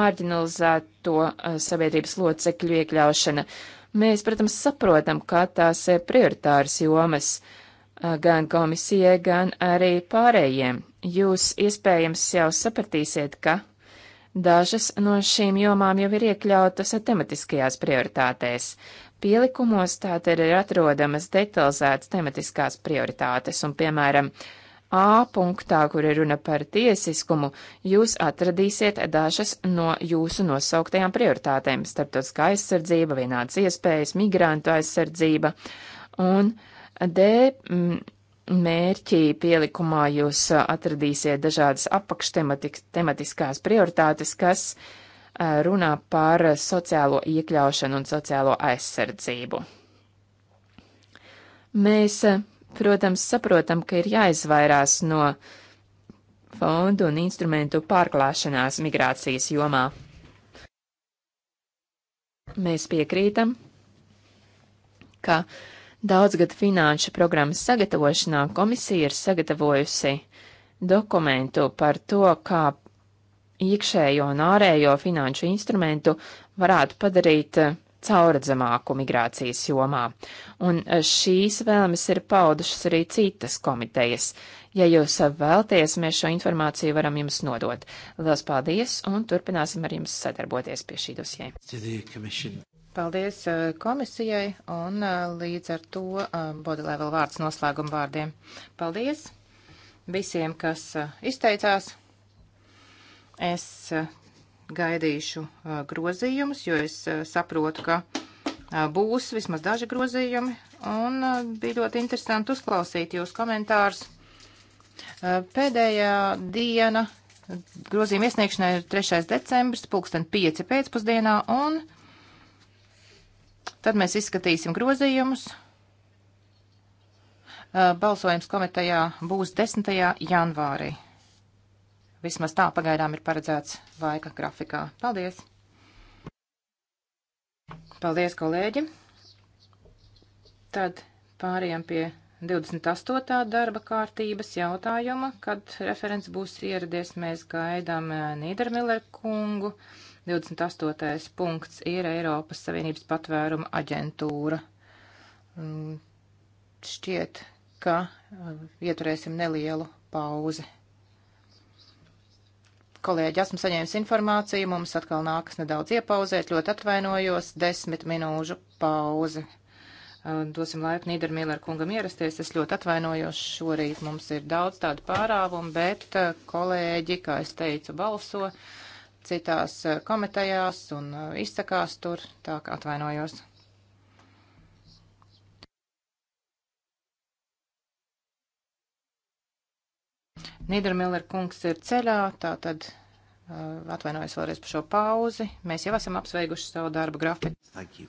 marginalizēto eh, sabiedrības locekļu iekļaušana. Mēs, protams, saprotam, ka tās ir prioritāras jomas gan komisijai, gan arī pārējiem. Jūs iespējams jau sapratīsiet, ka dažas no šīm jomām jau ir iekļautas tematiskajās prioritātēs. Pielikumos tātad ir atrodamas detalizētas tematiskās prioritātes, un, piemēram, uh, A punktā, kur ir runa par tiesiskumu, jūs atradīsiet dažas no jūsu nosauktajām prioritātēm - starptautiskā aizsardzība, vienādas iespējas, migrantu aizsardzība. Un D mm, mērķī pielikumā jūs atradīsiet dažādas apakštematiskās prioritātes, kas runā par sociālo iekļaušanu un sociālo aizsardzību. Mēs Protams, saprotam, ka ir jāizvairās no fondu un instrumentu pārklāšanās migrācijas jomā. Mēs piekrītam, ka daudzgad finanšu programmas sagatavošanā komisija ir sagatavojusi dokumentu par to, kā iekšējo un ārējo finanšu instrumentu varētu padarīt cauradzamāku migrācijas jomā. Un e, šīs vēlmes ir paudušas arī citas komitejas. Ja jūs vēlties, mēs šo informāciju varam jums nodot. Lielas paldies un turpināsim ar jums sadarboties pie šī dosie. Paldies e, komisijai un e, līdz ar to Bodilē vēl vārds noslēguma vārdiem. Paldies visiem, kas izteicās. Es gaidīšu grozījumus, jo es saprotu, ka būs vismaz daži grozījumi. Un bija ļoti interesanti uzklausīt jūs komentārus. Pēdējā diena grozījuma iesniegšanai ir 3. decembris, pulksten 5 pēcpusdienā, un tad mēs izskatīsim grozījumus. Balsojums komitejā būs 10. janvārī. Vismaz tā pagaidām ir paredzēts laika grafikā. Paldies! Paldies, kolēģi! Tad pāriem pie 28. darba kārtības jautājuma, kad referents būs ieradies, mēs gaidām eh, Nīdermiller kungu. 28. punkts ir Eiropas Savienības patvēruma aģentūra. Mm, šķiet, ka eh, ieturēsim nelielu pauzi. Kolēģi, esmu saņēmis informāciju, mums atkal nākas nedaudz iepauzēt, ļoti atvainojos, desmit minūžu pauze. Uh, dosim laiku Nīdermīlēr kungam ierasties. Es ļoti atvainojos šorīt. Mums ir daudz tādu pārāvumu, bet uh, kolēģi, kā es teicu, balso citās uh, komitejās un izsakās tur, tā kā atvainojos. Nīdermiller kungs ir ceļā, tā tad uh, atvainojos vēlreiz par šo pauzi. Mēs jau esam apsveiguši savu darbu grafiku.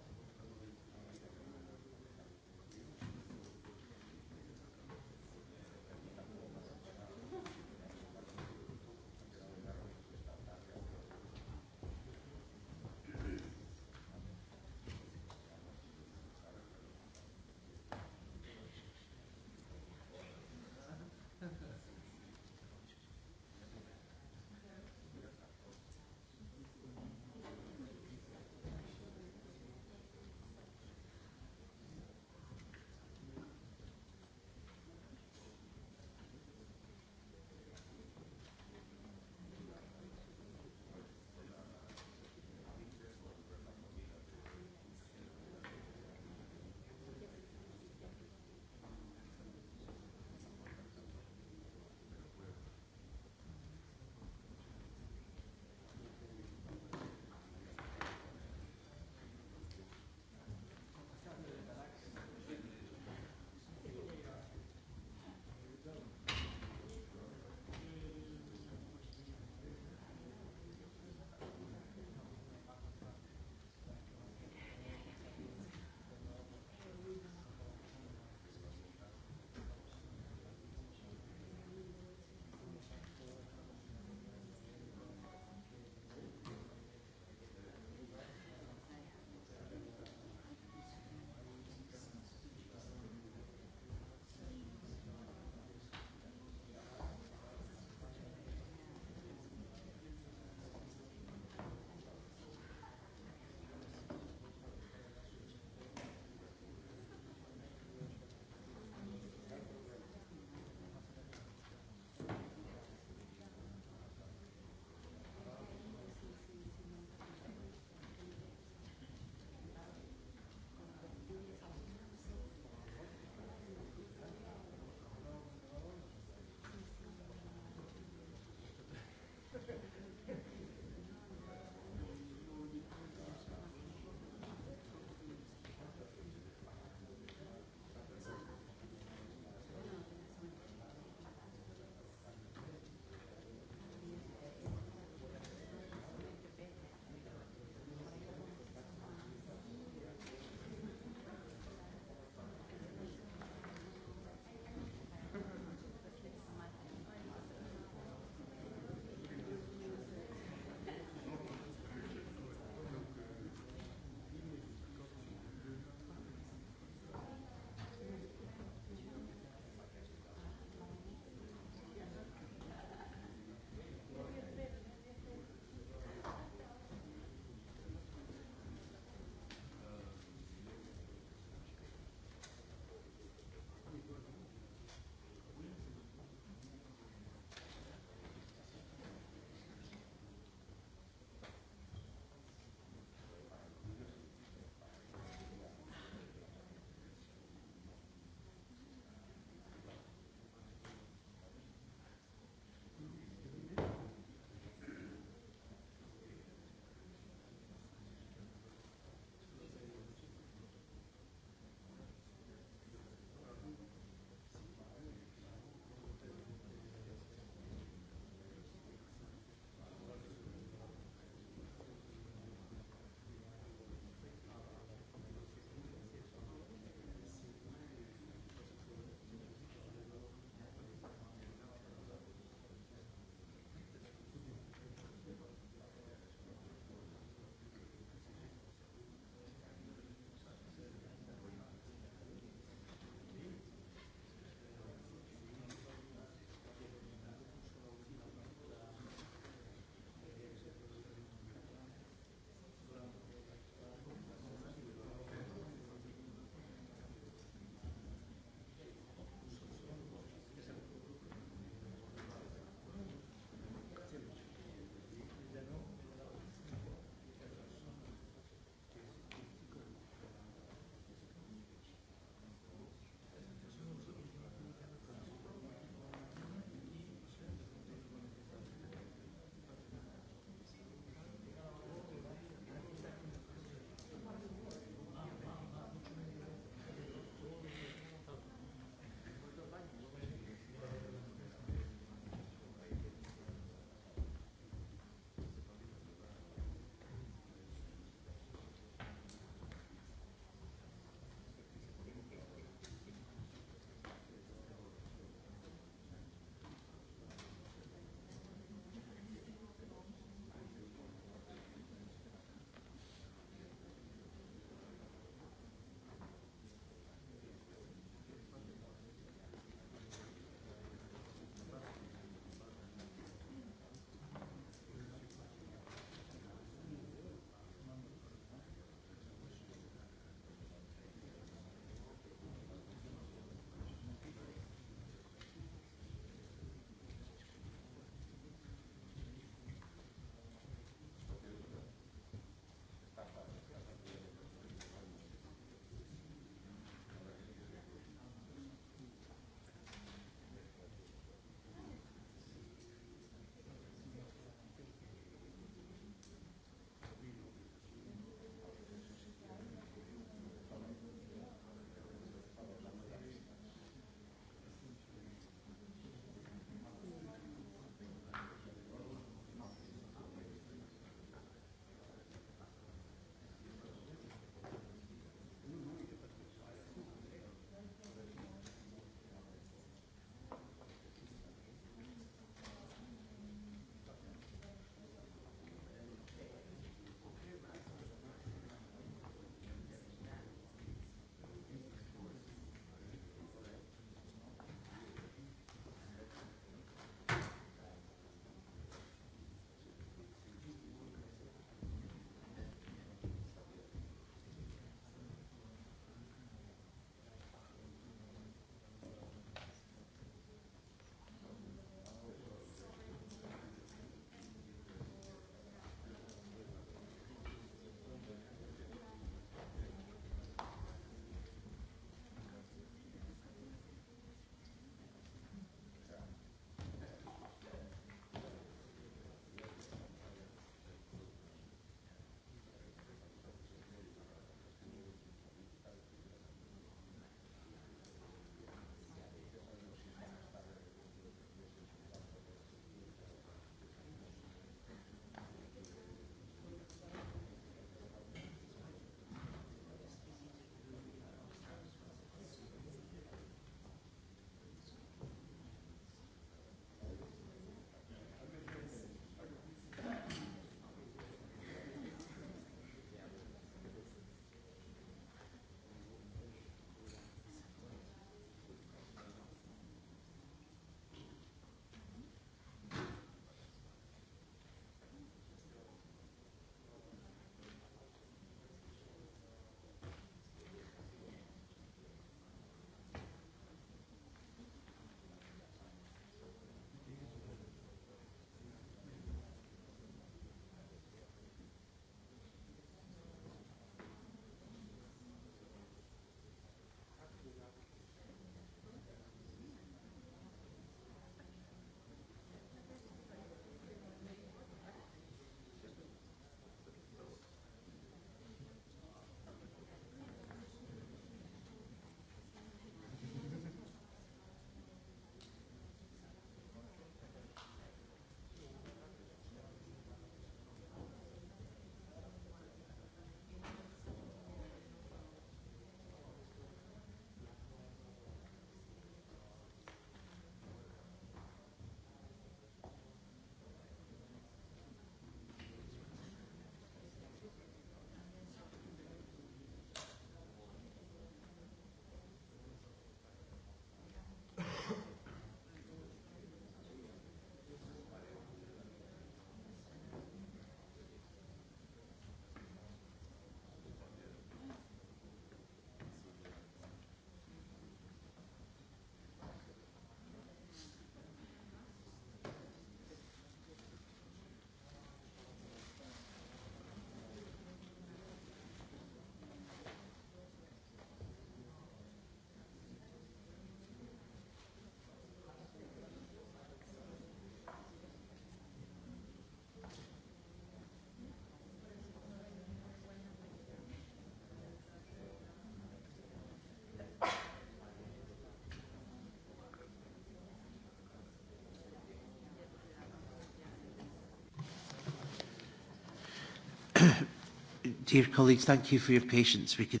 (coughs) Dear colleagues, thank you for your patience. We could...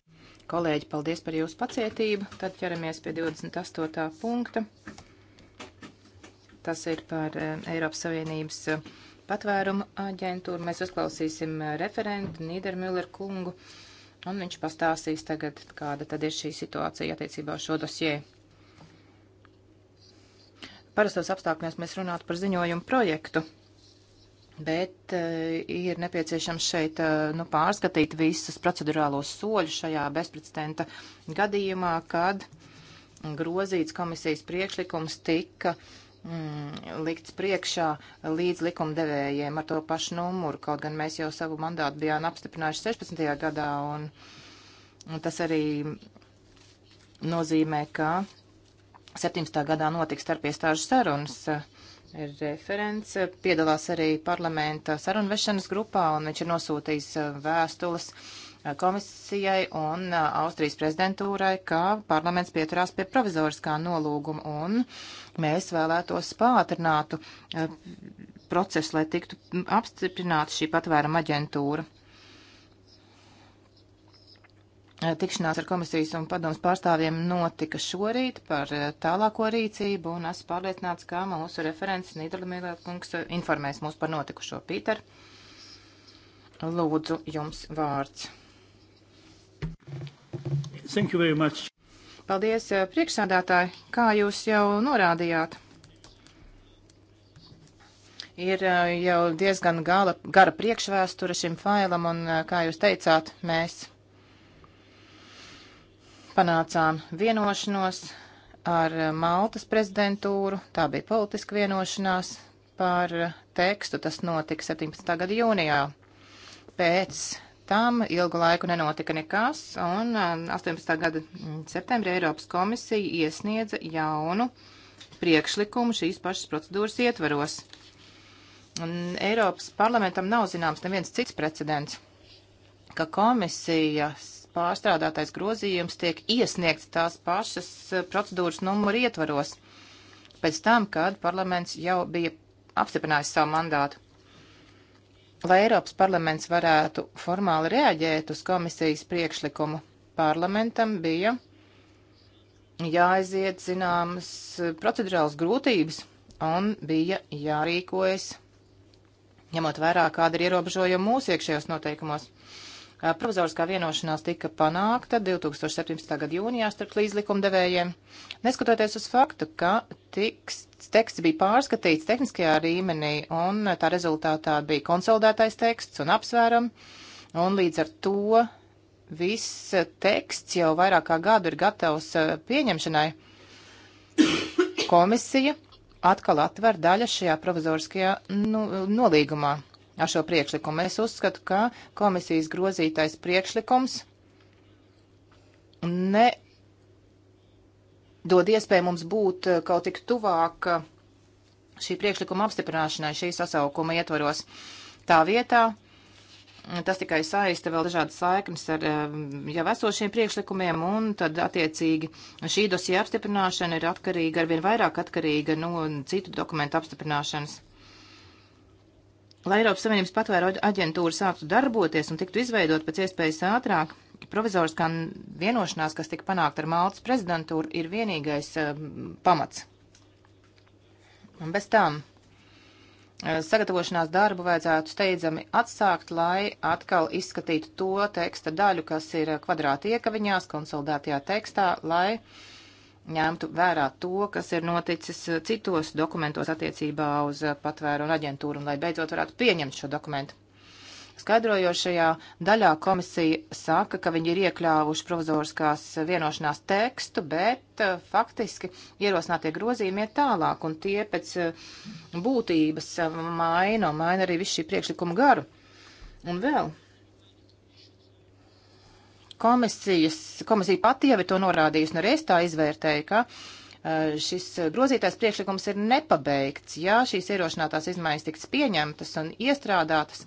Kolēģi, paldies par jūsu pacietību. Tad ķeramies pie 28. punkta. Tas ir par eh, Eiropas Savienības eh, patvērumu aģentūru. Mēs uzklausīsim eh, referentu Nīdermüller kungu, un viņš pastāstīs tagad, kāda tad ir šī situācija attiecībā uz šo dosiju. Parastos apstākļos mēs runātu par ziņojumu projektu. Bet eh, ir nepieciešams šeit eh, nu, pārskatīt visus procedurālos soļus šajā bezprecedenta gadījumā, kad grozīts komisijas priekšlikums tika mm, likts priekšā līdz likumdevējiem ar to pašu numuru, kaut gan mēs jau savu mandātu bijām apstiprinājuši 16. gadā, un, un tas arī nozīmē, ka 17. gadā notiks starpiestāžu sarunas. Uh, referents piedalās arī parlamenta sarunvešanas grupā, un viņš ir nosūtījis uh, vēstules uh, komisijai un uh, Austrijas prezidentūrai, ka parlaments pieturās pie provizoriskā nolūguma, un mēs vēlētos pātrinātu procesu, lai tiktu apstiprināta šī patvēruma aģentūra. Eh, tikšanās ar komisijas un padomus pārstāvjiem notika šorīt par eh, tālāko rīcību, un esmu pārliecināts, ka mūsu referents Nīderlamīlē kungs informēs mūs par notikušo. Pīter, lūdzu jums vārds. Thank you very much. Paldies, eh, priekšsādātāji, kā jūs jau norādījāt. Ir jau diezgan gala, gara priekšvēsture šim failam, un, kā jūs teicāt, mēs panācām vienošanos ar Maltas prezidentūru. Tā bija politiska vienošanās par tekstu. Tas notika 17. gada jūnijā. Pēc tam ilgu laiku nenotika nekas, un 18. Um, gada septembrī Eiropas komisija iesniedza jaunu priekšlikumu šīs pašas procedūras ietvaros. Un Eiropas parlamentam nav zināms neviens cits precedents ka komisijas pārstrādātais grozījums tiek iesniegts tās pašas eh, procedūras numuru ietvaros, pēc tam, kad parlaments jau bija apstiprinājis savu mandātu. Lai Eiropas parlaments varētu formāli reaģēt uz komisijas priekšlikumu, parlamentam bija jāaiziet zināmas eh, procedurālas grūtības un bija jārīkojas, ņemot vērā, kāda ir ierobežojuma mūsu iekšējos noteikumos. Provizoriskā vienošanās tika panākta 2017. gada jūnijā starp līdzlikumdevējiem, neskatoties uz faktu, ka tiks, teksts bija pārskatīts tehniskajā līmenī un tā rezultātā bija konsolidētais teksts un apsvērumi, un līdz ar to viss teksts jau vairāk kā gadu ir gatavs pieņemšanai. Komisija atkal atver daļa šajā provizoriskajā nu, nolīgumā ar šo priekšlikumu. Es uzskatu, ka komisijas grozītais priekšlikums ne dod iespēju mums būt eh, kaut tik tuvāk eh, šī priekšlikuma apstiprināšanai šī sasaukuma ietvaros. Tā vietā tas tikai saista vēl dažādas saiknes ar eh, jau esošiem priekšlikumiem, un tad attiecīgi šī dosija apstiprināšana ir atkarīga, arvien vairāk atkarīga no citu dokumentu apstiprināšanas. Lai Eiropas Savienības patvēru aģentūra sāktu darboties un tiktu izveidot pēc iespējas ātrāk, provizoriskā vienošanās, kas tika panākta ar Maltas prezidentūru, ir vienīgais uh, pamats. Un bez tām uh, sagatavošanās darbu vajadzētu steidzami atsākt, lai atkal izskatītu to teksta daļu, kas ir eh, kvadrāti iekaviņās, konsolidētajā tekstā, lai uh, ņemtu vērā to, kas ir noticis citos dokumentos attiecībā uz patvērumu aģentūru un lai beidzot varētu pieņemt šo dokumentu. Skaidrojošajā daļā komisija saka, ka viņi ir iekļāvuši provizoriskās vienošanās tekstu, bet eh, faktiski ierosinātie grozījumi iet tālāk un tie pēc eh, būtības eh, maina, maina arī visu šī priekšlikuma garu. Un vēl komisijas, komisija pati jau ir to norādījusi, nu no reiz tā izvērtēja, ka e, šis grozītais priekšlikums ir nepabeigts, ja šīs ierošinātās izmaiņas tiks pieņemtas un iestrādātas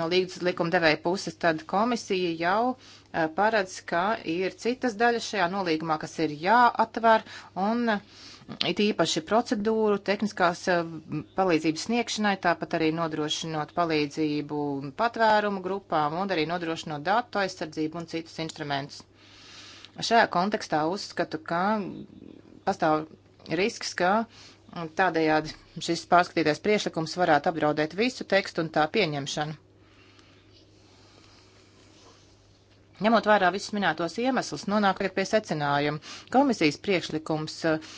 no līdz likumdevēja puses, tad komisija jau e, paredz, ka ir citas daļas šajā nolīgumā, kas ir jāatver un uh, it īpaši procedūru, tehniskās eh, palīdzības sniegšanai, tāpat arī nodrošinot palīdzību patvērumu grupām un arī nodrošinot datu aizsardzību un citus instrumentus. Šajā kontekstā uzskatu, ka pastāv risks, ka tādējādi šis pārskatītais priešlikums varētu apdraudēt visu tekstu un tā pieņemšanu. Ņemot vērā visus minētos iemeslus, nonāk pie secinājuma. Komisijas priekšlikums uh,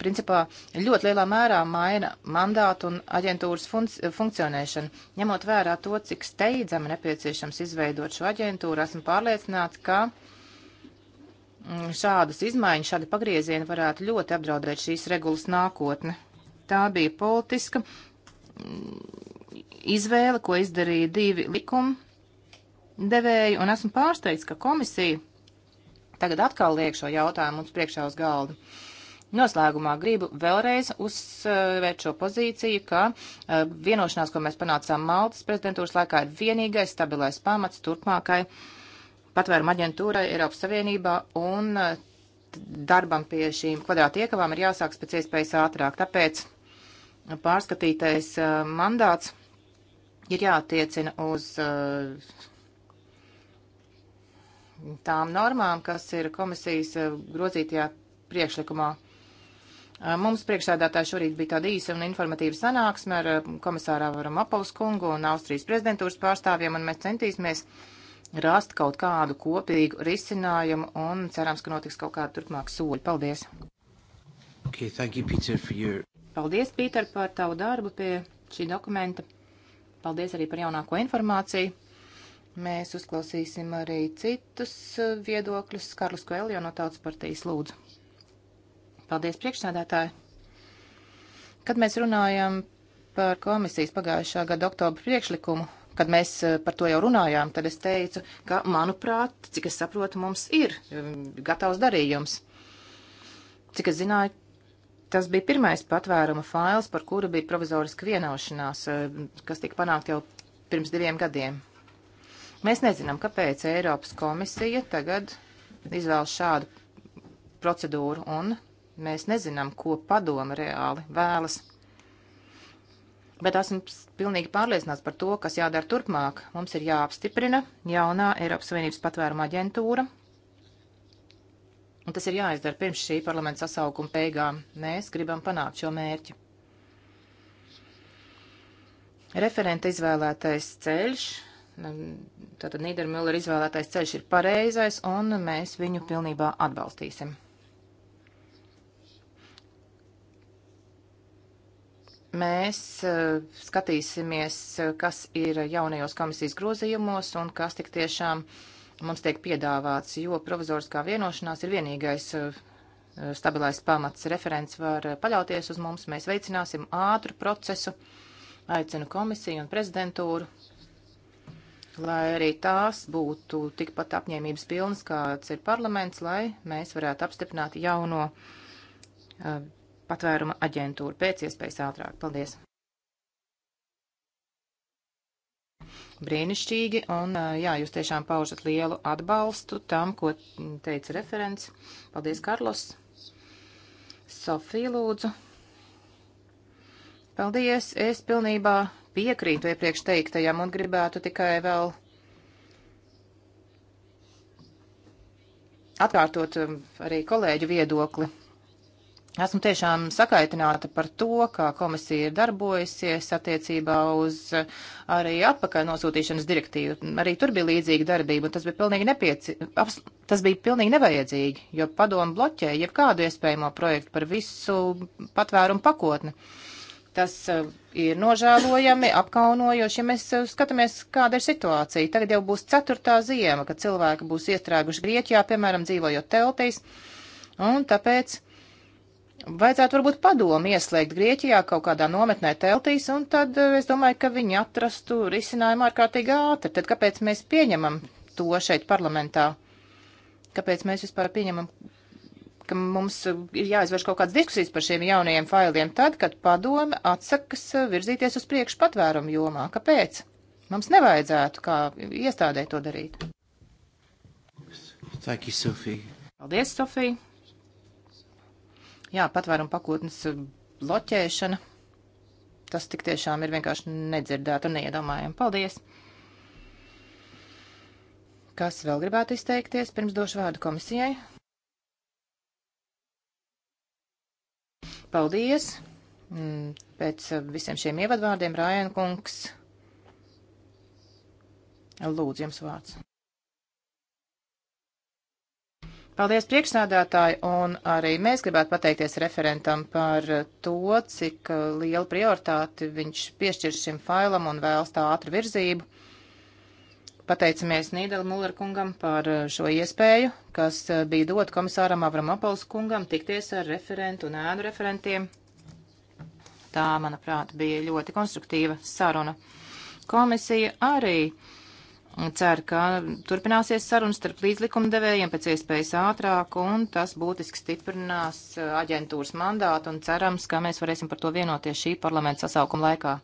principā ļoti lielā mērā maina mandātu un aģentūras func funkcionēšanu. Ņemot vērā to, cik steidzami nepieciešams izveidot šo aģentūru, esmu pārliecināts, ka mm, šādas izmaiņas, šādi pagriezieni varētu ļoti apdraudēt šīs regulas nākotne. Tā bija politiska mm, izvēle, ko izdarīja divi likuma devēji, un esmu pārsteigts, ka komisija tagad atkal liek šo jautājumu mums priekšā uz galdu. Uh, Noslēgumā gribu vēlreiz uzsvērt šo pozīciju, ka eh, vienošanās, ko mēs panācām Maltas prezidentūras laikā, ir vienīgais stabilais pamats turpmākai patvēruma aģentūrai Eiropas Savienībā un eh, darbam pie šīm kvadrāta iekavām ir jāsāks pēc iespējas ātrāk. Tāpēc pārskatītais eh, mandāts ir jātiecina uz tām normām, kas ir komisijas grozītajā priekšlikumā. Mums priekšsēdētāji šorīt bija tāda īsa un informatīva sanāksme ar um, komisārā Varam Apaus kungu un Austrijas prezidentūras pārstāvjiem, un mēs centīsimies rast kaut kādu kopīgu risinājumu un cerams, ka notiks kaut kāda turpmāka soļa. Paldies! Okay, thank you, Peter, for your... Paldies, Pīter, par tavu darbu pie šī dokumenta. Paldies arī par jaunāko informāciju. Mēs uzklausīsim arī citus uh, viedokļus. Karlis Koeljo no Tautas partijas lūdzu. Paldies, priekšsādātāji. Kad mēs runājam par komisijas pagājušā gada oktobra priekšlikumu, kad mēs eh, par to jau runājām, tad es teicu, ka, manuprāt, cik es saprotu, mums ir um, gatavs darījums. Cik es zināju, tas bija pirmais patvēruma fails, par kuru bija provizoriska vienošanās, eh, kas tika panākt jau pirms diviem gadiem. Mēs nezinām, kāpēc Eiropas komisija tagad izvēlas šādu procedūru un Mēs nezinām, ko padoma reāli vēlas. Bet esmu pilnīgi pārliecināts par to, kas jādara turpmāk. Mums ir jāapstiprina jaunā Eiropas Savienības patvēruma aģentūra. Un tas ir jāizdara pirms šī parlamenta sasaukuma beigām. Mēs gribam panākt šo mērķi. Referenta izvēlētais ceļš Tātad Nīdermüller izvēlētais ceļš ir pareizais, un mēs viņu pilnībā atbalstīsim. mēs e, skatīsimies, e, kas ir jaunajos komisijas grozījumos un kas tik tiešām mums tiek piedāvāts, jo provizoriskā vienošanās ir vienīgais e, stabilais pamats. Referents var paļauties uz mums, mēs veicināsim ātru procesu, aicinu komisiju un prezidentūru, lai arī tās būtu tikpat apņēmības pilnas, kāds ir parlaments, lai mēs varētu apstiprināt jauno patvēruma aģentūru pēc iespējas ātrāk. Paldies! Brīnišķīgi, un jā, jūs tiešām paužat lielu atbalstu tam, ko teica referents. Paldies, Karlos! Sofija lūdzu! Paldies! Es pilnībā piekrītu iepriekš teiktajam un gribētu tikai vēl atkārtot arī kolēģu viedokli Esmu tiešām sakaitināta par to, kā komisija ir darbojusies attiecībā uz arī atpakaļ nosūtīšanas direktīvu. Arī tur bija līdzīga darbība, un tas bija pilnīgi, nepieci... tas bija pilnīgi nevajadzīgi, jo padomu bloķēja jebkādu iespējamo projektu par visu patvērumu pakotni. Tas uh, ir nožēlojami, apkaunojoši, ja mēs uh, skatāmies, kāda ir situācija. Tagad jau būs ceturtā ziema, kad cilvēki būs iestrēguši Grieķijā, piemēram, dzīvojot teltīs, un tāpēc. Vajadzētu varbūt padomu ieslēgt Grieķijā kaut kādā nometnē teltīs, un tad eh, es domāju, ka viņi atrastu risinājumu ārkārtīgi ātri. Tad kāpēc mēs pieņemam to šeit parlamentā? Kāpēc mēs vispār pieņemam, ka mums ir jāizvērš kaut kādas diskusijas par šiem jaunajiem failiem tad, kad padome atsakas eh, virzīties uz priekšu patvērumu jomā? Kāpēc? Mums nevajadzētu kā iestādē to darīt. Thank you, Sofija. Paldies, Sofija. Jā, patvērumu pakotnes bloķēšana. Tas tik tiešām ir vienkārši nedzirdēta un neiedomājama. Paldies! Kas vēl gribētu izteikties pirms došu vārdu komisijai? Paldies! Mm, pēc visiem šiem ievadvārdiem Rājēnkungs. Lūdzu, jums vārds. Paldies priekšsādātāji, un arī mēs gribētu pateikties referentam par to, cik lielu prioritāti viņš piešķir šim failam un vēlas tā ātru virzību. Pateicamies Nīdela Muller kungam par šo iespēju, kas bija dot komisāram Avramopols kungam tikties ar referentu un ēnu referentiem. Tā, manuprāt, bija ļoti konstruktīva saruna. Komisija arī uh, Ceru, ka turpināsies sarunas starp līdzlikumdevējiem pēc iespējas ātrāk, un tas būtiski stiprinās aģentūras mandātu, un cerams, ka mēs varēsim par to vienoties šī parlamenta sasaukuma laikā.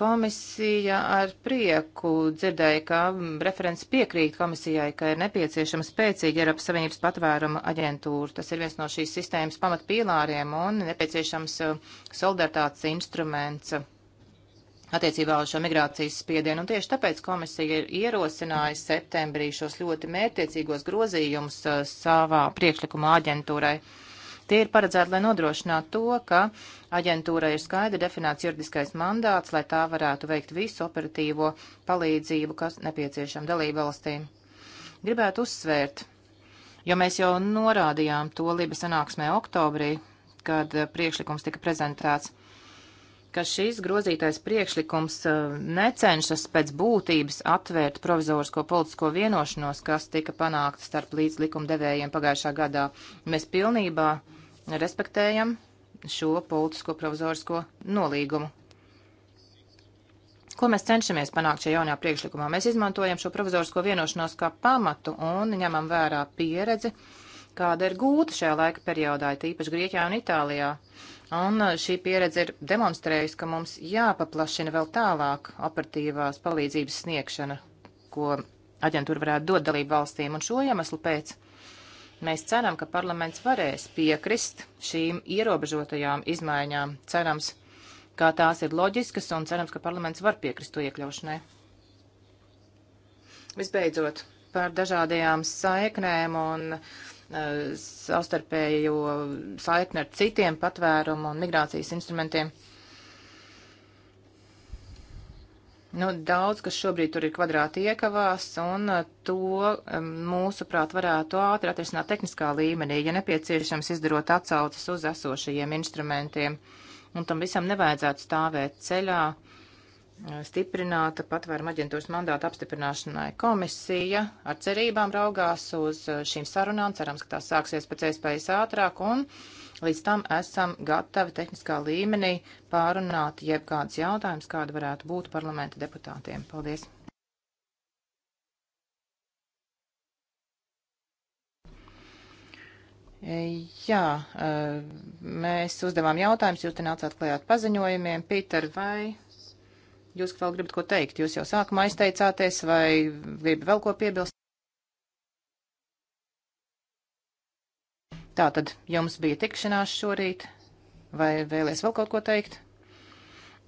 Komisija ar prieku dzirdēja, ka referents piekrīt komisijai, ka ir nepieciešama spēcīga Eiropas Savienības patvēruma aģentūra. Tas ir viens no šīs sistēmas pamatpīlāriem un nepieciešams solidaritātes instruments attiecībā uz šo migrācijas spiedienu. Un tieši tāpēc komisija ir ierosinājusi septembrī šos ļoti mērķiecīgos grozījumus uh, savā priekšlikumā aģentūrai. Tie ir paredzēti, lai nodrošinātu to, ka aģentūra ir skaidri definēts juridiskais mandāts, lai tā varētu veikt visu operatīvo palīdzību, kas nepieciešama dalībvalstīm. Gribētu uzsvērt, jo mēs jau norādījām to Liba sanāksmē oktobrī, kad priekšlikums tika prezentēts ka šīs grozītais priekšlikums eh, necenšas pēc būtības atvērt provizorisko politisko vienošanos, kas tika panākta starp līdzlikumdevējiem pagājušā gadā. Mēs pilnībā respektējam šo politisko provizorisko nolīgumu. Ko mēs cenšamies panākt šajā jaunajā priekšlikumā? Mēs izmantojam šo provizorisko vienošanos kā pamatu un ņemam vērā pieredzi, kāda ir gūta šajā laika periodā, tīpaši Grieķijā un Itālijā Un eh, šī pieredze ir demonstrējusi, ka mums jāpaplašina vēl tālāk operatīvās palīdzības sniegšana, ko aģentūra varētu dot dalību valstīm. Un šo iemeslu pēc mēs ceram, ka parlaments varēs piekrist šīm ierobežotajām izmaiņām. Cerams, kā tās ir loģiskas un cerams, ka parlaments var piekrist to iekļaušanai. Visbeidzot, par dažādajām saiknēm un uh, savstarpējo saikni ar citiem patvērumu un migrācijas instrumentiem. Nu, daudz, kas šobrīd tur ir kvadrāti iekavās, un uh, to, um, mūsuprāt, varētu ātri atrisināt tehniskā līmenī, ja nepieciešams izdarot atsaucas uz esošajiem instrumentiem. Un tam visam nevajadzētu stāvēt ceļā uh, stiprināta patvēruma aģentūras mandāta apstiprināšanai. Komisija ar cerībām raugās uz šīm sarunām, cerams, ka tās sāksies pēc iespējas ātrāk, un līdz tam esam gatavi tehniskā līmenī pārunāt jebkādas jautājumas, kāda varētu būt parlamenta deputātiem. Paldies! Jā, eh, mēs uzdevām jautājumus, jūs te nācāt klajāt paziņojumiem. Pīter, vai Jūs vēl gribat ko teikt? Jūs jau sākumā izteicāties vai gribat vēl ko piebilst? Tātad jums bija tikšanās šorīt, vai vēlies vēl kaut ko teikt?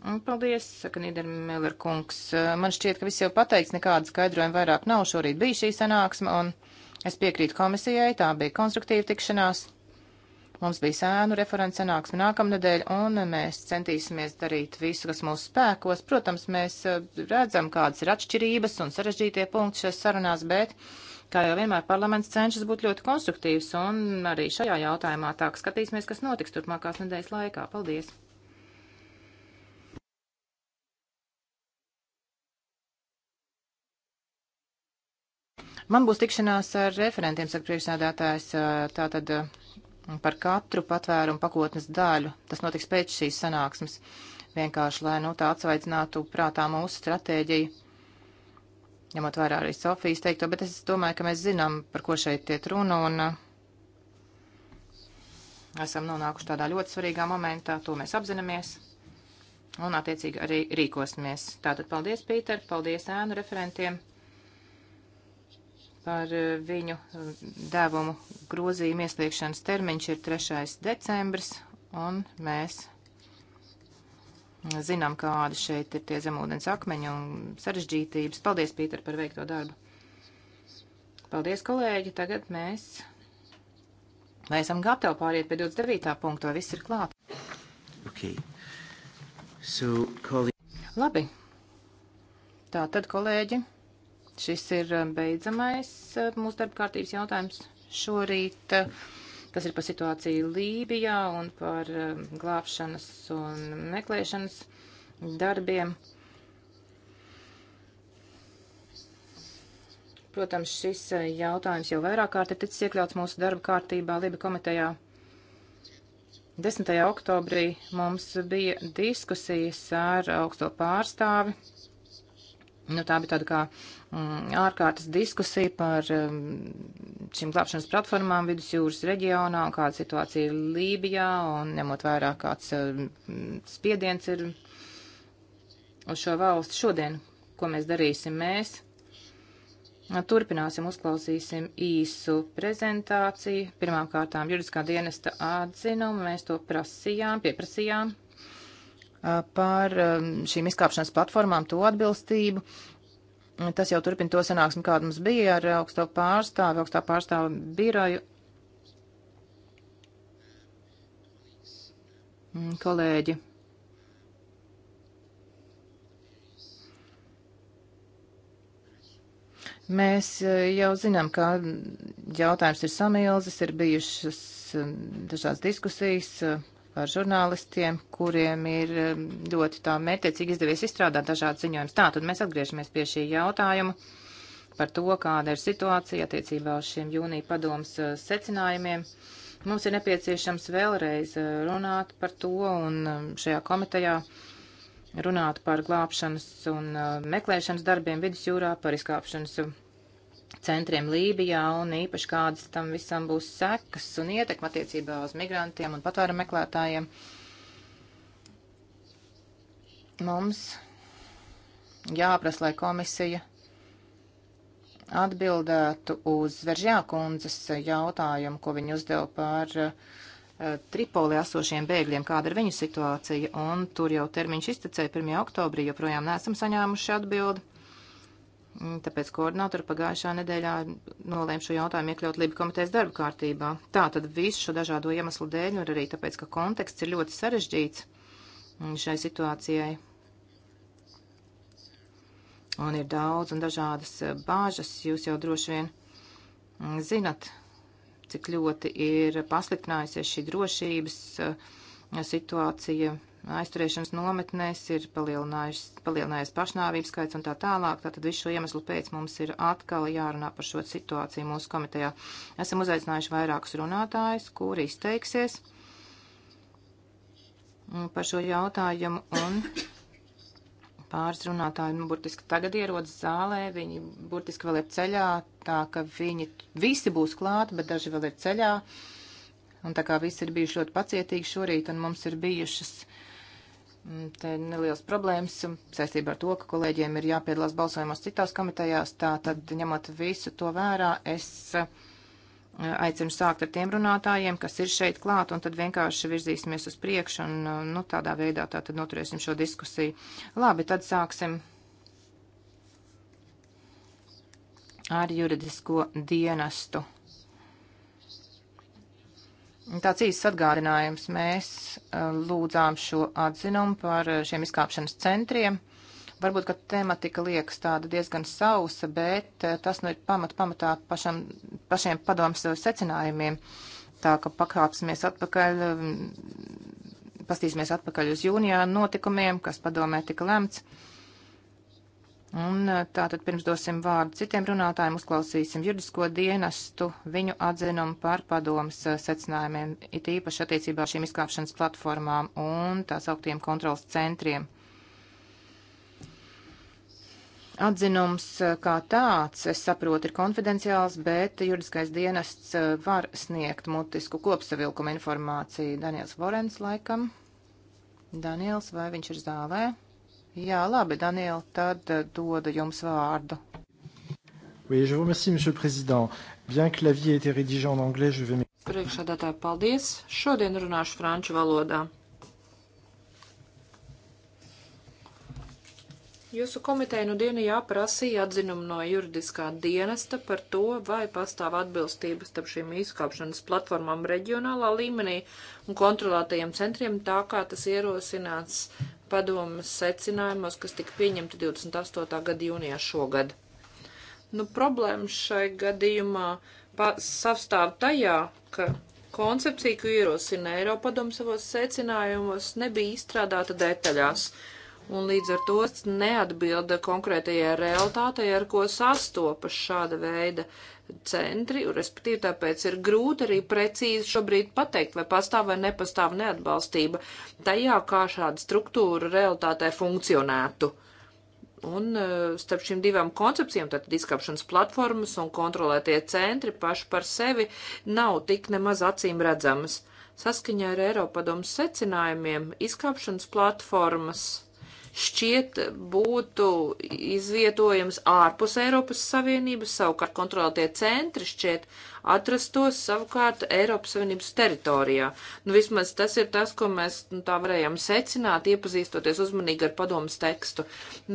Mm, paldies, saka Nīdermēler kungs. Eh, man šķiet, ka viss jau pateiks, nekāda skaidrojuma vairāk nav. Šorīt bija šī sanāksme, un es piekrītu komisijai, tā bija konstruktīva tikšanās. Mums bija sēnu referents sanāksme nākamnedēļ, un mēs centīsimies darīt visu, kas mūsu spēkos. Protams, mēs eh, redzam, kādas ir atšķirības un sarežģītie punkti šajās sarunās, bet, kā jau vienmēr, parlaments cenšas būt ļoti konstruktīvs, un arī šajā jautājumā tā, ka skatīsimies, kas notiks turpmākās nedēļas laikā. Paldies! Man būs tikšanās ar referentiem, saka priekšsādātājs. Eh, tātad eh, par katru patvērumu pakotnes daļu. Tas notiks pēc šīs sanāksmes. Vienkārši, lai nu, tā atsvaidzinātu prātā mūsu stratēģiju, ņemot vērā arī Sofijas teikto, bet es domāju, ka mēs zinām, par ko šeit tiek runa, un uh, esam nonākuši tādā ļoti svarīgā momentā, to mēs apzināmies, un attiecīgi arī rīkosimies. Tātad paldies, Pīter, paldies ēnu referentiem par e, viņu e, devumu grozījumu iesniegšanas termiņš ir 3. decembris, un mēs zinām, kāda šeit ir tie zemūdens akmeņi un sarežģītības. Paldies, Pīter, par veikto darbu. Paldies, kolēģi. Tagad mēs vai esam gatavi pāriet pie 29. punktu, vai viss ir klāt? Okay. So, kolēģi. Labi. Tā tad, kolēģi. Šis ir beidzamais eh, mūsu darba kārtības jautājums šorīt. Tas eh, ir par situāciju Lībijā un par eh, glābšanas un meklēšanas darbiem. Protams, šis jautājums jau vairāk kārt ir ticis iekļauts mūsu darba kārtībā Lība komitejā. 10. oktobrī mums bija diskusijas ar augsto pārstāvi Nu, tā bija tāda kā mm, ārkārtas diskusija par mm, šīm glābšanas platformām vidusjūras reģionā un kāda situācija ir Lībijā un ņemot vērā kāds mm, spiediens ir uz šo valstu šodien, ko mēs darīsim mēs. Turpināsim, uzklausīsim īsu prezentāciju. Pirmām kārtām juridiskā dienesta atzinumu mēs to prasījām, pieprasījām par um, šīm izkāpšanas platformām, to atbilstību. Tas jau turpina to sanāksmi, kāda mums bija ar augsto pārstāvi, augstā pārstāva biroju. Mm, kolēģi. Mēs eh, jau zinām, ka jautājums ir samilzis, ir bijušas mm, dažādas diskusijas ar žurnālistiem, kuriem ir eh, ļoti tā mērķiecīgi izdevies izstrādāt dažādas ziņojumus. Tā, tad mēs atgriežamies pie šī jautājuma par to, kāda ir situācija attiecībā uz šiem jūnija padomas eh, secinājumiem. Mums ir nepieciešams vēlreiz eh, runāt par to un šajā komitejā runāt par glābšanas un meklēšanas darbiem vidusjūrā, par izkāpšanas centriem Lībijā un īpaši kādas tam visam būs sekas un ietekma attiecībā uz migrantiem un patvēru meklētājiem. Mums jāprasa, lai komisija atbildētu uz Veržjā kundzes jautājumu, ko viņa uzdeva par eh, Tripolī esošiem bēgļiem, kāda ir viņu situācija, un tur jau termiņš iztecēja 1. oktobrī, joprojām neesam saņēmuši atbildi. Mm, tāpēc koordinātori pagājušā nedēļā nolēma šo jautājumu iekļaut Lība komitejas darba kārtībā. Tā tad visu šo dažādo iemeslu dēļ, un arī tāpēc, ka konteksts ir ļoti sarežģīts mm, šai situācijai. Un ir daudz un dažādas eh, bāžas, jūs jau droši vien mm, zinat, cik ļoti ir pasliktinājusies šī drošības eh, situācija aizturēšanas nometnēs, ir palielinājies pašnāvības skaits un tā tālāk. Tātad visu šo iemeslu pēc mums ir atkal jārunā par šo situāciju mūsu komitejā. Esam uzaicinājuši vairākus runātājus, kuri izteiksies par šo jautājumu un pāris runātāji, nu, burtiski tagad ierodas zālē, viņi burtiski vēl ir ceļā, tā ka viņi visi būs klāt, bet daži vēl ir ceļā. Un tā kā visi ir bijuši ļoti pacietīgi šorīt, un mums ir bijušas Mm, te ir nelielas problēmas saistībā ar to, ka kolēģiem ir jāpiedalās balsojumos citās komitejās. Tā tad, ņemot visu to vērā, es eh, aicinu sākt ar tiem runātājiem, kas ir šeit klāt, un tad vienkārši virzīsimies uz priekšu, un eh, nu, tādā veidā tā tad noturēsim šo diskusiju. Labi, tad sāksim ar juridisko dienestu Tāds īsts atgādinājums. Mēs uh, lūdzām šo atzinumu par uh, šiem izkāpšanas centriem. Varbūt, ka tematika liekas tāda diezgan sausa, bet uh, tas nu ir pamat, pamatā pašam, pašiem padomus secinājumiem. Tā ka pakāpsimies atpakaļ, mm, pastīsimies atpakaļ uz jūnijā notikumiem, kas padomē tika lemts. Un e, tātad pirms dosim vārdu citiem runātājiem, uzklausīsim juridisko dienestu, viņu atzinumu par padomas e, secinājumiem, it īpaši attiecībā šīm izkāpšanas platformām un tās augtiem kontrols centriem. Atzinums e, kā tāds, es saprotu, ir konfidenciāls, bet juridiskais dienests var sniegt mutisku kopsavilkumu informāciju Daniels Vorens laikam. Daniels, vai viņš ir zālē? Jā, labi, Daniel, tad eh, dodu jums vārdu. Oui, je vous remercie, monsieur le président. Bien que l'avis ait été rédigé en anglais, je vais... Priekšādātāji, paldies. Šodien runāšu franču valodā. Jūsu komiteja nu dienu jāprasīja atzinumu no juridiskā dienesta par to, vai pastāv atbilstības starp šīm izkāpšanas platformām reģionālā līmenī un kontrolētajiem centriem tā, kā tas ierosināts padomas secinājumos, kas tika pieņemti 28. gada jūnijā šogad. Nu, problēma šai gadījumā savstāv tajā, ka koncepcija, ko ierosina Eiropadomu savos secinājumos, nebija izstrādāta detaļās, un līdz ar to neatbilda konkrētajai realitātei, ar ko sastopas šāda veida centri, respektīvi tāpēc ir grūti arī precīzi šobrīd pateikt, vai pastāv vai nepastāv neatbalstība tajā, kā šāda struktūra realitātē funkcionētu. Un e, starp šīm divām koncepcijām, tātad izkāpšanas platformas un kontrolētie centri paši par sevi nav tik nemaz acīm redzamas. Saskaņā ar Eiropadomu secinājumiem izkāpšanas platformas šķiet būtu izvietojams ārpus Eiropas Savienības, savukārt kontrolētie centri šķiet atrastos savukārt Eiropas Savienības teritorijā. Nu, vismaz tas ir tas, ko mēs nu, tā varējām secināt, iepazīstoties uzmanīgi ar padomus tekstu,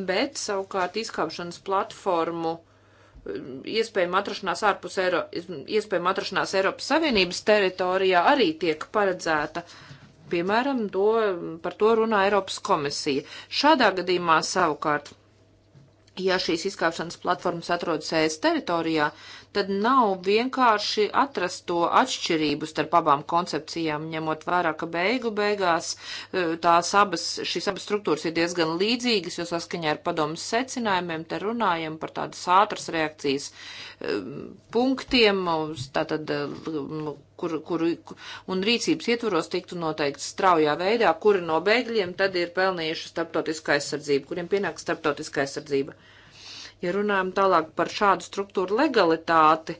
bet savukārt izkāpšanas platformu um, iespējama atrašanās ārpus Eiro, iespējama atrašanās Eiropas Savienības teritorijā arī tiek paredzēta. Uh, Piemēram, to, par to runā Eiropas komisija. Šādā gadījumā savukārt, ja šīs izkāpšanas platformas atrodas ES teritorijā, tad nav vienkārši atrast to atšķirību starp abām koncepcijām, ņemot vērā, ka beigu beigās e, tās abas, šīs abas struktūras ir diezgan līdzīgas, jo saskaņā ar padomus secinājumiem te runājam par tādas ātras reakcijas e, punktiem, tātad, e, kur, kur, un rīcības ietvaros tiktu noteikti straujā veidā, kuri no bēgļiem tad ir pelnījuši starptautiskā aizsardzība, kuriem pienāk starptautiskā aizsardzība. Ja runājam tālāk par šādu struktūru legalitāti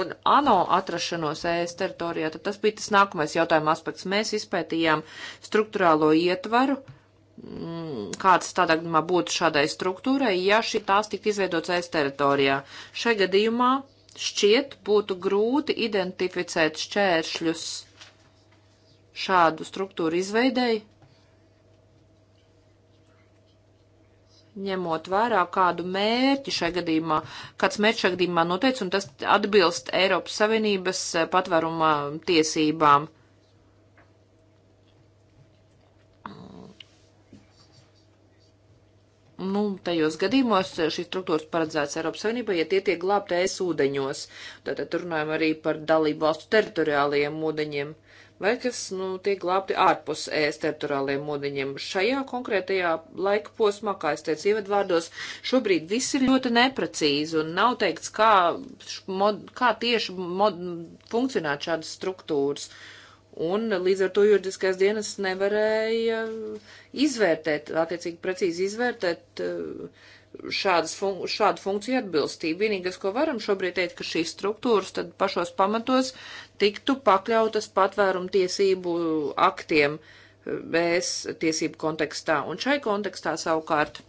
un ANO atrašanos ES teritorijā, tad tas bija tas nākamais jautājuma aspekts. Mēs izpētījām struktūrālo ietvaru, mm, kāds tādā gadījumā būtu šādai struktūrai, ja šī tās tiktu izveidots ES teritorijā. Šai gadījumā šķiet būtu grūti identificēt šķēršļus šādu struktūru izveidēji, ņemot vērā kādu mērķi šai gadījumā, kāds mērķis šai gadījumā noteic, un tas atbilst Eiropas Savienības eh, patvērumā tiesībām. Nu, tajos gadījumos šīs struktūras paredzētas Eiropas Savienībai, ja tie tiek glābti es ūdeņos. Tātad runājam arī par dalību valstu teritoriālajiem ūdeņiem vai kas, nu, tiek glābti ārpus ēst teritoriālajiem ūdeņiem. Šajā konkrētajā laika posmā, kā es teicu ievadvārdos, šobrīd viss ir ļoti neprecīzi un nav teikts, kā, mod, kā tieši mod, funkcionēt šādas struktūras. Un līdz ar to juridiskais dienas nevarēja izvērtēt, attiecīgi precīzi izvērtēt. Uh, šādas fun šādu funkciju atbilstību. Vienīgais, ko varam šobrīd teikt, ka šīs struktūras tad pašos pamatos tiktu pakļautas patvērumu tiesību aktiem bez tiesību kontekstā. Un šai kontekstā savukārt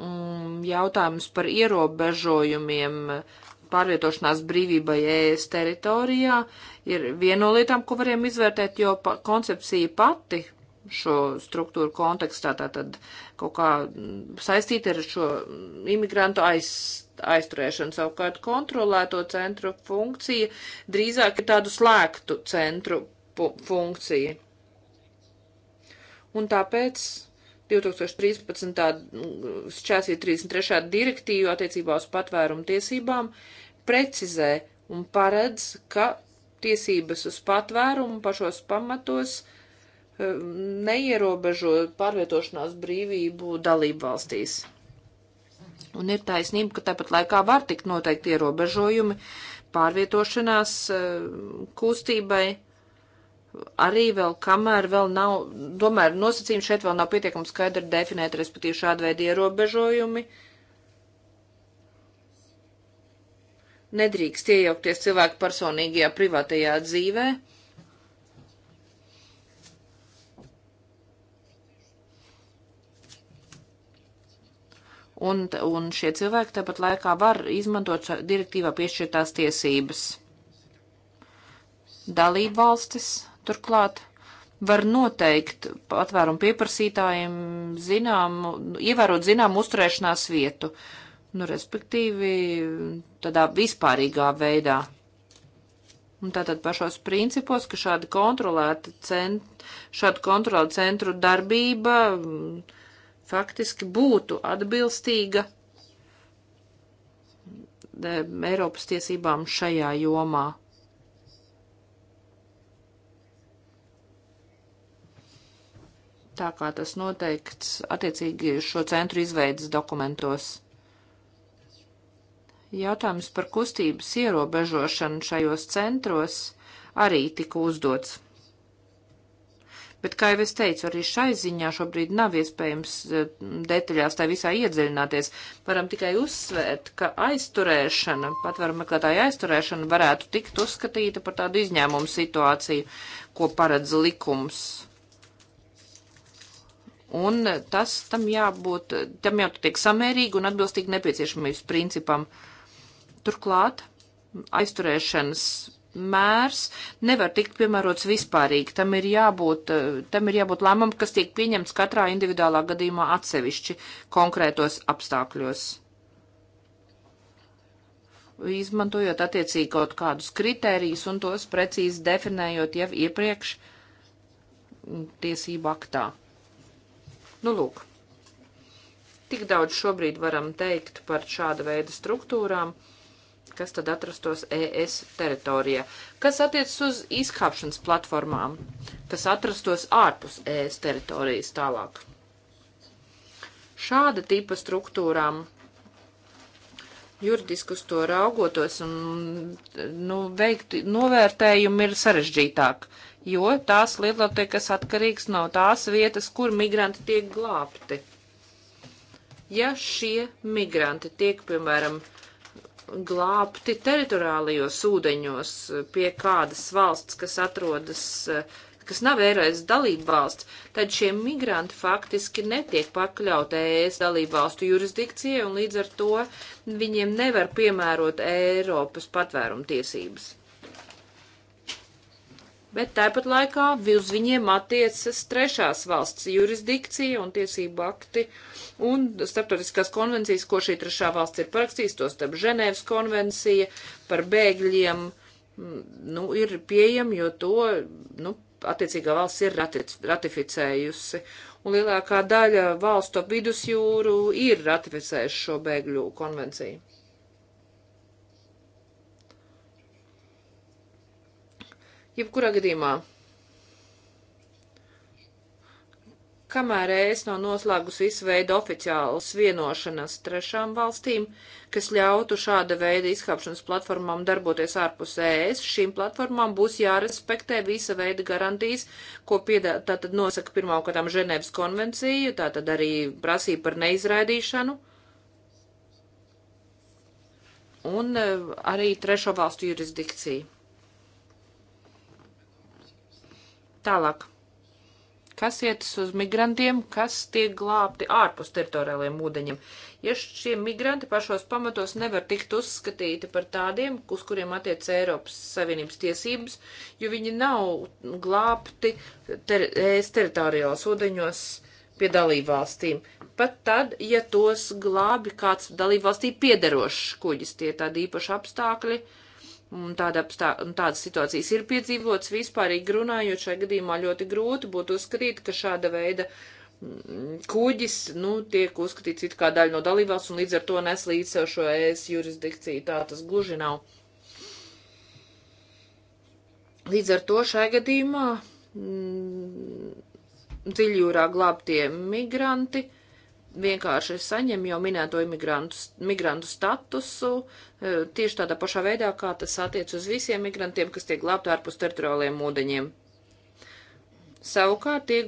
mm, jautājums par ierobežojumiem pārvietošanās brīvībai ES teritorijā ir viena no lietām, ko varējām izvērtēt, jo pa koncepcija pati šo struktūru kontekstā, tātad kaut kā saistīta ar šo imigrantu aiz, aizturēšanu. Savukārt kontrolēto centru funkcija drīzāk ir tādu slēgtu centru funkcija. Un tāpēc 2013. 433. direktīva attiecībā uz patvērumu tiesībām precizē un paredz, ka tiesības uz patvērumu pašos pamatos uh, neierobežo pārvietošanās brīvību dalību valstīs. Un ir taisnība, ka tāpat laikā var tikt noteikti ierobežojumi pārvietošanās eh, kustībai, arī vēl, kamēr vēl nav, tomēr nosacījumi šeit vēl nav pietiekami skaidri definēti, respektīvi šāda veida ierobežojumi. Nedrīkst iejaukties cilvēku personīgajā privātajā dzīvē. un, un šie cilvēki tāpat laikā var izmantot direktīvā piešķirtās tiesības. Dalībvalstis turklāt var noteikt patvērumu pieprasītājiem zināmu, ievērot zināmu uzturēšanās vietu, nu, respektīvi tādā vispārīgā veidā. Un tātad pašos principos, ka šāda kontrolēta cent, šāda kontrola centru darbība uh, faktiski būtu atbilstīga Eiropas tiesībām šajā jomā. Tā kā tas noteikts attiecīgi šo centru izveidas dokumentos. Jautājums par kustības ierobežošanu šajos centros arī tika uzdots. Bet, kā jau es teicu, arī šai ziņā šobrīd nav iespējams eh, detaļās tā visā iedziļināties. Varam tikai uzsvērt, ka aizturēšana, patvaru meklētāja aizturēšana varētu tikt uzskatīta par tādu izņēmumu situāciju, ko paredz likums. Un tas tam jābūt, tam jau tiek samērīgi un atbilstīgi nepieciešamības principam. Turklāt aizturēšanas mērs nevar tikt piemērots vispārīgi. Tam ir jābūt, eh, tam ir jābūt lēmumam, kas tiek pieņemts katrā individuālā gadījumā atsevišķi konkrētos apstākļos. Izmantojot attiecīgi kaut kādus kritērijus un tos precīzi definējot jau iepriekš tiesību aktā. Nu, lūk. Tik daudz šobrīd varam teikt par šāda veida struktūrām kas tad atrastos ES teritorijā. Kas attiecas uz izkāpšanas platformām, kas atrastos ārpus ES teritorijas tālāk. Šāda tipa struktūrām juridiski uz to raugotos un nu, veikt novērtējumu ir sarežģītāk, jo tās lielākais atkarīgs no tās vietas, kur migranti tiek glābti. Ja šie migranti tiek, piemēram, glābti teritoriālajos ūdeņos pie kādas valsts, kas atrodas, eh, kas nav ērais dalība valsts, tad šie migranti faktiski netiek pakļaut ēs dalību valstu jurisdikcijai un līdz ar to viņiem nevar piemērot Eiropas patvērumu tiesības bet tāpat laikā uz viņiem attiecas trešās valsts jurisdikcija un tiesību akti un starptautiskās konvencijas, ko šī trešā valsts ir parakstījusi, to starp Ženēvas konvencija par bēgļiem, mm, nu, ir pieejama, jo to, nu, attiecīgā valsts ir ratificējusi. Un lielākā daļa valstu ap vidusjūru ir ratificējuši šo bēgļu konvenciju. Jebkurā gadījumā, kamēr es nav noslēgus visu veidu oficiālas vienošanas trešām valstīm, kas ļautu šāda veida izkāpšanas platformām darboties ārpus ES, šīm platformām būs jārespektē visa veida garantijas, ko piedā, tātad nosaka pirmkārtām Ženēvas konvencija, tātad arī prasība par neizraidīšanu un eh, arī trešo valstu jurisdikciju. Tālāk. Kas iet uz migrantiem, kas tiek glābti ārpus teritoriālajiem ūdeņiem? Ja šie migranti pašos pamatos nevar tikt uzskatīti par tādiem, uz kuriem attiec Eiropas Savienības tiesības, jo viņi nav glābti ter teritoriālās ūdeņos pie dalībvalstīm. Pat tad, ja tos glābi kāds dalībvalstī piederošs kuģis, tie tādi īpaši apstākļi, uh, Tāda, tā, tādas situācijas ir piedzīvots vispārīgi runājot, šajā gadījumā ļoti grūti būtu uzskatīt, ka šāda veida mm, kuģis, nu, tiek uzskatīts it kā daļa no dalībās un līdz ar to nes līdz sev šo ES jurisdikciju. Tā tas gluži nav. Līdz ar to šajā gadījumā mm, dziļjūrā glābtie migranti. Uh, vienkārši saņem jau minēto imigrantu, migrantu statusu, e, tieši tādā pašā veidā, kā tas attiec uz visiem migrantiem, kas tiek glābti ārpus teritoriāliem ūdeņiem. Savukārt tie,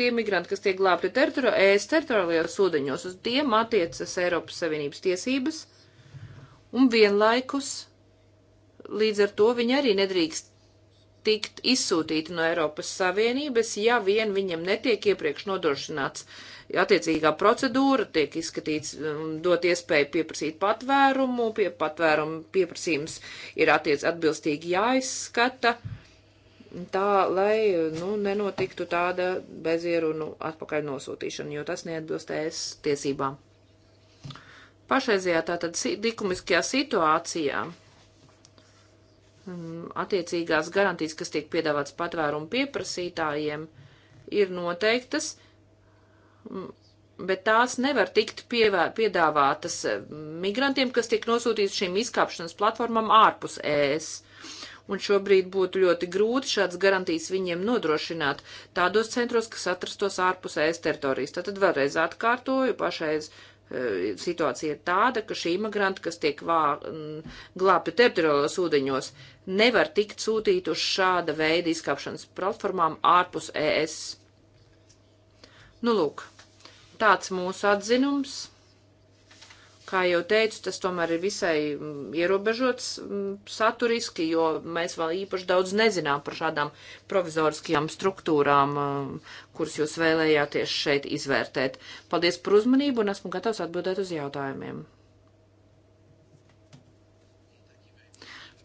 tie migranti, kas tiek glābti teritorio, ēs teritoriālajos ūdeņos, uz tiem attiecas Eiropas Savienības tiesības, un vienlaikus līdz ar to viņi arī nedrīkst tikt izsūtīti no Eiropas Savienības, ja vien viņam netiek iepriekš nodrošināts uh, attiecīgā procedūra, tiek izskatīts, um, dot iespēju pieprasīt patvērumu, pie patvērumu pieprasījums ir attiec atbilstīgi jāizskata, tā, lai, nu, nenotiktu tāda bezierunu atpakaļ nosūtīšana, jo tas neatbilstēs tiesībām. Pašreizajā tātad likumiskajā situācijā um, attiecīgās garantijas, kas tiek piedāvāts patvērumu pieprasītājiem, ir noteiktas, Mm. bet tās nevar tikt pievē, piedāvātas eh, migrantiem, kas tiek nosūtīti šīm izkāpšanas platformām ārpus ES. Un šobrīd būtu ļoti grūti šādas garantijas viņiem nodrošināt tādos centros, kas atrastos ārpus ES teritorijas. Tātad vēlreiz atkārtoju, pašais eh, situācija ir tāda, ka šī imigranti, kas tiek vā, mm, glābti teritoriālos ūdeņos, nevar tikt sūtīti uz šāda veida izkāpšanas platformām ārpus ES. Nu, lūk, Tāds mūsu atzinums. Kā jau teicu, tas tomēr ir visai mm, ierobežots mm, saturiski, jo mēs vēl īpaši daudz nezinām par šādām provizoriskajām struktūrām, mm, kuras jūs vēlējāties šeit izvērtēt. Paldies par uzmanību un esmu gatavs atbildēt uz jautājumiem.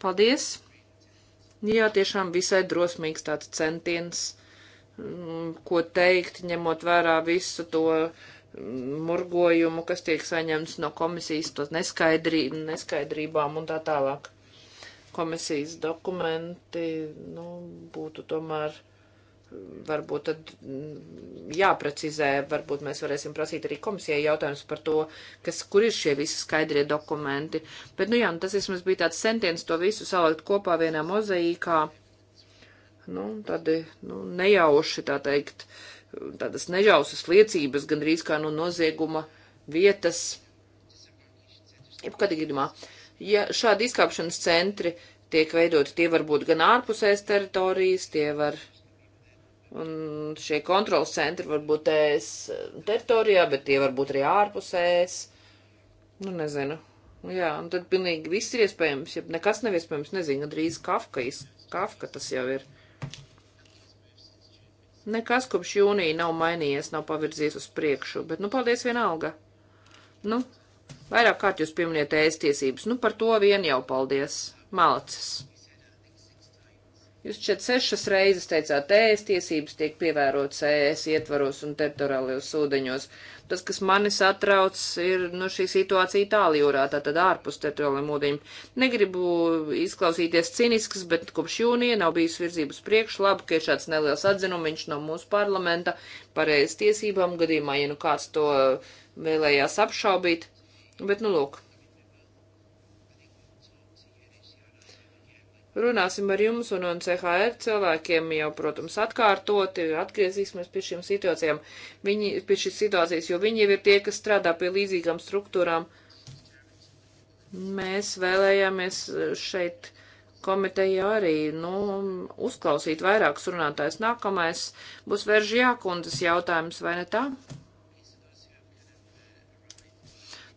Paldies! Jā, tiešām visai drosmīgs tāds centiens Mm, ko teikt, ņemot vērā visu to mm, murgojumu, kas tiek saņemts no komisijas, tos neskaidrī, neskaidrībām un tā tālāk. Komisijas dokumenti, nu, būtu tomēr mm, varbūt tad jāprecizē, varbūt mēs varēsim prasīt arī komisijai jautājums par to, kas, kur ir šie visi skaidrie dokumenti. Bet, nu jā, nu, tas vismaz bija tāds centiens to visu salikt kopā vienā mozaīkā, nu, tādi, nu, nejauši, tā teikt, tādas nežausas liecības, gandrīz kā no nu, nozieguma vietas. Jebkādā gadījumā, ja šādi izkāpšanas centri tiek veidoti, tie var būt gan ārpusēs teritorijas, tie var, un šie kontrols centri var būt ēs eh, teritorijā, bet tie var būt arī ārpusēs, nu, nezinu. Jā, un tad pilnīgi viss ir iespējams, ja nekas nav iespējams, nezinu, drīz Kafka, Kafka tas jau ir. Nekas kopš jūnija nav mainījies, nav pavirzies uz priekšu, bet, nu, paldies vienalga. Nu, vairāk kārt jūs pieminiet ēstiesības, nu, par to vien jau paldies. Malacis. Jūs šeit sešas reizes teicāt, ēst tiesības tiek pievērotas ēs ietvaros un teritoriālajos ūdeņos. Tas, kas mani satrauc, ir nu, šī situācija Itālijūrā, tātad ārpus teritoriālajiem ūdeņiem. Negribu izklausīties cinisks, bet kopš jūnija nav bijis virzības priekš, labi, ka ir šāds neliels atzinumiņš no mūsu parlamenta par ēs tiesībām gadījumā, ja nu kāds to vēlējās apšaubīt. Bet, nu, lūk, Runāsim ar jums un, un CHR cilvēkiem jau, protams, atkārtoti, atgriezīsimies pie šīm situācijām, viņi, pie šīs situācijas, jo viņi jau ir tie, kas strādā pie līdzīgām struktūrām. Mēs vēlējāmies šeit komiteja arī, nu, uzklausīt vairākus runātājs. Nākamais būs Veržjākundas jautājums, vai ne tā?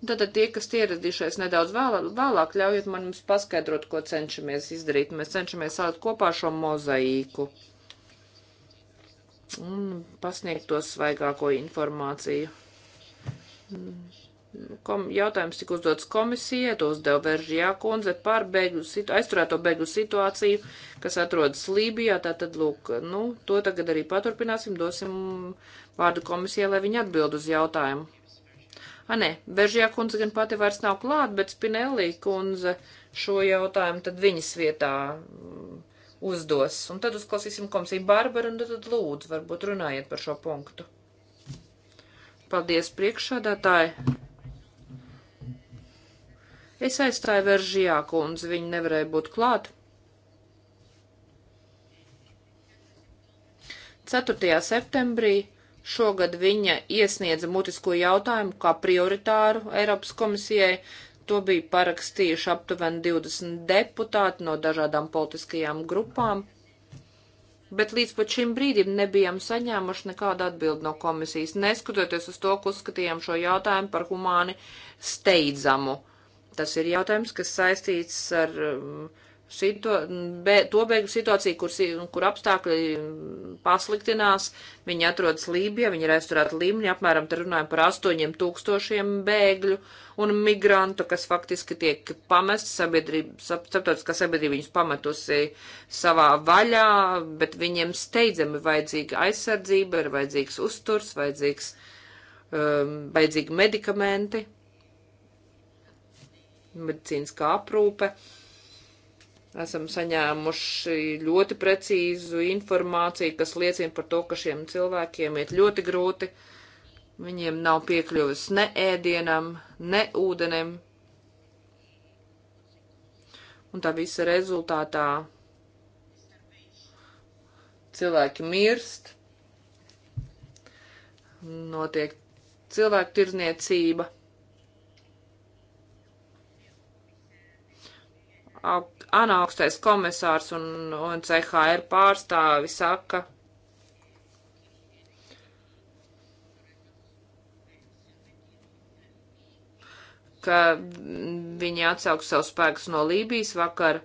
Tātad tie, kas ieradīšies nedaudz vēl, vēlāk, ļaujiet man jums paskaidrot, ko cenšamies izdarīt. Mēs cenšamies sākt kopā šo mozaīku un pasniegt to svaigāko informāciju. Kom, jautājums tika uzdots komisijai, to uzdeva Veržijā kundze par bēgļu situ, aizturēto bēgļu situāciju, kas atrodas Lībijā. Tātad, lūk, nu, to tagad arī paturpināsim, dosim vārdu komisijai, lai viņi atbild uz jautājumu. A, nē, Beržijā kundze gan pati vairs nav klāt, bet Spinelli kundze šo jautājumu tad viņas vietā mm, uzdos. Un tad uzklausīsim komisiju Barbaru nu un tad lūdzu, varbūt runājiet par šo punktu. Paldies priekšādātāji. Es aizstāju Veržijā kundzi, viņa nevarēja būt klāt. 4. septembrī Šogad viņa iesniedza mutisko jautājumu kā prioritāru Eiropas komisijai. To bija parakstījuši aptuveni 20 deputāti no dažādām politiskajām grupām. Bet līdz pat šim brīdim nebijām saņēmuši nekādu atbildi no komisijas, neskatoties uz to, ka uzskatījām šo jautājumu par humāni steidzamu. Tas ir jautājums, kas saistīts ar um, Situ, be, to beigu situācija, kur, kur apstākļi pasliktinās, viņi atrodas Lībijā, viņi ir aizturēti Līmņā, apmēram te runājam par astoņiem tūkstošiem bēgļu un migrantu, kas faktiski tiek pamesti, sabiedrība, starptautiskā sabiedrība viņus pametusi savā vaļā, bet viņiem steidzami vajadzīga aizsardzība, ir vajadzīgs uzturs, vajadzīgs, um, vajadzīgi medikamenti, medicīniskā aprūpe. Uh, Esam saņēmuši ļoti precīzu informāciju, kas liecina par to, ka šiem cilvēkiem iet ļoti grūti. Viņiem nav piekļuvis ne ēdienam, ne ūdenim. Un tā visa rezultātā cilvēki mirst, notiek cilvēku tirzniecība. ANO augstais komisārs un, un CHR pārstāvi saka, ka viņi atsauks savus spēkus no Lībijas vakar,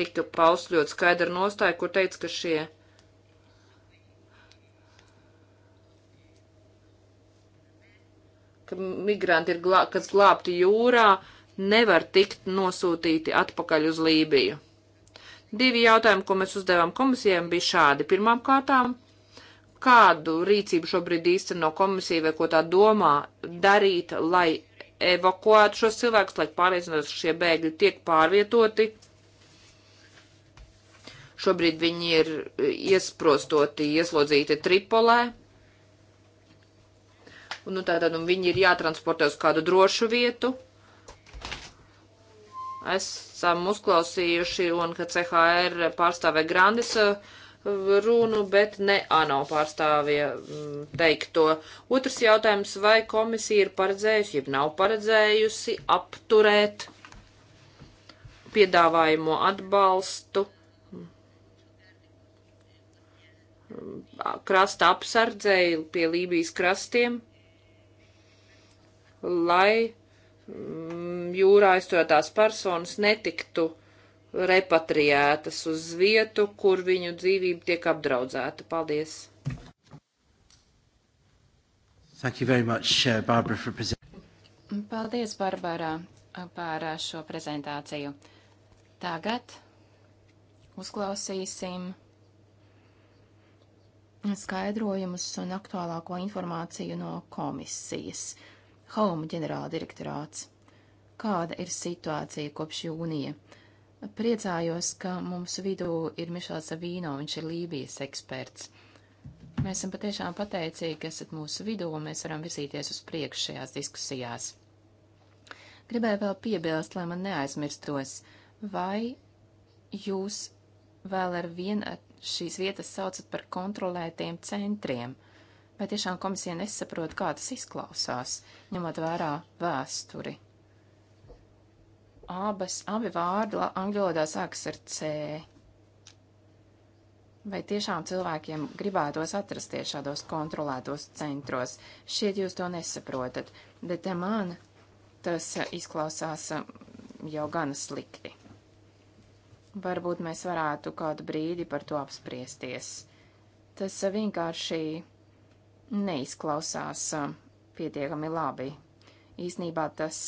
tiktu paust ļoti skaidra nostāja, kur teica, ka šie ka migranti ir glā, kas glābti jūrā, uh, nevar tikt nosūtīti atpakaļ uz Lībiju. Divi jautājumi, ko mēs uzdevām komisijām, bija šādi. Pirmām kārtām, kādu rīcību šobrīd īsteno komisija vai ko tā domā darīt, lai evakuētu šos cilvēkus, lai pārliecinātos, ka šie bēgļi tiek pārvietoti. Šobrīd viņi ir iesprostoti, ieslodzīti Tripolē. Un, nu, tātad, un nu, viņi ir jātransportē uz kādu drošu vietu esam uzklausījuši un ka CHR pārstāvē Grandis uh, runu, bet ne ANO pārstāvja mm, teikto. Otrs jautājums, vai komisija ir paredzējusi, ja nav paredzējusi apturēt piedāvājumu atbalstu mm, krasta apsardzēji pie Lībijas krastiem, lai Mm, jūrā aizturētās personas netiktu repatriētas uz vietu, kur viņu dzīvība tiek apdraudzēta. Paldies! Much, uh, Barbara, Paldies, Barbara, par uh, šo prezentāciju. Tagad uzklausīsim skaidrojumus un aktuālāko informāciju no komisijas. Home ģenerāldirektorāts. Kāda ir situācija kopš jūnija? Priecājos, ka mums vidū ir Mišels Savīno, viņš ir Lībijas eksperts. Mēs esam patiešām pateicīgi, ka esat mūsu vidū un mēs varam virzīties uz priekšu šajās diskusijās. Gribēju vēl piebilst, lai man neaizmirstos, vai jūs vēl ar vienu šīs vietas saucat par kontrolētiem centriem – Vai tiešām komisija nesaprot, kā tas izklausās, ņemot vērā vēsturi? Abas, abi vārdi angļu valodā sākas ar C. Vai tiešām cilvēkiem gribētos atrasties šādos kontrolētos centros? Šķiet, jūs to nesaprotat, bet eh, man tas eh, izklausās eh, jau gan slikti. Varbūt mēs varētu kādu brīdi par to apspriesties. Tas vienkārši neizklausās pietiekami labi. Īsnībā tas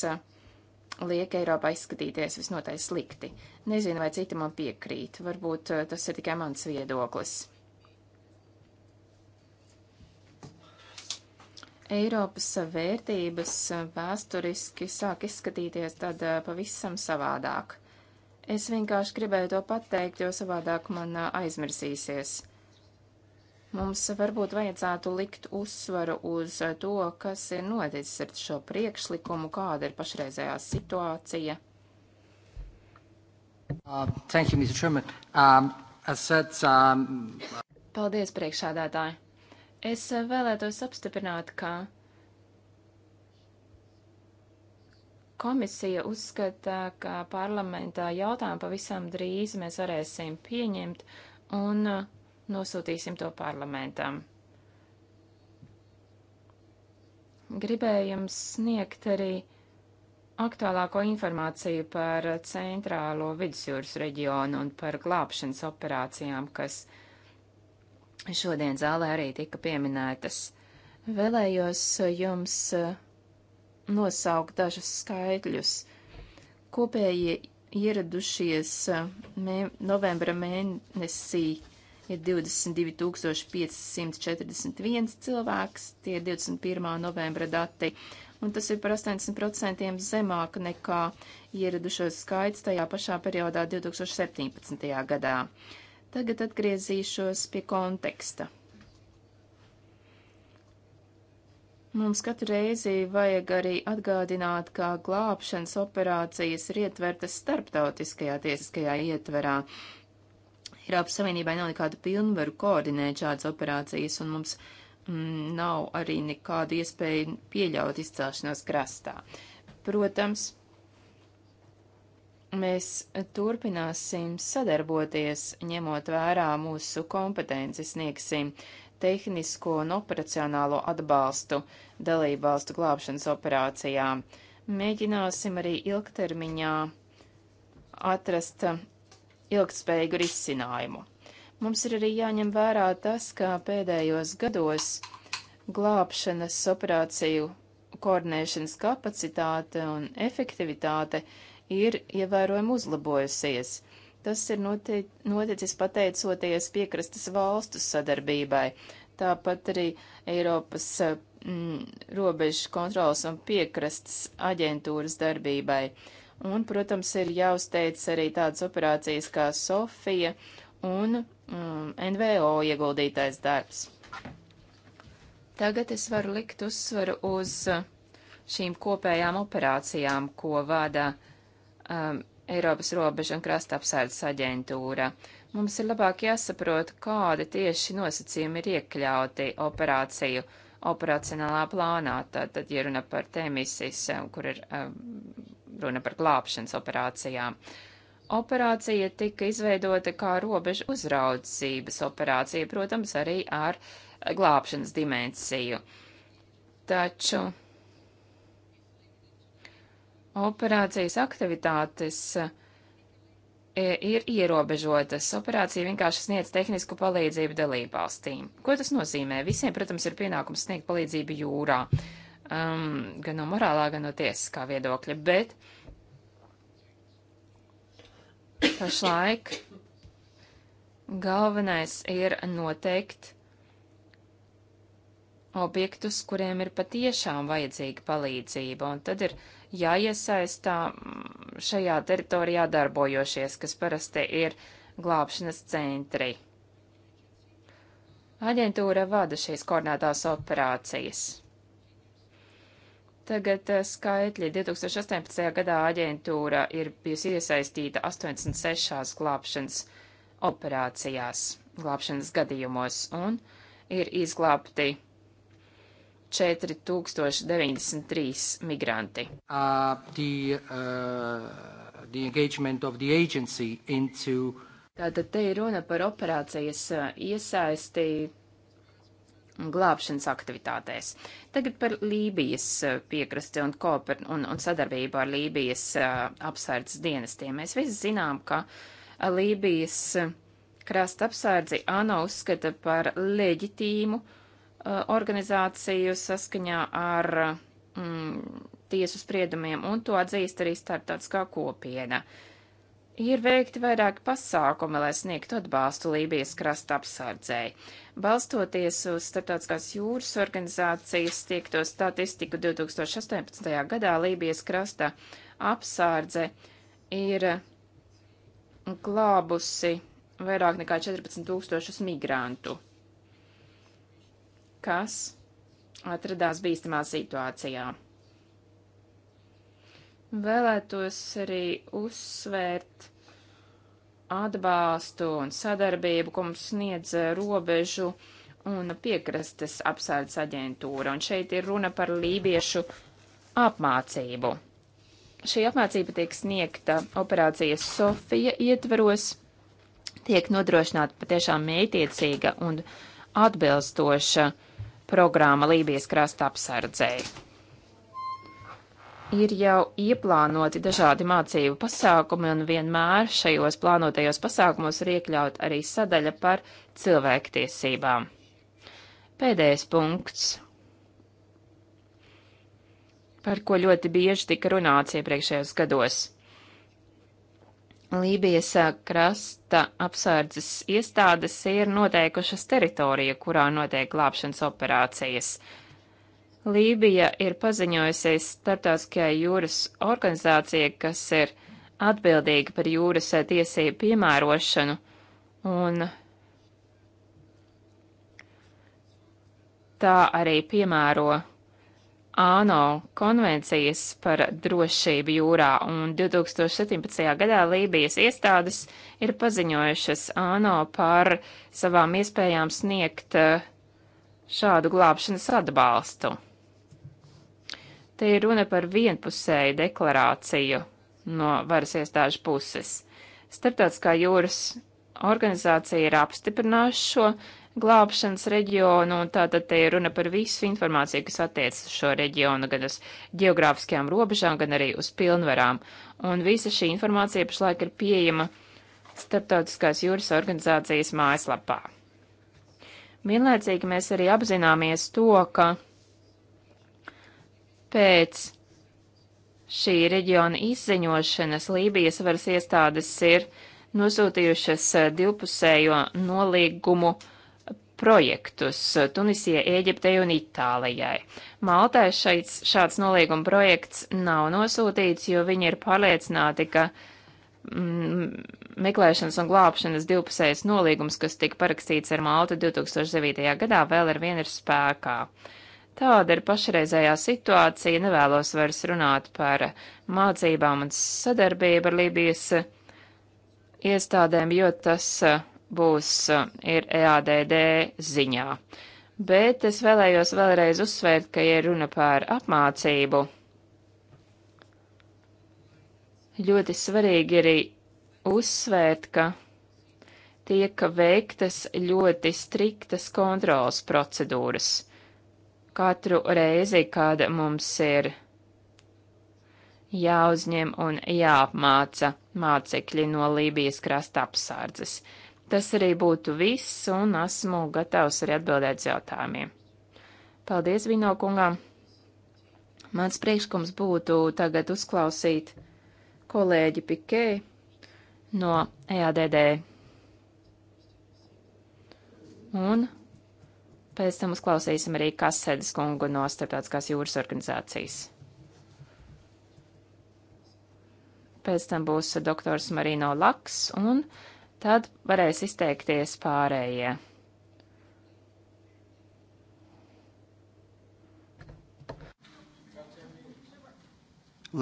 liek Eiropā izskatīties visnotaļ slikti. Nezinu, vai citi man piekrīt. Varbūt tas ir tikai mans viedoklis. Eiropas vērtības vēsturiski sāk izskatīties tad pavisam savādāk. Es vienkārši gribēju to pateikt, jo savādāk man aizmirsīsies. Mums varbūt vajadzētu likt uzsvaru uz to, kas ir noticis ar šo priekšlikumu, kāda ir pašreizējā situācija. Uh, thank you, Mr. Chairman. Um, as said, um... Paldies, priekšādātāji. Es vēlētos apstiprināt, ka komisija uzskata, ka parlamentā jautājumu pavisam drīz mēs varēsim pieņemt un uh, nosūtīsim to parlamentam. Gribēju jums sniegt arī aktuālāko informāciju par centrālo vidusjūras reģionu un par glābšanas operācijām, kas šodien zālē arī tika pieminētas. Vēlējos jums eh, nosaukt dažus skaitļus. Kopēji ieradušies eh, mē, novembra mēnesī ir 22,541 cilvēks, tie ir 21. novembra dati, un tas ir par 80% zemāk nekā ieradušos skaits tajā pašā periodā 2017. gadā. Tagad atgriezīšos pie konteksta. Mums katru reizi vajag arī atgādināt, ka glābšanas operācijas ir ietvertas starptautiskajā tiesiskajā ietverā, Eiropas Savienībai nav nekāda pilnvaru koordinēt šādas operācijas, un mums mm, nav arī nekāda iespēja pieļaut izcelšanos krastā. Protams, mēs turpināsim sadarboties, ņemot vērā mūsu kompetenci, sniegsim tehnisko un operacionālo atbalstu dalību valstu glābšanas operācijām. Mēģināsim arī ilgtermiņā atrast ilgspējīgu risinājumu. Mums ir arī jāņem vērā tas, ka pēdējos gados glābšanas operāciju koordinēšanas kapacitāte un efektivitāte ir ievērojami uzlabojusies. Tas ir noticis pateicoties piekrastes valstu sadarbībai, tāpat arī Eiropas mm, robežu kontrolas un piekrastes aģentūras darbībai. Un, protams, ir jāuzteic arī tādas operācijas kā Sofija un mm, NVO ieguldītais darbs. Tagad es varu likt uzsvaru uz eh, šīm kopējām operācijām, ko vada um, Eiropas robeža un krasta apsardzes aģentūra. Mums ir labāk jāsaprot, kādi tieši nosacījumi ir iekļauti operāciju operacionālā plānā. Tad, tad ja runa par tēmisis, eh, kur ir um, runa par glābšanas operācijām. Operācija tika izveidota kā robežu uzraudzības operācija, protams, arī ar glābšanas dimensiju. Taču operācijas aktivitātes e, ir ierobežotas. Operācija vienkārši sniedz tehnisku palīdzību dalībvalstīm. Ko tas nozīmē? Visiem, protams, ir pienākums sniegt palīdzību jūrā. Uh, um, gan no morālā, gan no tiesiskā viedokļa, bet pašlaik galvenais ir noteikt objektus, kuriem ir patiešām vajadzīga palīdzība, un tad ir jāiesaistā mm, šajā teritorijā darbojošies, kas parasti ir glābšanas centri. Aģentūra vada šīs koordinētās operācijas. Tagad skaitļi. 2018. gadā aģentūra ir bijusi iesaistīta 86 glābšanas operācijās, glābšanas gadījumos, un ir izglābti 4093 migranti. Uh, the, uh, the engagement of the agency into... Tātad te ir runa par operācijas uh, iesaisti glābšanas aktivitātēs. Tagad par Lībijas eh, piekrasti un, kooper, un, un sadarbību ar Lībijas eh, apsardzes dienestiem. Mēs visi zinām, ka eh, Lībijas krasta apsardzi ANO uzskata par leģitīmu organizāciju saskaņā ar mm, tiesu spriedumiem, un to atzīst arī starptautiskā kopiena. Uh, Ir veikti vairāk pasākumi, lai sniegtu atbalstu Lībijas krasta apsardzēji. Balstoties uz Startautiskās jūras organizācijas tiekto statistiku 2018. gadā Lībijas krasta apsārdze ir glābusi vairāk nekā 14 tūkstošus migrantu, kas atradās bīstamā situācijā. Vēlētos arī uzsvērt atbalstu un sadarbību, ko mums sniedz robežu un piekrastes apsardzes aģentūra, un šeit ir runa par lībiešu apmācību. Šī apmācība tiek sniegta operācijas Sofija ietveros, tiek nodrošināta patiešām mētiecīga un atbilstoša programma Lībijas krasta apsardzēji ir jau ieplānoti dažādi mācību pasākumi, un vienmēr šajos plānotajos pasākumos ir iekļaut arī sadaļa par cilvēktiesībām. Pēdējais punkts, par ko ļoti bieži tika runāts iepriekšējos gados. Lībijas krasta apsardzes iestādes ir noteikušas teritoriju, kurā notiek glābšanas operācijas. Lībija ir paziņojusies starptautiskajai jūras organizācijai, kas ir atbildīga par jūras tiesību piemērošanu, un tā arī piemēro ANO konvencijas par drošību jūrā, un 2017. gadā Lībijas iestādes ir paziņojušas ANO par savām iespējām sniegt eh, šādu glābšanas atbalstu. Te ir runa par vienpusēju deklarāciju no varas iestāžu puses. Starptautiskā jūras organizācija ir apstiprinājusi šo glābšanas reģionu, un tātad te ir runa par visu informāciju, kas attiecas uz šo reģionu, gan uz geogrāfiskajām robežām, gan arī uz pilnvarām. Un visa šī informācija pašlaik ir pieejama Startautiskās jūras organizācijas mājaslapā. Vienlaicīgi mēs arī apzināmies to, ka Pēc šī reģiona izziņošanas Lībijas varas iestādes ir nosūtījušas eh, divpusējo nolīgumu projektus Tunisijai, Ēģiptei un Itālijai. Maltai šeit šāds nolīguma projekts nav nosūtīts, jo viņi ir pārliecināti, ka mm, meklēšanas un glābšanas divpusējais nolīgums, kas tika parakstīts ar Maltu 2009. gadā, vēl ar vienu ir spēkā. Uh, Tāda ir pašreizējā situācija, nevēlos vairs runāt par mācībām un sadarbību ar Lībijas iestādēm, jo tas eh, būs eh, ir EADD ziņā. Bet es vēlējos vēlreiz uzsvērt, ka, ja runa par apmācību, ļoti svarīgi arī uzsvērt, ka tiek veiktas ļoti striktas kontrolas procedūras. Katru reizi, kad mums ir jāuzņem un jāapmāca mācekļi no Lībijas krasta apsārdzes. Tas arī būtu viss, un esmu gatavs arī atbildēt jautājumiem. Paldies, Vino kungām! Mans priekškums būtu tagad uzklausīt kolēģi Pikē no EADD. Un pēc tam uzklausīsim arī Kasēdes kungu no Starptautiskās jūras organizācijas. Pēc tam būs doktors Marino Laks, un tad varēs izteikties pārējie.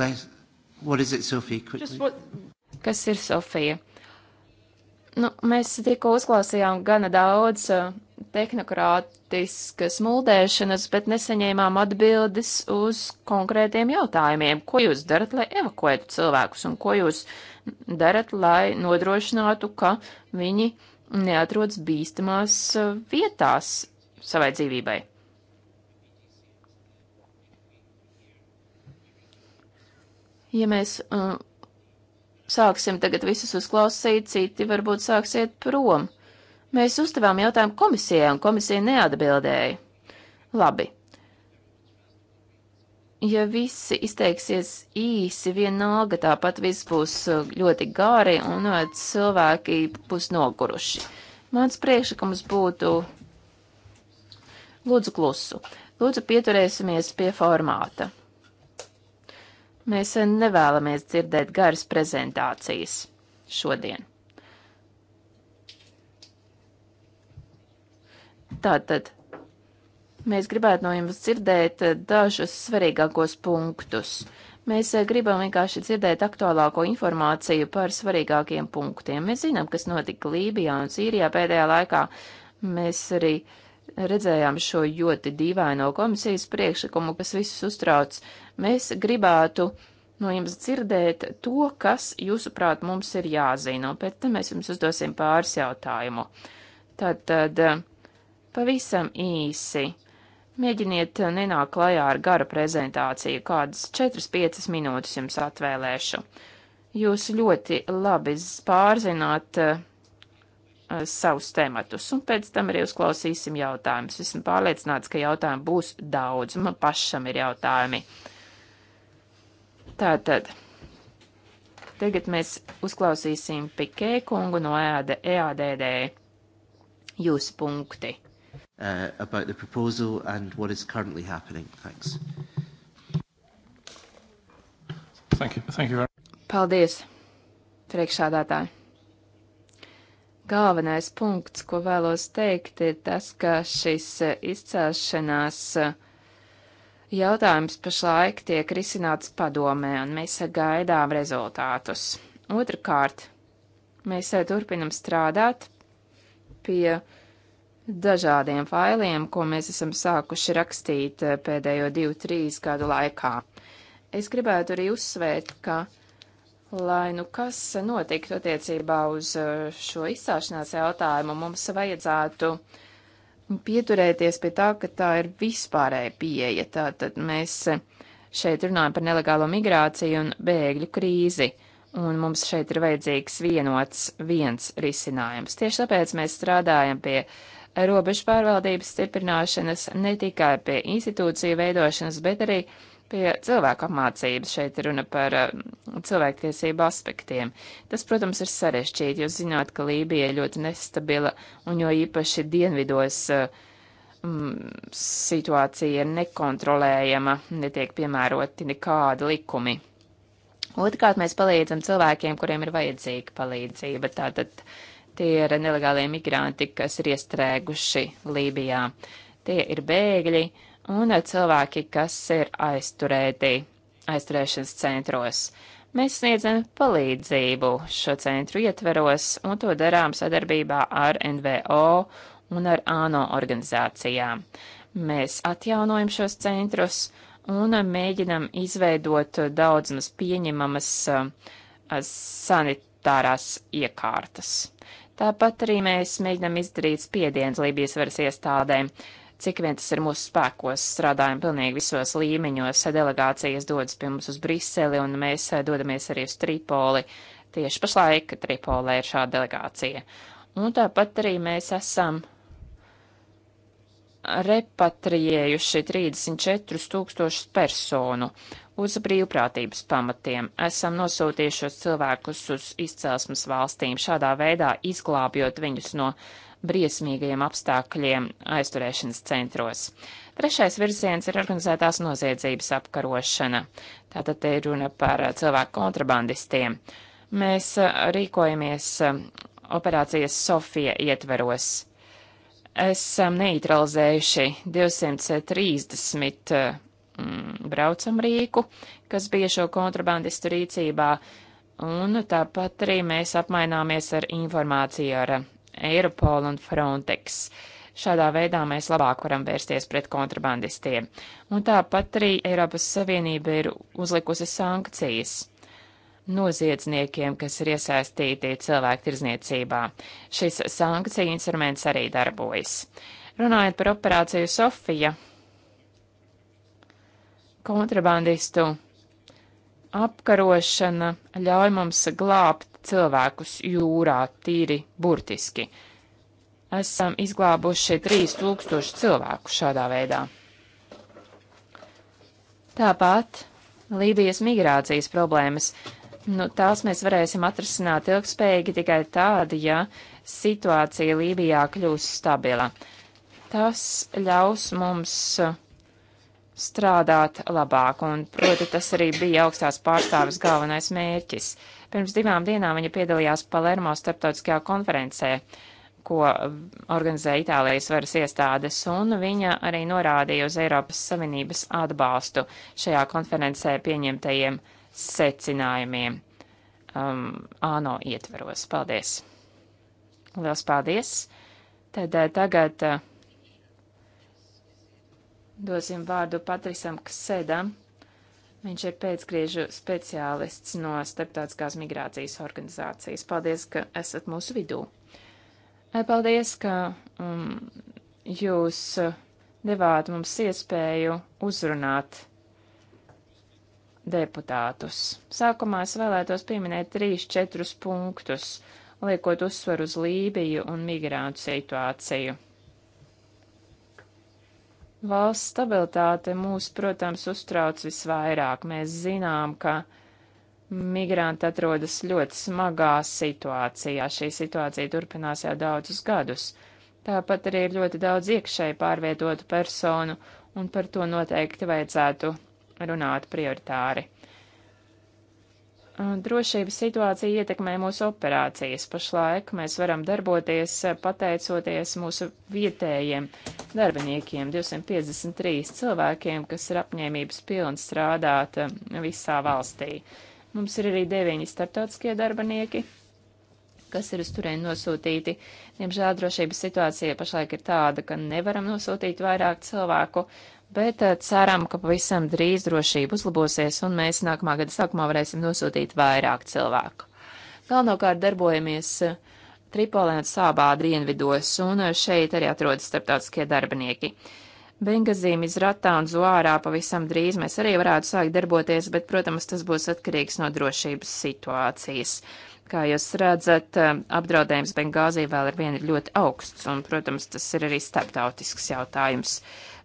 Less, what is it, Sophie? Quickly. Just what... Kas ir Sofija? Nu, mēs tikko uzklausījām gana daudz uh, tehnokrātiskas muldēšanas, bet nesaņēmām atbildes uz konkrētiem jautājumiem. Ko jūs darat, lai evakuētu cilvēkus, un ko jūs darat, lai nodrošinātu, ka viņi neatrodas bīstamās uh, vietās savai dzīvībai? Ja mēs uh, sāksim tagad visus uzklausīt, citi varbūt sāksiet prom. Mēs uzdevām jautājumu komisijai, un komisija neatbildēja. Labi. Ja visi izteiksies īsi, vienalga tāpat viss būs uh, ļoti gari un uh, cilvēki būs noguruši. Mans priekšlikums būtu lūdzu klusu. Lūdzu, pieturēsimies pie formāta. Mēs uh, nevēlamies dzirdēt garas prezentācijas šodien. Tātad mēs gribētu no jums dzirdēt eh, dažus svarīgākos punktus. Mēs eh, gribam vienkārši dzirdēt aktuālāko informāciju par svarīgākiem punktiem. Mēs zinām, kas notika Lībijā un Sīrijā pēdējā laikā. Mēs arī redzējām šo ļoti dīvaino komisijas priekšlikumu, kas visus uztrauc. Mēs gribētu no jums dzirdēt to, kas, jūsuprāt, mums ir jāzina, un pēc tam mēs jums uzdosim pāris jautājumu. Tātad. Tā, Pavisam īsi. Mēģiniet nenākt klajā ar garu prezentāciju, kādas 4-5 minūtes jums atvēlēšu. Jūs ļoti labi pārzināt uh, savus tematus, un pēc tam arī uzklausīsim jautājumus. Esmu pārliecināts, ka jautājumu būs daudz, man pašam ir jautājumi. Tātad, tagad mēs uzklausīsim Pikē kungu no EADD e jūsu punkti uh, about the proposal and what is currently happening. Thanks. Thank you. Thank you very much. Paldies, priekšādātāji. Galvenais punkts, ko vēlos teikt, ir tas, ka šis eh, izcelšanās eh, jautājums pašlaik tiek risināts padomē, un mēs eh, gaidām rezultātus. Otrakārt, mēs turpinam strādāt pie uh, dažādiem failiem, ko mēs esam sākuši rakstīt eh, pēdējo divu, trīs gadu laikā. Es gribētu arī uzsvērt, ka, lai nu kas notiktu attiecībā uz eh, šo izstāšanās jautājumu, mums vajadzētu pieturēties pie tā, ka tā ir vispārēja pieeja. Tātad mēs eh, šeit runājam par nelegālo migrāciju un bēgļu krīzi un mums šeit ir vajadzīgs vienots viens risinājums. Tieši tāpēc mēs strādājam pie robežu pārvaldības stiprināšanas ne tikai pie institūciju veidošanas, bet arī pie cilvēku apmācības. Šeit runa par um, cilvēktiesību aspektiem. Tas, protams, ir sarežģīti, jo zināt, ka Lībija ir ļoti nestabila un jo īpaši dienvidos uh, mm, situācija ir nekontrolējama, netiek piemēroti nekādi likumi. Otrkārt, mēs palīdzam cilvēkiem, kuriem ir vajadzīga palīdzība. Tātad Tie ir nelegālie migranti, kas ir iestrēguši Lībijā. Tie ir bēgļi un cilvēki, kas ir aizturēti aizturēšanas centros. Mēs sniedzam palīdzību šo centru ietveros un to darām sadarbībā ar NVO un ar ANO organizācijām. Mēs atjaunojam šos centrus un mēģinam izveidot daudz maz pieņemamas uh, sanitārās iekārtas. Tāpat arī mēs mēģinam izdarīt spiedienu Lībijas varas iestādēm. Cik vien tas ir mūsu spēkos, strādājam pilnīgi visos līmeņos, delegācijas dodas pie mums uz Briseli un mēs eh, dodamies arī uz Tripoli. Tieši pašlaik Tripolē ir šāda delegācija. Un tāpat arī mēs esam repatriējuši 34 tūkstošus personu uz brīvprātības pamatiem. Esam nosūtījuši šos cilvēkus uz izcelsmes valstīm, šādā veidā izglābjot viņus no briesmīgajiem apstākļiem aizturēšanas centros. Trešais virziens ir organizētās noziedzības apkarošana. Tātad te ir runa par cilvēku kontrabandistiem. Mēs rīkojamies um, operācijas Sofija ietveros esam neutralizējuši 230 mm, braucamrīku, kas bija šo kontrabandistu rīcībā, un tāpat arī mēs apmaināmies ar informāciju ar Eiropolu un Frontex. Šādā veidā mēs labāk varam vērsties pret kontrabandistiem. Un tāpat arī Eiropas Savienība ir uzlikusi sankcijas noziedzniekiem, kas ir iesaistīti cilvēku tirzniecībā. Šis sankcija instruments arī darbojas. Runājot par operāciju Sofija, kontrabandistu apkarošana ļauj mums glābt cilvēkus jūrā tīri burtiski. Esam izglābuši 3000 cilvēku šādā veidā. Tāpat Lībijas migrācijas problēmas Nu, tās mēs varēsim atrisināt ilgspējīgi tikai tad, ja situācija Lībijā kļūs stabilā. Tas ļaus mums strādāt labāk, un proti tas arī bija augstās pārstāvis galvenais mērķis. Pirms divām dienām viņa piedalījās Palermo starptautiskajā konferencē, ko organizē Itālijas varas iestādes, un viņa arī norādīja uz Eiropas Savienības atbalstu šajā konferencē pieņemtajiem lēmumiem secinājumiem um, ANO ietveros. Paldies! Lielas paldies! Tad eh, tagad uh, dosim vārdu Patrisam Ksedam. Viņš ir pēcgriežu speciālists no Starptautiskās migrācijas organizācijas. Paldies, ka esat mūsu vidū. Eh, paldies, ka um, jūs devāt mums iespēju uzrunāt deputātus. Sākumā es vēlētos pieminēt trīs, četrus punktus, liekot uzsvaru uz Lībiju un migrantu situāciju. Valsts stabilitāte mūs, protams, uztrauc visvairāk. Mēs zinām, ka migranti atrodas ļoti smagā situācijā. Šī situācija turpinās jau daudzus gadus. Tāpat arī ir ļoti daudz iekšēji pārvietotu personu, un par to noteikti vajadzētu runāt prioritāri. Drošības situācija ietekmē mūsu operācijas. Pašlaik mēs varam darboties pateicoties mūsu vietējiem darbiniekiem, 253 cilvēkiem, kas ir apņēmības pilni strādāt um, visā valstī. Mums ir arī deviņi startautiskie darbinieki, kas ir uz turieni nosūtīti. Diemžēl drošības situācija pašlaik ir tāda, ka nevaram nosūtīt vairāk cilvēku bet eh, ceram, ka pavisam drīz drošība uzlabosies un mēs nākamā gada sākumā varēsim nosūtīt vairāk cilvēku. Galvenokārt darbojamies eh, Tripolē un Sābā dienvidos, un eh, šeit arī atrodas starptautiskie darbinieki. Bengazīm, Izratā un Zuārā pavisam drīz mēs arī varētu sākt darboties, bet, protams, tas būs atkarīgs no drošības situācijas. Kā jūs redzat, apdraudējums Bengāzī vēl ar vienu ir ļoti augsts, un, protams, tas ir arī starptautisks jautājums.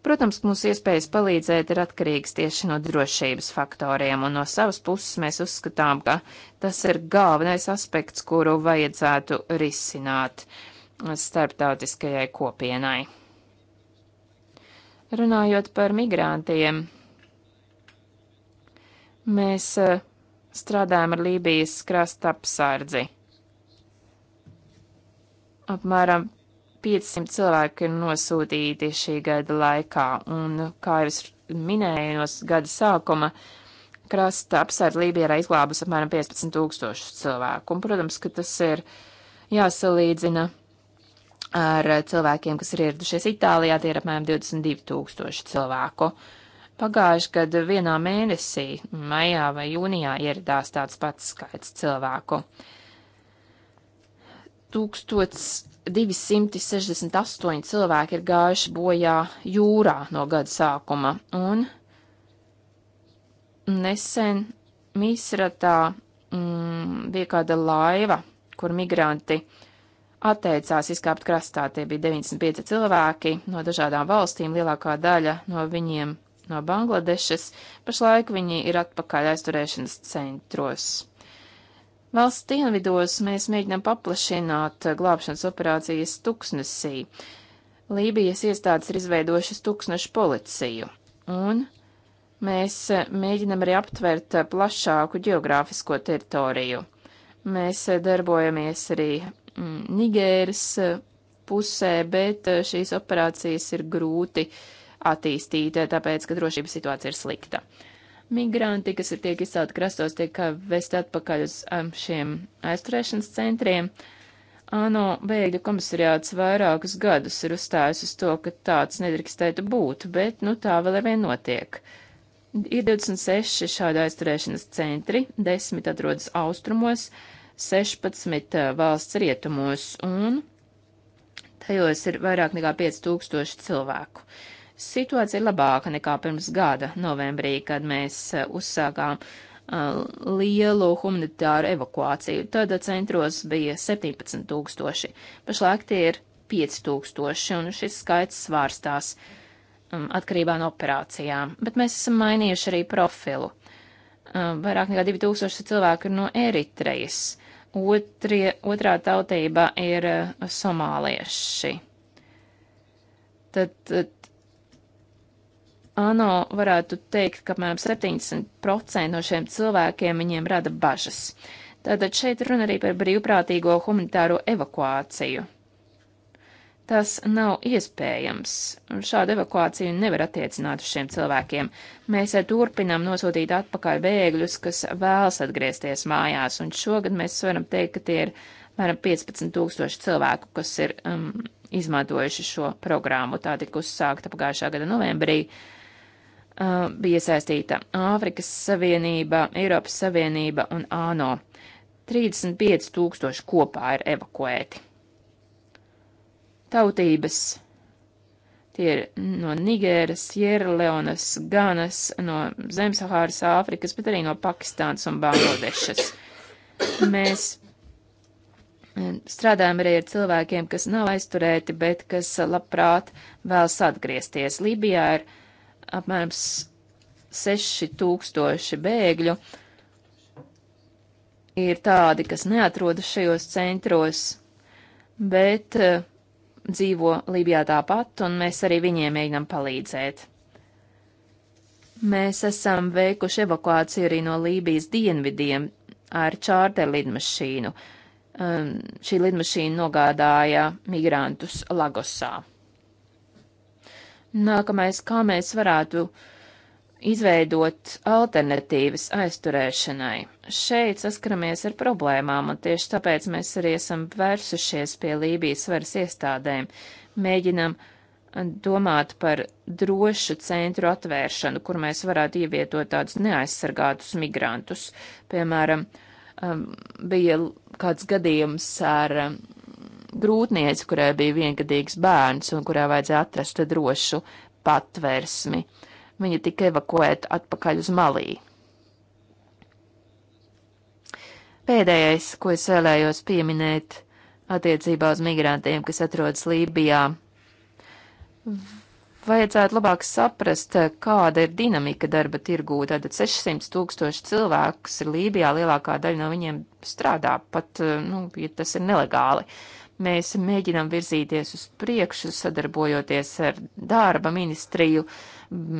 Protams, mūsu iespējas palīdzēt ir atkarīgs tieši no drošības faktoriem, un no savas puses mēs uzskatām, ka tas ir galvenais aspekts, kuru vajadzētu risināt starptautiskajai kopienai. Runājot par migrantiem, mēs eh, strādājam ar Lībijas krasta apsardzi. Apmēram 500 cilvēki ir nosūtīti šī gada laikā, un, kā jau es minēju, no gada sākuma krasta apsardz Lībija ir izglābus apmēram 15 tūkstošus cilvēku, un, protams, ka tas ir jāsalīdzina ar cilvēkiem, kas ir ieradušies Itālijā, tie ir apmēram 22 tūkstoši cilvēku. Pagājuši gadu vienā mēnesī, maijā vai jūnijā, ieradās tāds pats skaits cilvēku. Uh, 1268 cilvēki ir gājuši bojā jūrā no gada sākuma, un nesen Mīsratā mm, bija kāda laiva, kur migranti atteicās izkāpt krastā. Tie bija 95 cilvēki no dažādām valstīm, lielākā daļa no viņiem no Bangladešas. Pašlaik viņi ir atpakaļ aizturēšanas centros. Valsts dienvidos mēs mēģinām paplašināt eh, glābšanas operācijas tuksnesī. Lībijas iestādes ir izveidojušas tuksnešu policiju. Un mēs eh, mēģinam arī aptvert eh, plašāku geogrāfisko teritoriju. Mēs darbojamies arī mm, Nigēras pusē, bet šīs operācijas ir grūti attīstīt, tāpēc, ka drošības situācija ir slikta. Uh, Migranti, kas ir tiek izcelti krastos, tiek vesti atpakaļ uz um, šiem aizturēšanas centriem. ANO bēgļu komisariāts vairākus gadus ir uzstājis uz to, ka tāds nedrīkstētu būt, bet nu tā vēl ar vien notiek. Ir 26 šādi aizturēšanas centri, 10 atrodas austrumos, 16 uh, valsts rietumos, un tajos ir vairāk nekā 5000 cilvēku. Situācija ir labāka nekā pirms gada novembrī, kad mēs eh, uzsākām eh, lielu humanitāru evakuāciju. Tad centros bija 17 tūkstoši, pašlaik tie ir 5 tūkstoši, un šis skaits svārstās mm, atkarībā no operācijām. Bet mēs esam mainījuši arī profilu. Eh, vairāk nekā 2000 cilvēku ir no Eritrejas, Otrie, otrā tautība ir somālieši. Tad ANO varētu teikt, ka apmēram 70% no šiem cilvēkiem viņiem rada bažas. Tātad šeit runa arī par brīvprātīgo humanitāro evakuāciju. Tas nav iespējams. Šādu evakuāciju nevar attiecināt uz šiem cilvēkiem. Mēs turpinām nosūtīt atpakaļ bēgļus, kas vēlas atgriezties mājās, un šogad mēs varam teikt, ka tie ir apmēram 15 tūkstoši cilvēku, kas ir um, izmantojuši šo programmu. Tā tika uzsākta pagājušā gada novembrī. Uh, uh, bija iesaistīta Āfrikas Savienība, Eiropas Savienība un ANO. 35 tūkstoši kopā ir evakuēti. Tautības Tie ir no Nigēras, Sierleonas, Ganas, no Zemsahāras, Āfrikas, bet arī no Pakistānas un Bangladešas. Mēs strādājam arī ar cilvēkiem, kas nav aizturēti, bet kas labprāt vēlas atgriezties. Lībijā ir apmēram 6000 bēgļu ir tādi, kas neatrodas šajos centros, bet uh, dzīvo Lībijā tāpat, un mēs arī viņiem mēģinām palīdzēt. Mēs esam veikuši evakuāciju arī no Lībijas dienvidiem ar čārter lidmašīnu. Um, šī lidmašīna nogādāja migrantus Lagosā. Nākamais, kā mēs varētu izveidot alternatīvas aizturēšanai. Šeit saskaramies ar problēmām, un tieši tāpēc mēs arī esam vērsušies pie Lībijas varas iestādēm. Mēģinam domāt par drošu centru atvēršanu, kur mēs varētu ievietot tādus neaizsargātus migrantus. Piemēram, um, bija kāds gadījums ar um, grūtniece, kurai bija viengadīgs bērns un kurai vajadzēja atrast drošu patvērsmi. Viņa tika evakuēta atpakaļ uz Malī. Pēdējais, ko es vēlējos pieminēt attiecībā uz migrantiem, kas atrodas Lībijā, vajadzētu labāk saprast, kāda ir dinamika darba tirgū. Tātad 600 tūkstoši cilvēku, kas ir Lībijā, lielākā daļa no viņiem strādā, pat, nu, ja tas ir nelegāli. Uh, Mēs mēģinām virzīties uz priekšu, sadarbojoties ar darba ministriju,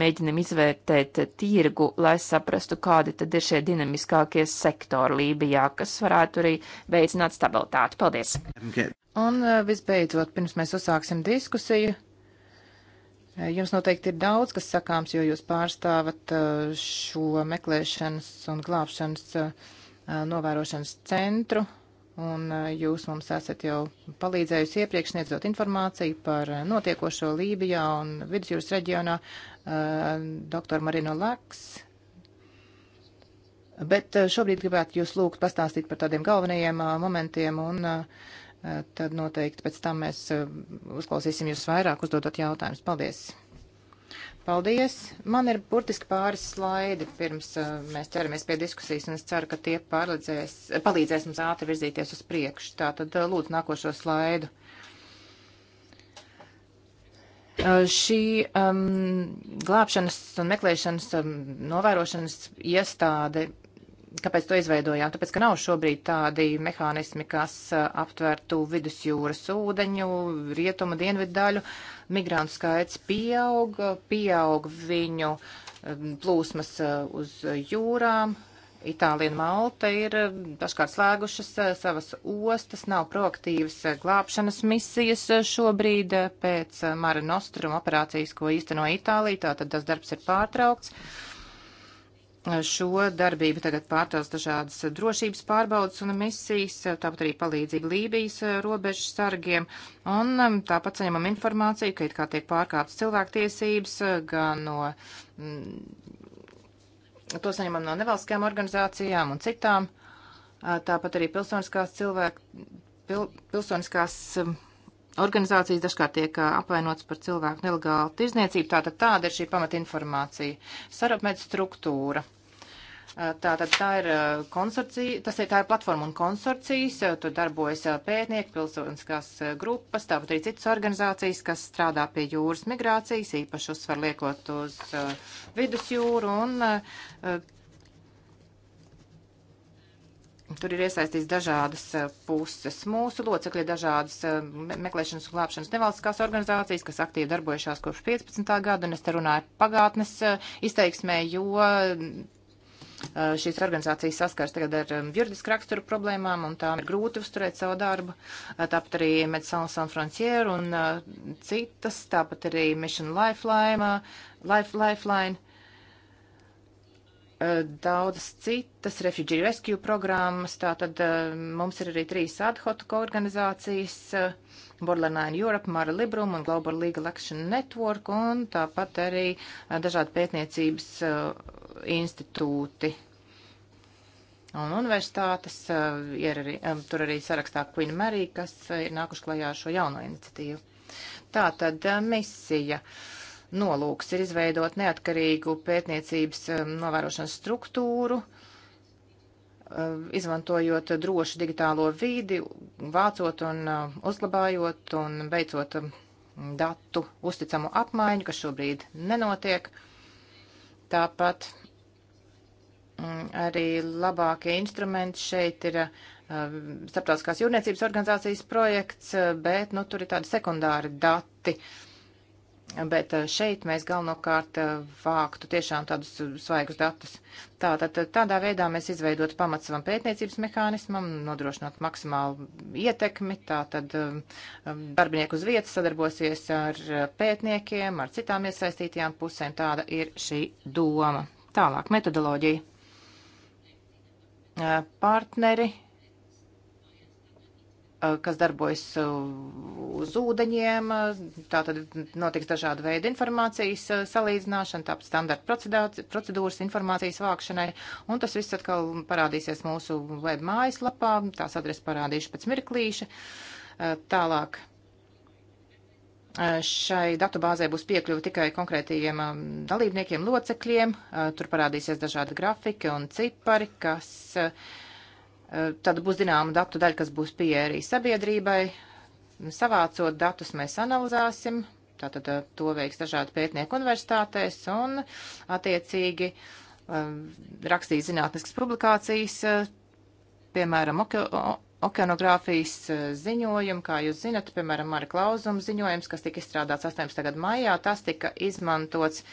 mēģinam izvērtēt tirgu, lai saprastu, kādi tad ir šie dinamiskākie sektori Lībijā, kas varētu arī veicināt stabilitāti. Paldies! Un eh, visbeidzot, pirms mēs uzsāksim diskusiju, eh, Jums noteikti ir daudz, kas sakāms, jo jūs pārstāvat eh, šo meklēšanas un glābšanas novērošanas centru Un jūs mums esat jau palīdzējusi iepriekš sniedzot informāciju par notiekošo Lībijā un Vidusjūras reģionā. Doktor Marino Laks. Bet šobrīd gribētu jūs lūgt pastāstīt par tādiem galvenajiem momentiem un tad noteikti pēc tam mēs uzklausīsim jūs vairāk uzdodot jautājumus. Paldies! Paldies! Man ir burtiski pāris slaidi pirms uh, mēs ķeramies pie diskusijas, un es ceru, ka tie eh, palīdzēs mums ātri virzīties uz priekšu. Tātad uh, lūdzu nākošo slaidu. Uh, šī um, glābšanas un meklēšanas um, novērošanas iestāde kāpēc to izveidojām? Tāpēc, ka nav šobrīd tādi mehānismi, kas uh, aptvertu vidusjūras ūdeņu, rietumu, dienvidu daļu. Migrantu skaits pieaug, pieaug viņu um, plūsmas uh, uz jūrām. Itālija un Malta ir uh, dažkārt slēgušas savas ostas, nav proaktīvas glābšanas misijas šobrīd pēc Mara Nostrum operācijas, ko īsteno Itālija, tātad tas darbs ir pārtraukts. Uh, šo darbību tagad pārtās dažādas drošības pārbaudas un misijas, tāpat arī palīdzība Lībijas robežu sargiem. Un um, tāpat saņemam informāciju, ka it kā tiek pārkāptas cilvēktiesības gan no. Mm, to saņemam no nevalstiskajām organizācijām un citām. Tāpat arī pilsoniskās cilvēku, pil, pilsoniskās um, organizācijas dažkārt tiek apvainots par cilvēku nelegālu tirzniecību. Tātad tāda ir šī pamatinformācija. Sarapmed struktūra. Tātad tā ir konsorcija, tas ir tā ir platforma un konsorcijas, tur darbojas pētnieki, pilsoniskās grupas, tāpat arī citas organizācijas, kas strādā pie jūras migrācijas, īpaši uzsver liekot uz vidusjūru un Tur ir iesaistīts dažādas eh, puses. Mūsu locekļi ir dažādas eh, meklēšanas un glābšanas nevalstiskās organizācijas, kas aktīvi darbojušās kopš 15. gada, un es te runāju pagātnes eh, izteiksmē, jo šīs organizācijas saskars tagad ar juridisku raksturu problēmām, un tām ir grūti uzturēt savu darbu. Tāpat arī Medicines Sans Frontier un citas, tāpat arī Mission Lifeline. Life, Lifeline Eh, daudzas citas Refugee Rescue programmas. Tātad eh, mums ir arī trīs ad hoc organizācijas eh, - Borderline Europe, Mara Librum un Global Legal Action Network un tāpat arī dažādi pētniecības institūti. Un universitātes ir arī, tur arī sarakstā Queen Mary, kas ir nākuši klajā ar šo jauno iniciatīvu. Tā tad misija. Uh, nolūks ir izveidot neatkarīgu pētniecības um, novērošanas struktūru, um, izmantojot drošu digitālo vīdi, vācot un um, uzlabājot un veicot datu uzticamu apmaiņu, kas šobrīd nenotiek. Tāpat mm, arī labākie instrumenti šeit ir starptautiskās jūrniecības organizācijas projekts, uh, bet nu, tur ir tādi sekundāri dati. Uh, Bet eh, šeit mēs galvenokārt eh, vāktu tiešām tādus eh, svaigus datus. Tātad tādā veidā mēs izveidot pamats savam pētniecības mehānismam, nodrošinot maksimālu ietekmi, tātad darbinieku uz vietas sadarbosies ar pētniekiem, ar citām iesaistītajām pusēm. Tāda ir šī doma. Tālāk, metodoloģija. Partneri kas darbojas uz ūdeņiem. Tātad notiks dažāda veida informācijas salīdzināšana, tāpat standarta procedūras informācijas vākšanai. Un tas viss atkal parādīsies mūsu web mājaslapā. Tās adresi parādīšu pēc mirklīša. Tālāk. Šai datubāzē būs piekļuva tikai konkrētajiem dalībniekiem, locekļiem. Tur parādīsies dažādi grafiki un cipari, kas uh, Tad būs zināma datu daļa, kas būs pieeja arī sabiedrībai. Savācot datus mēs analizēsim, tātad eh, to veiks dažādi pētnieki universitātēs un attiecīgi eh, rakstīs zinātniskas publikācijas, eh, piemēram, okeanogrāfijas ziņojumu, kā jūs zinat, piemēram, Mara Klauzuma ziņojums, kas tika izstrādāts 18. gada maijā, tas tika izmantots,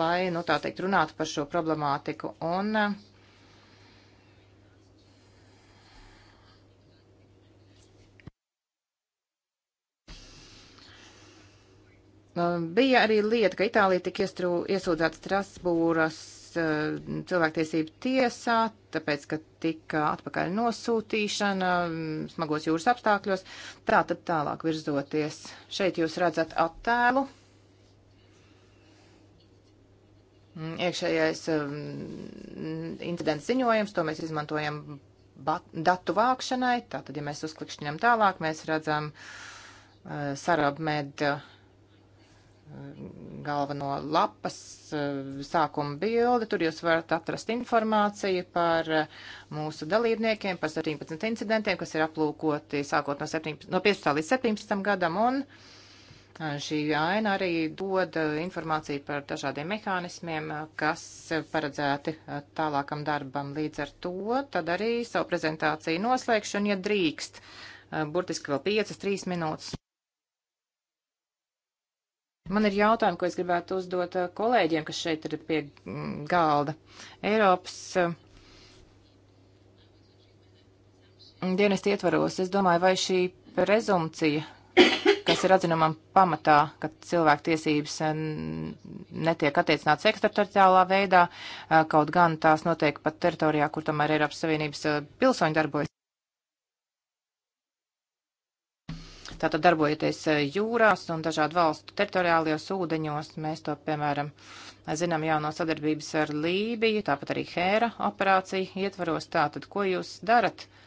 lai, nu tā teikt, runātu par šo problemātiku. Un Um, bija arī lieta, ka Itālija tika iesūdzēta Strasbūras uh, cilvēktiesību tiesā, tāpēc, ka tika atpakaļ nosūtīšana um, smagos jūras apstākļos. Tā tad tālāk virzoties. Šeit jūs redzat attēlu. Mm, iekšējais um, incidents ziņojums, to mēs izmantojam datu vākšanai. Tātad, ja mēs uzklikšķinām tālāk, mēs redzam uh, Sarabmed uh, galveno lapas, e, sākuma bildi. Tur jūs varat atrast informāciju par e, mūsu dalībniekiem, par 17 incidentiem, kas ir aplūkoti sākot no, 17, no 15 līdz 17 gadam. Un e, šī aina arī dod informāciju par dažādiem mehānismiem, kas paredzēti tālākam darbam. Līdz ar to tad arī savu prezentāciju noslēgšu, un, ja drīkst, burtiski vēl 5-3 minūtes Man ir jautājumi, ko es gribētu uzdot eh, kolēģiem, kas šeit ir pie mm, galda. Eiropas eh, dienestu ietvaros, es domāju, vai šī prezumcija, kas ir atzinumam pamatā, ka cilvēku tiesības eh, netiek attiecināts ekstrateritoriālā veidā, kaut gan tās notiek pat teritorijā, kur tomēr Eiropas Savienības pilsoņi darbojas. Tātad darbojoties e, jūrās un dažādu valstu teritoriālajos ūdeņos, mēs to, piemēram, zinām jau no sadarbības ar Lībiju, tāpat arī Hēra operācija ietvaros. Tātad, ko jūs darat? Uh,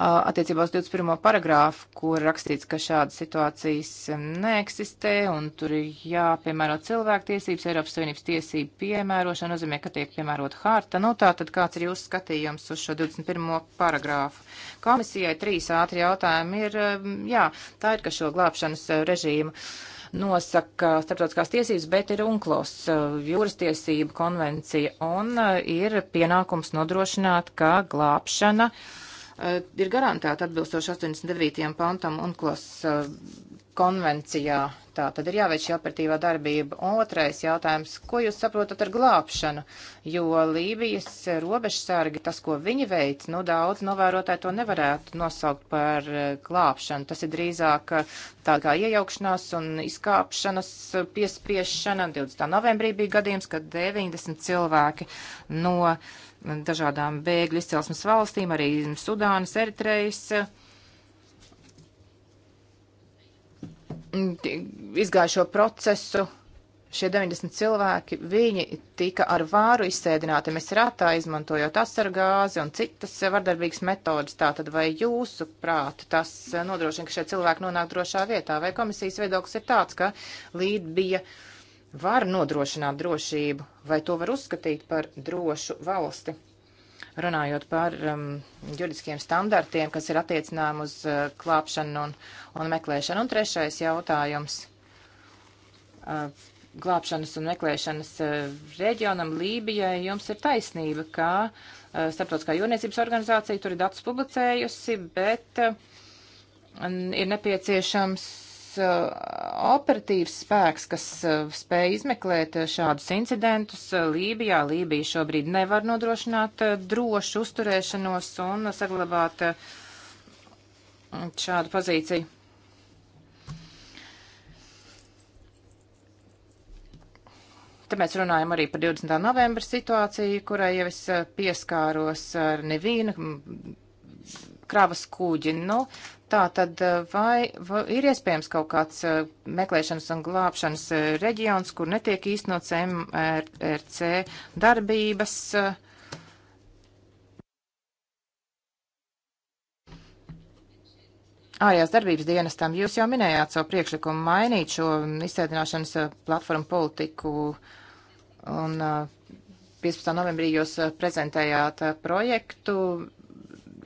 attiecībā uz 21. paragrāfu, kur rakstīts, ka šādas situācijas um, neeksistē un tur ir jāpiemēro cilvēktiesības, Eiropas Savienības tiesību piemērošana nozīmē, ka tiek piemērota harta. Nu, tā tad kāds ir jūsu skatījums uz šo 21. paragrāfu? Komisijai trīs ātri jautājumi ir, um, jā, tā ir, ka šo glābšanas uh, režīmu nosaka starptautiskās tiesības, bet ir UNCLOS uh, jūras tiesība konvencija un uh, ir pienākums nodrošināt, ka glābšana uh, ir garantēta atbilstoši 89. pantam UNCLOS eh, konvencijā. Tā tad ir jāveic šī operatīvā darbība. Otrais jautājums, ko jūs saprotat ar glābšanu? Jo Lībijas robežsargi, tas, ko viņi veic, nu daudz novērotāji to nevarētu nosaukt par eh, glābšanu. Tas ir drīzāk eh, tā kā iejaukšanās un izkāpšanas piespiešana. 20. novembrī bija gadījums, kad 90 cilvēki no. Uh, dažādām bēgļu izcelsmes valstīm, arī Sudānas, Eritrejas. Izgājušo procesu šie 90 cilvēki, viņi tika ar vāru izsēdināti mesrātā, izmantojot asargāzi un citas vardarbīgas metodas. Tātad vai jūsu prātu tas nodrošina, ka šie cilvēki nonāk drošā vietā? Vai komisijas viedoklis ir tāds, ka līdz bija uh, var nodrošināt drošību, vai to var uzskatīt par drošu valsti. Runājot par um, juridiskiem standartiem, kas ir attiecinājumi uz uh, klāpšanu un, un meklēšanu. Un trešais jautājums. Uh, glābšanas un meklēšanas uh, reģionam Lībijai jums ir taisnība, ka uh, starptautiskā jūrniecības organizācija tur ir datus publicējusi, bet uh, ir nepieciešams Uh, operatīvs spēks, kas uh, spēj izmeklēt uh, šādus incidentus Lībijā. Lībija šobrīd nevar nodrošināt drošu uzturēšanos un saglabāt šādu pozīciju. Te mēs runājam arī par 20. novembra situāciju, kurai jau es pieskāros ar nevīnu krāvas kuģi. Nu, Tā tad e, vai, vai ir iespējams kaut kāds e, meklēšanas un glābšanas e, reģions, kur netiek īstenots MRC darbības? Ārējās darbības dienestam jūs jau minējāt savu priekšlikumu mainīt šo izsēdināšanas platformu politiku un 15. novembrī jūs prezentējāt projektu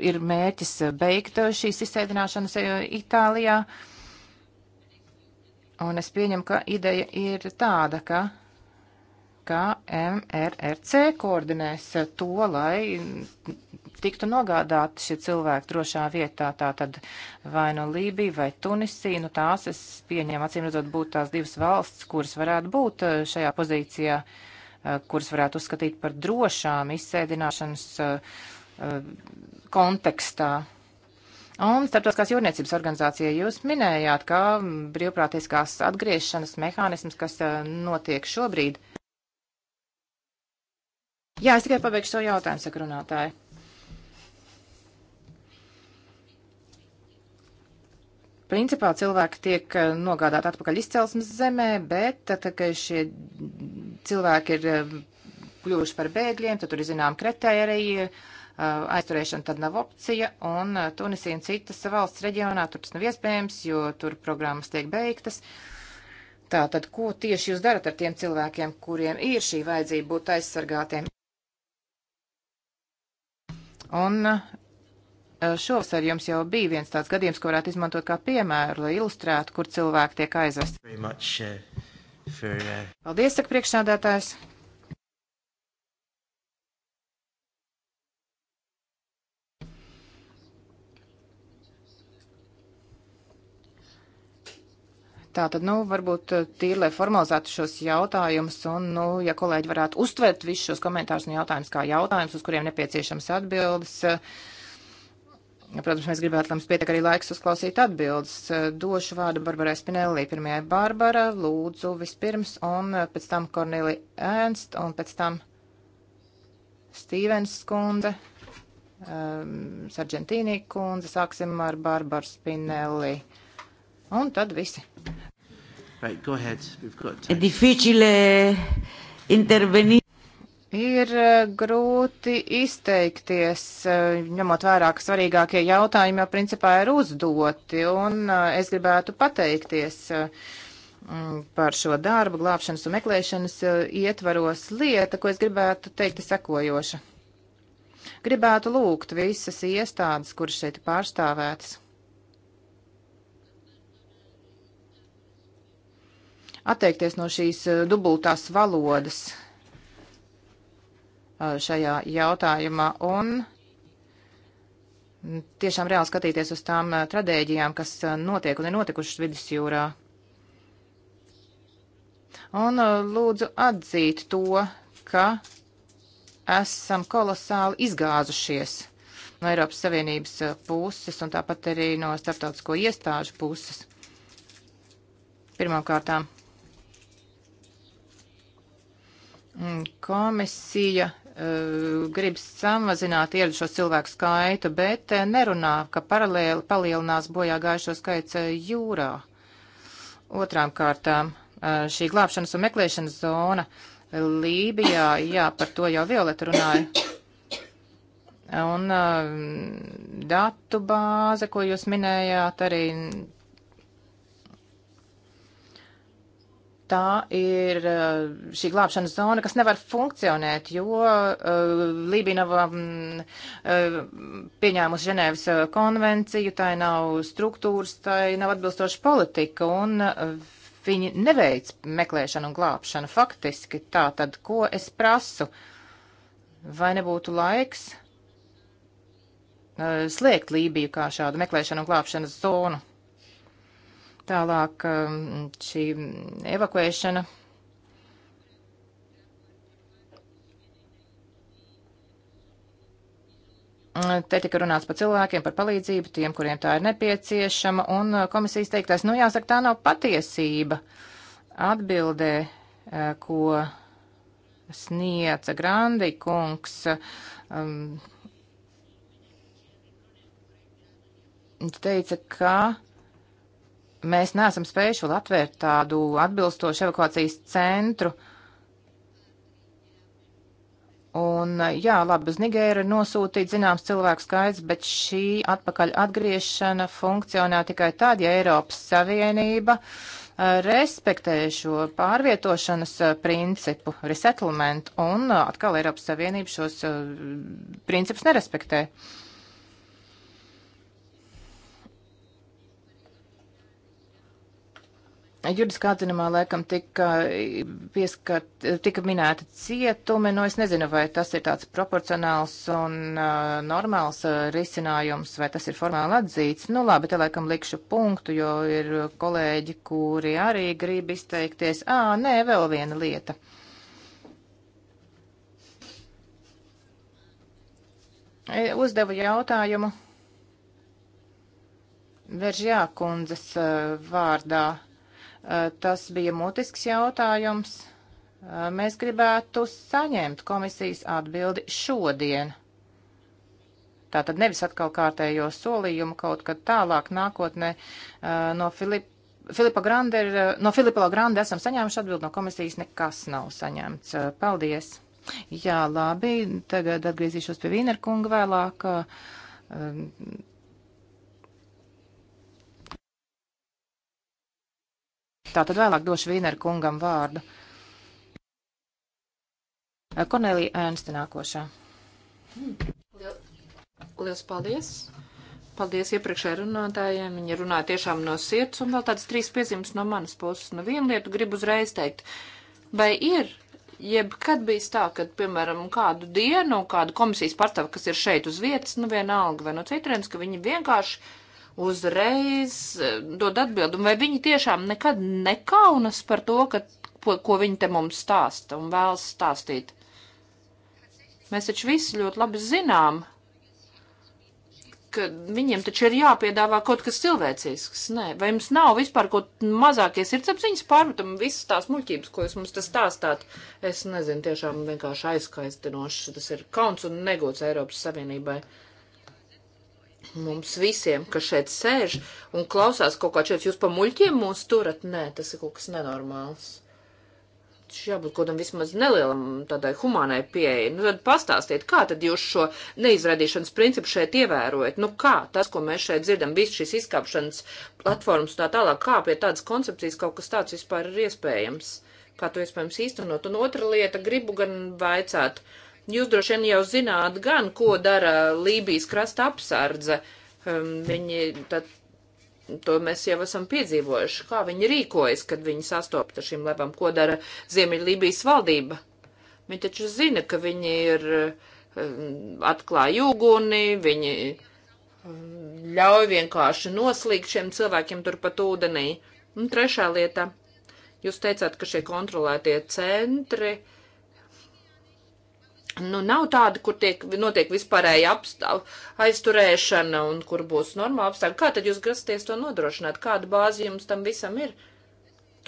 ir mērķis beigt šīs izsēdināšanas e, Itālijā. Un es pieņemu, ka ideja ir tāda, ka, ka MRRC koordinēs to, lai tiktu nogādāti šie cilvēki drošā vietā, tā tad vai no nu Lībija vai Tunisija, nu tās es pieņēmu, acīm redzot, būtu tās divas valsts, kuras varētu būt e, šajā pozīcijā, e, kuras varētu uzskatīt par drošām izsēdināšanas uh, kontekstā. Un starptautiskās jūrniecības organizācija jūs minējāt, ka brīvprātiskās atgriešanas mehānisms, kas eh, notiek šobrīd. Jā, es tikai pabeigšu šo jautājumu, saka runātāji. Principā cilvēki tiek eh, nogādāti atpakaļ izcelsmes zemē, bet tad, kad šie cilvēki ir eh, kļuvuši par bēgļiem, tad tur ir zinām kritērija, aizturēšana tad nav opcija, un Tunisija un citas valsts reģionā tur tas nav iespējams, jo tur programmas tiek beigtas. Tātad, ko tieši jūs darat ar tiem cilvēkiem, kuriem ir šī vajadzība būt aizsargātiem? Un eh, Šovasar jums jau bija viens tāds gadījums, ko varētu izmantot kā piemēru, lai ilustrētu, kur cilvēki tiek aizvesti. Much, uh, for, uh... Paldies, saka priekšsādātājs. Tā tad, nu, varbūt eh, tīri, lai formalizētu šos jautājumus, un, nu, ja kolēģi varētu uztvert visus šos komentārus un jautājumus kā jautājumus, uz kuriem nepieciešams atbildes. Eh, protams, mēs gribētu, lai mums pietiek arī laiks uzklausīt atbildes. Eh, došu vārdu Barbarai Spinelli, pirmajai Barbara, lūdzu vispirms, un pēc tam Korneli Ernst, un pēc tam Stīvens Skunde, um, Sargentīnī Kundze. Sāksim ar Barbaru Spinelli. Uh, Un tad visi. Right, go ahead. We've got time. Difficile intervenīt. Ir e, grūti izteikties, e, ņemot vērā, ka svarīgākie jautājumi jau principā ir uzdoti, un e, es gribētu pateikties par šo darbu glābšanas un meklēšanas ietvaros lieta, ko es gribētu teikt sekojoša. Gribētu lūgt visas iestādes, kuras šeit pārstāvētas atteikties no šīs eh, dubultās valodas eh, šajā jautājumā un mm, tiešām reāli skatīties uz tām eh, tradēģijām, kas notiek un ir notikušas vidusjūrā. Un lūdzu atzīt to, ka esam kolosāli izgāzušies no Eiropas Savienības puses un tāpat arī no starptautisko iestāžu puses. Pirmkārtām Mm, komisija eh, grib samazināt ieradušo cilvēku skaitu, bet eh, nerunā, ka paralēli palielinās bojā gājušo skaits eh, jūrā. Otrām kārtām šī glābšanas un meklēšanas zona Lībijā, jā, par to jau Violeta runāja. Un datu bāze, ko jūs minējāt, arī tā ir eh, šī glābšanas zona, kas nevar funkcionēt, jo uh, Lībija nav um, uh, pieņēmusi Ženēvas konvenciju, tai nav struktūras, tai nav atbilstoša politika, un uh, viņi neveic meklēšanu un glābšanu faktiski. Tā tad, ko es prasu, vai nebūtu laiks uh, slēgt Lībiju kā šādu meklēšanu un glābšanas zonu? Tālāk um, šī evakuēšana. Te tika runāts par cilvēkiem, par palīdzību tiem, kuriem tā ir nepieciešama, un uh, komisijas teiktais, nu jāsaka, tā nav patiesība. Atbildē, uh, ko sniedza Grandi kungs, um, teica, ka Mēs neesam spējuši vēl atvērt tādu atbilstošu evakuācijas centru. Un, jā, labi, uz Nigēru ir nosūtīts zināms cilvēku skaits, bet šī atpakaļ atgriešana funkcionē tikai tad, ja Eiropas Savienība eh, respektē šo pārvietošanas eh, principu, resettlement, un eh, atkal Eiropas Savienība šos principus nerespektē. Uh, Judiskā atzinumā laikam tika, pieskat, tika minēta cietumi, no nu, es nezinu, vai tas ir tāds proporcionāls un uh, normāls uh, risinājums, vai tas ir formāli atzīts. Nu labi, te laikam likšu punktu, jo ir kolēģi, kuri arī grib izteikties. Ā, nē, vēl viena lieta. E, uzdevu jautājumu Veržjā kundzes vārdā Eh, tas bija mutisks jautājums. Eh, mēs gribētu saņemt komisijas atbildi šodien. Tātad nevis atkal kārtējo solījumu kaut kad tālāk nākotnē eh, no Filipa. Filipa Grande ir, no Filipa Lagrande esam saņēmuši atbildi no komisijas, nekas nav saņemts. Paldies! Jā, labi, tagad atgriezīšos pie Vīnerkunga vēlāk. Tātad vēlāk došu Vīneru kungam vārdu. Kornelija Ernsti nākošā. Lielas paldies! Paldies iepriekšējiem runātājiem. Viņi runāja tiešām no sirds, un vēl tādas trīs piezīmes no manas puses. Nu, vienu lietu gribu uzreiz teikt. Vai ir jebkad bijis tā, ka, piemēram, kādu dienu, kādu komisijas pārstāvu, kas ir šeit uz vietas, nu vienalga vai no citurienes, ka viņi vienkārši uzreiz e, dod atbildumu, vai viņi tiešām nekad nekaunas par to, ka, ko, ko viņi te mums stāsta un vēlas stāstīt. Mēs taču visi ļoti labi zinām, ka viņiem taču ir jāpiedāvā kaut kas cilvēcisks. Nē, vai jums nav vispār kaut mazākie sirdsapziņas pārmetumi, visas tās muļķības, ko jūs mums tas stāstāt? Es nezinu, tiešām vienkārši aizkaistinoši. Tas ir kauns un negods Eiropas Savienībai. Uh, Mums visiem, kas šeit sēž un klausās kaut kā šeit, jūs pa muļķiem mūs turat? Nē, tas ir kaut kas nenormāls. Taču jābūt kaut kādam vismaz nelielam tādai humānai pieeja. Nu, tad pastāstiet, kā tad jūs šo neizraidīšanas principu šeit ievērojat? Nu, kā tas, ko mēs šeit dzirdam, viss šis izkāpšanas platformas un tā tālāk, kā pie tādas koncepcijas kaut kas tāds vispār ir iespējams? Kā to iespējams īstenot? Un otra lieta, gribu gan vaicāt. Uh, Jūs droši vien jau zināt gan, ko dara Lībijas krasta apsardze. Um, viņi, tad, to mēs jau esam piedzīvojuši, kā viņi rīkojas, kad viņi sastopas ar šīm lepām, ko dara Ziemeļlībijas valdība. Viņi taču zina, ka viņi ir um, atklāja uguni, viņi um, ļauj vienkārši noslīgt šiem cilvēkiem turpat ūdenī. Un trešā lieta. Jūs teicāt, ka šie kontrolētie centri uh, nu, nav tāda, kur tiek, notiek vispārēja apstāv, aizturēšana un kur būs normāla apstākļa. Kā tad jūs grasties to nodrošināt? Kāda bāzi jums tam visam ir?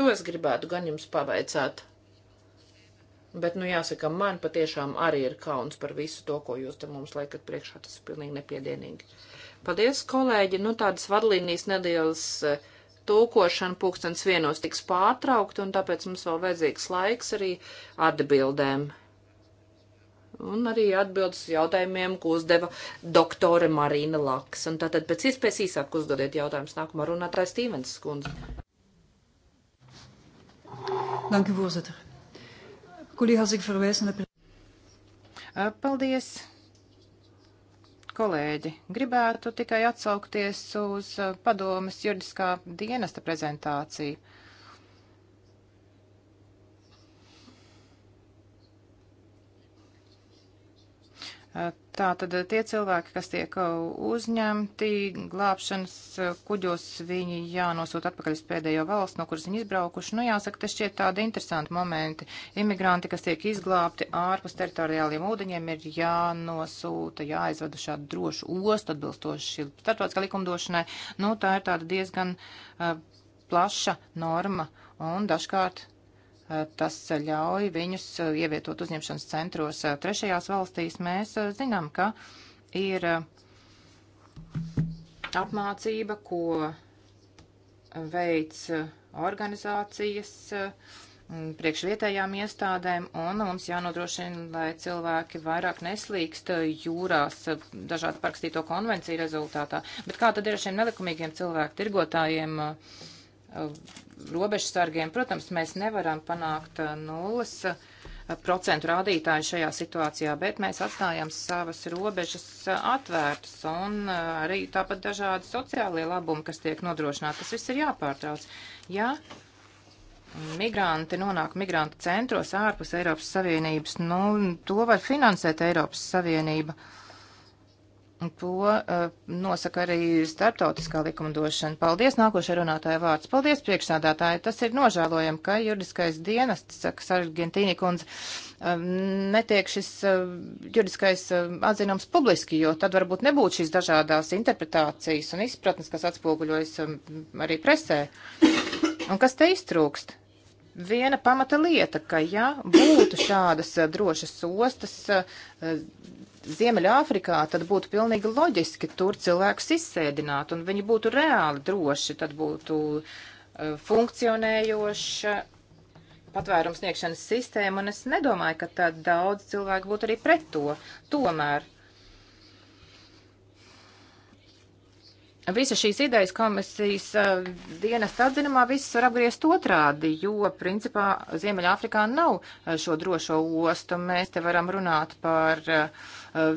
To es gribētu gan jums pavaicāt. Bet, nu, jāsaka, man patiešām arī ir kauns par visu to, ko jūs te mums liekat priekšā. Tas ir pilnīgi nepiedienīgi. Paldies, kolēģi! Nu, tādas vadlīnijas nedēļas eh, tūkošana pūkstens vienos tiks pārtraukta, un tāpēc mums vēl vajadzīgs laiks arī atbildēm. Un arī atbildes jautājumiem, ko uzdeva doktore Marina Laks. Un tātad pēc iespējas īsāk uzdodiet jautājumus nākamā runātāja Stīvens skundze. Dank u, voorzitter. Collega's, ik verwijs naar de... Eh, paldies, kolēģi. Gribētu tikai atsaukties uz eh, padomas juridiskā dienesta prezentāciju. Tātad tie cilvēki, kas tiek uzņemti glābšanas kuģos, viņi jānosūta atpakaļ uz pēdējo valsts, no kuras viņi izbraukuši. Nu, jāsaka, tas šķiet tādi interesanti momenti. Imigranti, kas tiek izglābti ārpus teritoriāliem ūdeņiem, ir jānosūta, jāaizved uz šādu drošu ostu atbilstoši starptautiskā likumdošanai. Nu, tā ir tāda diezgan uh, plaša norma un dažkārt Tas ļauj viņus ievietot uzņemšanas centros trešajās valstīs. Mēs zinām, ka ir apmācība, ko veids organizācijas mm, priekšvietējām iestādēm, un mums jānodrošina, lai cilvēki vairāk neslīkst jūrās dažādu parakstīto konvenciju rezultātā. Bet kā tad ir ar šiem nelikumīgiem cilvēku tirgotājiem? Uh, robežsargiem. Protams, mēs nevaram panākt eh, nulles eh, procentu rādītāju šajā situācijā, bet mēs atstājam savas robežas eh, atvērtas un arī tāpat dažādi sociālie labumi, kas tiek nodrošināti. Tas viss ir jāpārtrauc. Ja migranti nonāk migrantu centros ārpus Eiropas Savienības, nu, to var finansēt Eiropas Savienība. Uh, To eh, nosaka arī startautiskā likumdošana. Paldies, nākošais runātāja vārds. Paldies, priekšsādātāji. Tas ir nožēlojami, ka juridiskais dienests, saka Sargentīni kundze, eh, netiek šis eh, juridiskais atzinums publiski, jo tad varbūt nebūtu šīs dažādās interpretācijas un izpratnes, kas atspoguļojas arī presē. Un kas te iztrūkst? Viena pamata lieta, ka ja būtu šādas drošas ostas, Ziemeļāfrikā, tad būtu pilnīgi loģiski tur cilvēkus izsēdināt, un viņi būtu reāli droši, tad būtu uh, funkcionējoša patvērums sniegšanas sistēma, un es nedomāju, ka tad daudz cilvēku būtu arī pret to. Tomēr Visa šīs idejas komisijas eh, dienas atzinumā viss var apgriezt otrādi, jo principā Ziemeļāfrikā nav eh, šo drošo ostu. Mēs te varam runāt par eh,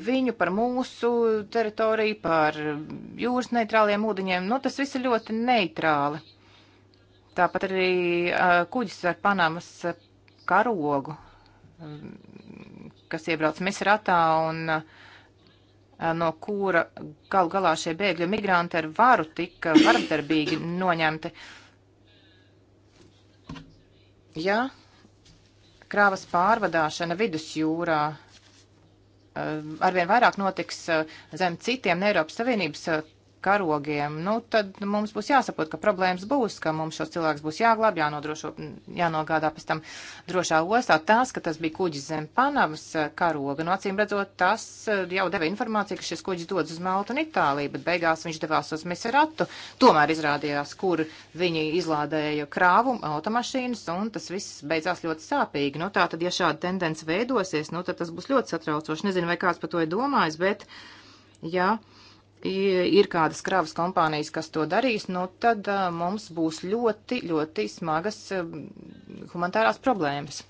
viņu, par mūsu teritoriju, par jūras neitrāliem ūdeņiem. Nu, tas viss ir ļoti neitrāli. Tāpat arī kuģis ar Panamas karogu, mm, kas iebrauc Misratā un uh, no kura gal galā šie bēgļi migranti ar varu tika vardarbīgi noņemti. Ja krāvas pārvadāšana vidusjūrā eh, arvien vairāk notiks eh, zem citiem Eiropas Savienības eh, karogiem, nu, tad mums būs jāsaprot, ka problēmas būs, ka mums šos cilvēkus būs jāglāb, jānodrošo, jānogādā pēc tam drošā ostā. Tas, ka tas bija kuģis zem Panamas karoga, no nu, acīm redzot, tas eh, jau deva informāciju, ka šis kuģis dodas uz Maltu un Itāliju, bet beigās viņš devās uz Meseratu. Tomēr izrādījās, kur viņi izlādēja krāvumu automašīnas, un tas viss beidzās ļoti sāpīgi. Nu, tā tad, ja šāda tendence veidosies, nu, tad tas būs ļoti satraucoši. Nezinu, vai kāds par to ir domājis, bet, jā. Ja, ir kādas kravas kompānijas, kas to darīs, nu tad uh, mums būs ļoti, ļoti smagas um, humanitārās problēmas.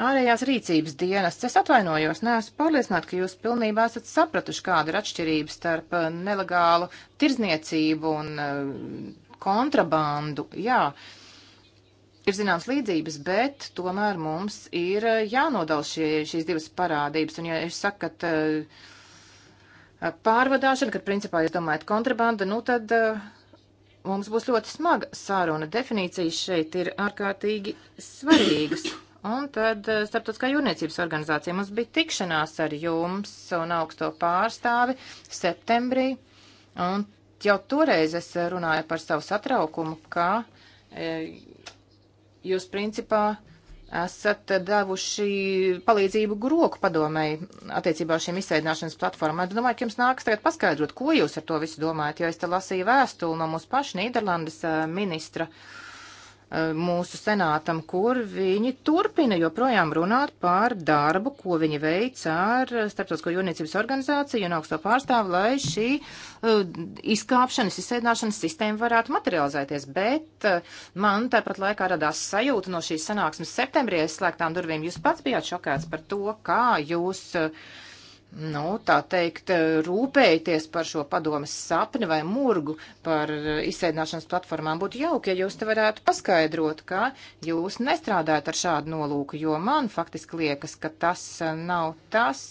Ārējās rīcības dienests. Es atvainojos, neesmu pārliecināta, ka jūs pilnībā esat sapratuši, kāda ir atšķirība starp uh, nelegālu tirzniecību un uh, kontrabandu. Jā, ir zināmas līdzības, bet tomēr mums ir jānodala šie, šīs divas parādības. Un, ja jūs sakat, uh, pārvadāšana, kad principā jūs domājat kontrabanda, nu tad eh, mums būs ļoti smaga sāruna. Definīcijas šeit ir ārkārtīgi svarīgas. Un tad eh, starptautiskā jūrniecības organizācija mums bija tikšanās ar jums un augsto pārstāvi septembrī. Un jau toreiz es runāju par savu satraukumu, ka e, jūs principā esat devuši palīdzību groku padomai attiecībā uz šiem izsēdināšanas platformām. Es domāju, ka jums nāks tagad paskaidrot, ko jūs ar to visu domājat, jo es te lasīju vēstuli no mūsu paša Nīderlandes eh, ministra uh, mūsu senātam, kur viņi turpina joprojām runāt par darbu, ko viņi veic ar Starptautisko jūrniecības organizāciju un augsto pārstāvu, lai šī uh, izkāpšanas, izsēdināšanas sistēma varētu materializēties. Bet uh, man tāpat laikā radās sajūta no šīs sanāksmes septembrī aizslēgtām durvīm. Jūs pats bijāt šokēts par to, kā jūs. Uh, nu, tā teikt, rūpēties par šo padomas sapni vai murgu par izsēdināšanas platformām, būtu jauki, ja jūs te varētu paskaidrot, ka jūs nestrādājat ar šādu nolūku, jo man faktiski liekas, ka tas nav tas,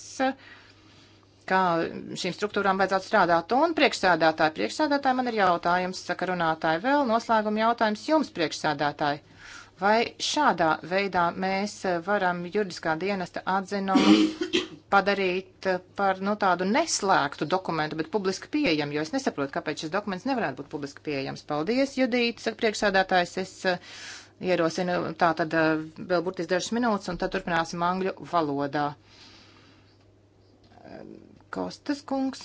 kā šīm struktūrām vajadzētu strādāt. Un priekšsēdētāji, priekšsēdētāji man ir jautājums, saka runātāji vēl, noslēguma jautājums jums priekšsēdētāji. Vai šādā veidā mēs varam juridiskā dienesta atzinumu padarīt par nu, tādu neslēgtu dokumentu, bet publiski pieejamu, jo es nesaprotu, kāpēc šis dokuments nevarētu būt publiski pieejams. Paldies, Judīts, saka priekšsādātājs. Es uh, ierosinu tā tad uh, eh, vēl burtiski dažas minūtes, un tad turpināsim angļu valodā. Eh, Kostas kungs.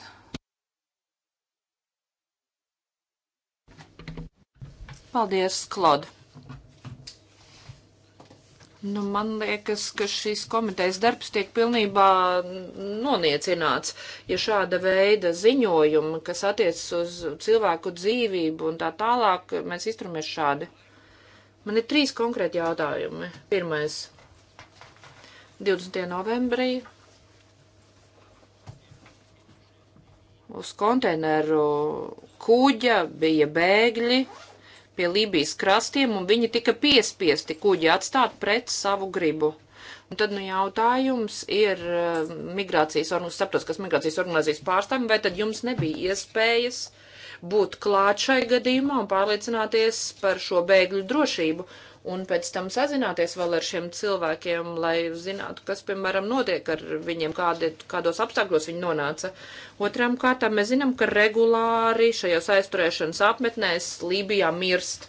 Paldies, Klod. Nu, man liekas, ka šīs komitejas darbs tiek pilnībā noniecināts, ja šāda veida ziņojumi, kas attiecas uz cilvēku dzīvību un tā tālāk, mēs izturamies šādi. Man ir trīs konkrēti jautājumi. Pirmais. 20. novembrī uz konteineru kuģa bija bēgļi pie Lībijas krastiem, un viņi tika piespiesti kuģi atstāt pret savu gribu. Un tad nu, jautājums ir eh, migrācijas organizācijas, starptautiskās migrācijas organizācijas pārstāvjiem, vai tad jums nebija iespējas būt klāt šai gadījumā un pārliecināties par šo bēgļu drošību un pēc tam sazināties vēl ar šiem cilvēkiem, lai zinātu, kas, piemēram, notiek ar viņiem, kādi, kādos apstākļos viņi nonāca. Otram kārtām mēs zinām, ka regulāri šajos aizturēšanas apmetnēs Lībijā mirst.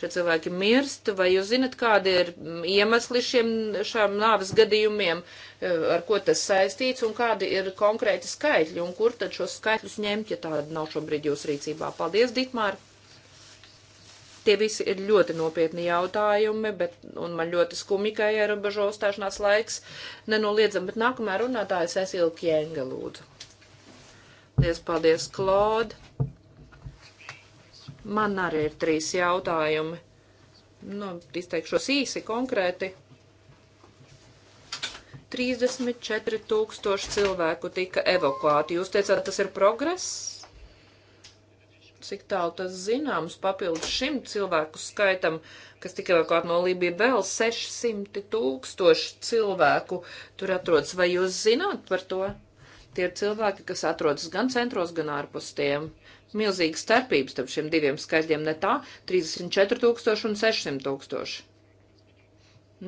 Šie cilvēki mirst, vai jūs zinat, kādi ir mm, iemesli šiem šām nāves gadījumiem, eh, ar ko tas saistīts, un kādi ir konkrēti skaitļi, un kur tad šos skaitļus ņemt, ja tāda nav šobrīd jūsu rīcībā? Paldies, Ditmāra! Tie visi ir ļoti nopietni jautājumi, bet, un man ļoti skumji, ka ierobežo uzstāšanās laiks, nenoliedzam, bet nākamā runātāja Cecilija Kjēnga lūdzu. Lies paldies, Klod. Man arī ir trīs jautājumi. Nu, izteikšos īsi, konkrēti. 34 tūkstoši cilvēku tika evakuēti. Jūs teicāt, tas ir progress? cik tālu tas zināms, papildus šim cilvēku skaitam, kas tikai vēl kaut no Lībija, vēl 600 tūkstoši cilvēku tur atrodas. Vai jūs zināt par to? Tie ir cilvēki, kas atrodas gan centros, gan ārpus tiem. Milzīga starpības starp šiem diviem skaitļiem ne tā - 34 tūkstoši un 600 tūkstoši.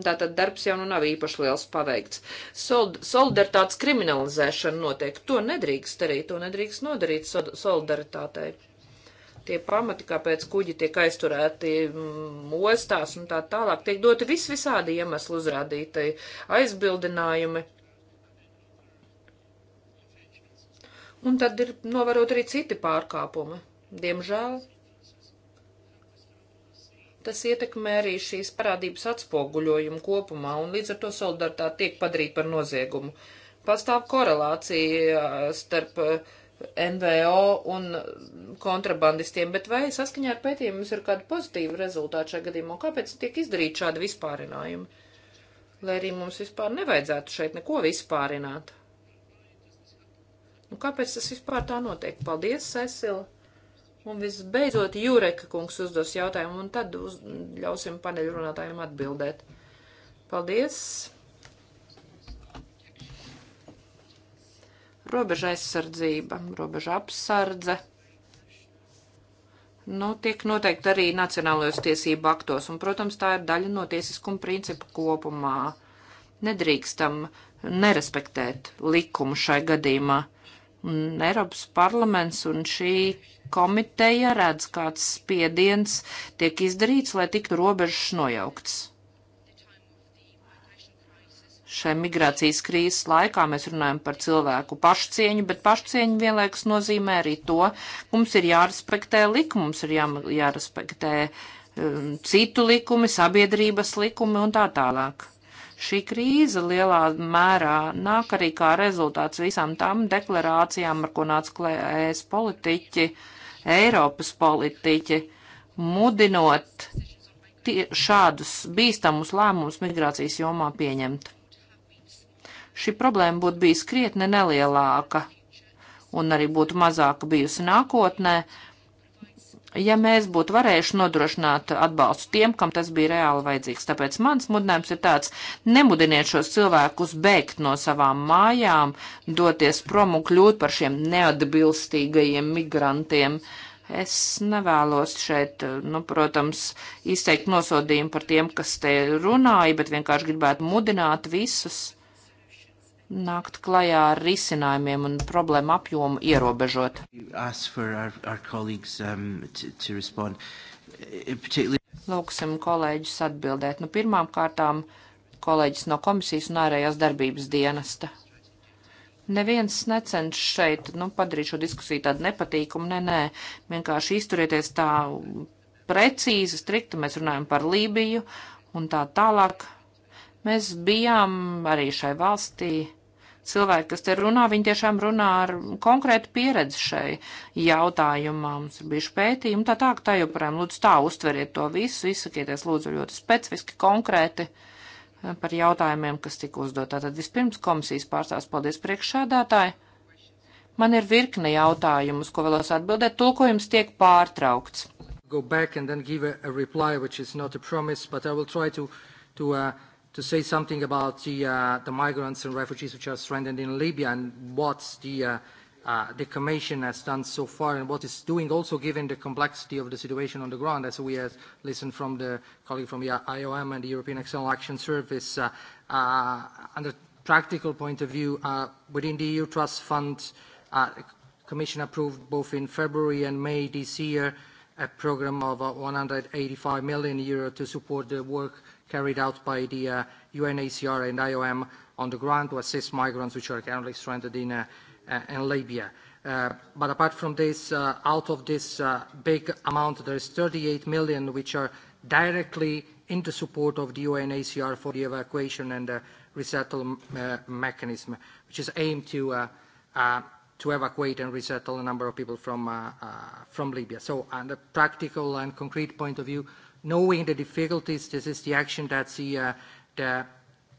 Tātad darbs jau nu nav īpaši liels paveikts. Sold, solidaritātes kriminalizēšana notiek. To nedrīkst darīt, to nedrīkst nodarīt solidaritātei tie pamati, kāpēc kuģi tiek aizturēti mm, ostās un tā tālāk, tiek doti vis visādi iemesli uzrādītai aizbildinājumi. Un tad ir novērot arī citi pārkāpumi. Diemžēl tas ietekmē arī šīs parādības atspoguļojumu kopumā, un līdz ar to solidaritāte tiek padarīta par noziegumu. Pastāv korelācija uh, starp uh, NVO un kontrabandistiem, bet vai saskaņā ar pētījumu jums ir kāda pozitīva rezultāta šajā gadījumā? Kāpēc tiek izdarīta šāda vispārinājuma? Lai arī mums vispār nevajadzētu šeit neko vispārināt. Nu, kāpēc tas vispār tā notiek? Paldies, Cecil! Un visbeidzot, Jureka kungs uzdos jautājumu, un tad uz, ļausim paneļrunātājiem atbildēt. Paldies! Robeža aizsardzība, robeža apsardze. Nu, tiek noteikti arī nacionālajos tiesību aktos, un, protams, tā ir daļa no tiesiskuma principu kopumā. Nedrīkstam nerespektēt likumu šai gadījumā. Un Eiropas parlaments un šī komiteja redz, kāds spiediens tiek izdarīts, lai tiktu robežas nojauktas. Šai migrācijas krīzes laikā mēs runājam par cilvēku pašcieņu, bet pašcieņu vienlaikus nozīmē arī to, mums ir jārespektē likums, ir jā, jārespektē um, citu likumi, sabiedrības likumi un tā tālāk. Šī krīze lielā mērā nāk arī kā rezultāts visām tām deklarācijām, ar ko nāca klēs politiķi, Eiropas politiķi, mudinot tie, šādus bīstamus lēmumus migrācijas jomā pieņemt šī problēma būtu bijis krietni nelielāka un arī būtu mazāka bijusi nākotnē, ja mēs būtu varējuši nodrošināt atbalstu tiem, kam tas bija reāli vajadzīgs. Tāpēc mans mudinājums ir tāds - nemudiniet šos cilvēkus bēgt no savām mājām, doties prom un kļūt par šiem neatbilstīgajiem migrantiem. Es nevēlos šeit, nu, protams, izteikt nosodījumu par tiem, kas te runāja, bet vienkārši gribētu mudināt visus nākt klajā ar risinājumiem un problēmu apjomu ierobežot. Our, our um, to, to respond, uh, particularly... Lūksim kolēģis atbildēt. Nu, pirmām kārtām kolēģis no komisijas un ārējās darbības dienesta. Neviens necenš šeit, nu, padarīt šo diskusiju tādu nepatīkumu, nē, nē, vienkārši izturieties tā precīzi, strikti, mēs runājam par Lībiju un tā tālāk. Mēs bijām arī šai valstī cilvēki, kas te runā, viņi tiešām runā ar konkrētu pieredzi šai jautājumā. Mums ir bijuši pētījumi, tā tā, ka tā joprojām, lūdzu, tā uztveriet to visu, izsakieties, lūdzu, ļoti specifiski, konkrēti eh, par jautājumiem, kas tika uzdot. Tātad vispirms komisijas pārstāvs, paldies priekšsēdētāji. Man ir virkne jautājumus, ko vēlos atbildēt. Tulkojums tiek pārtraukts. Go back and then give a, a reply, which is not a promise, but I will try to, to uh, to say something about the, uh, the migrants and refugees which are stranded in Libya and what the, uh, uh, the Commission has done so far and what it's doing, also given the complexity of the situation on the ground, as we have listened from the colleague from the IOM and the European External Action Service. Uh, uh, under practical point of view, uh, within the EU Trust Fund, uh, Commission approved both in February and May this year a program of uh, 185 million euro to support the work uh, carried out by the uh, UNHCR and IOM on the ground to assist migrants which are currently stranded in, uh, uh, in Libya. Uh, but apart from this, uh, out of this uh, big amount, there is 38 million which are directly in the support of the UNHCR for the evacuation and the resettlement uh, mechanism, which is aimed to, uh, uh, to evacuate and resettle a number of people from, uh, uh, from Libya. So on the practical and concrete point of view, knowing the difficulties, this is the action that the, uh, the,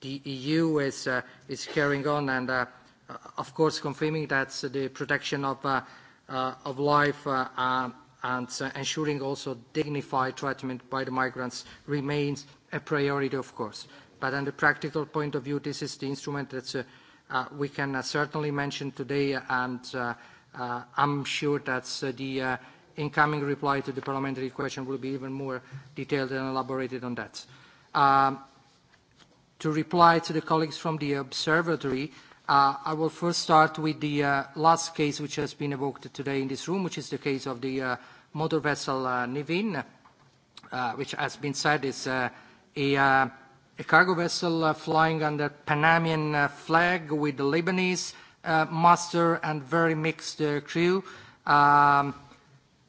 the EU is, uh, is carrying on and, uh, uh, of course, confirming that the protection of, uh, uh, of life uh, uh, and uh, ensuring also dignified treatment by the migrants remains a priority, of course. But on the practical point of view, this is the instrument that uh, uh, we can uh, certainly mention today, and uh, uh, I'm sure that uh, the uh, incoming reply to the parliamentary question will be even more detailed and elaborated on that. Um, to reply to the colleagues from the observatory, uh, I will first start with the uh, last case which has been evoked today in this room, which is the case of the uh, motor vessel uh, Nivin, uh, which has been said is uh, a, uh, a cargo vessel uh, flying under Panamanian uh, flag with the Lebanese uh, master and very mixed uh, crew. Um,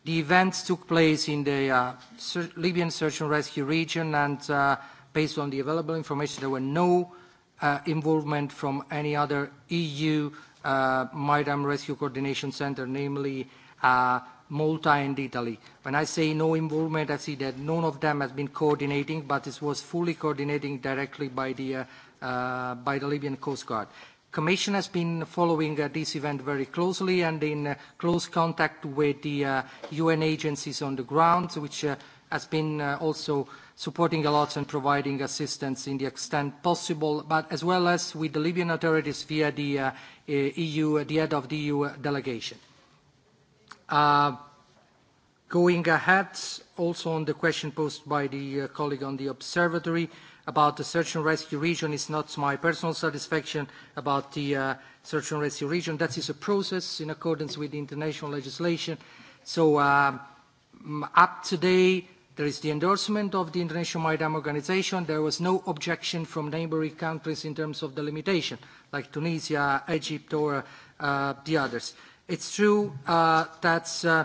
The events took place in the uh, Sur Libyan search and rescue region and uh, based on the available information, there were no uh, involvement from any other EU uh, Maritime Rescue Coordination Center, namely uh, Malta and Italy. When I say no involvement, I see that none of them has been coordinating, but this was fully coordinating directly by the, uh, uh, by the Libyan Coast Guard. Commission has been following uh, this event very closely and in uh, close contact with the uh, UN agencies on the ground, which uh, has been uh, also supporting a lot and providing assistance in the extent possible, but as well as with the Libyan authorities via the uh, uh EU, uh, the head of the EU uh, delegation. Uh, going ahead, also on the question posed by the uh, colleague on the observatory, uh, about the search and rescue region. It's not my personal satisfaction about the uh, search and rescue region. That is a process in accordance with international legislation. So uh, up today, there is the endorsement of the International Maritime Organization. There was no objection from neighboring countries in terms of the limitation, like Tunisia, Egypt, or uh, the others. It's true uh, that uh,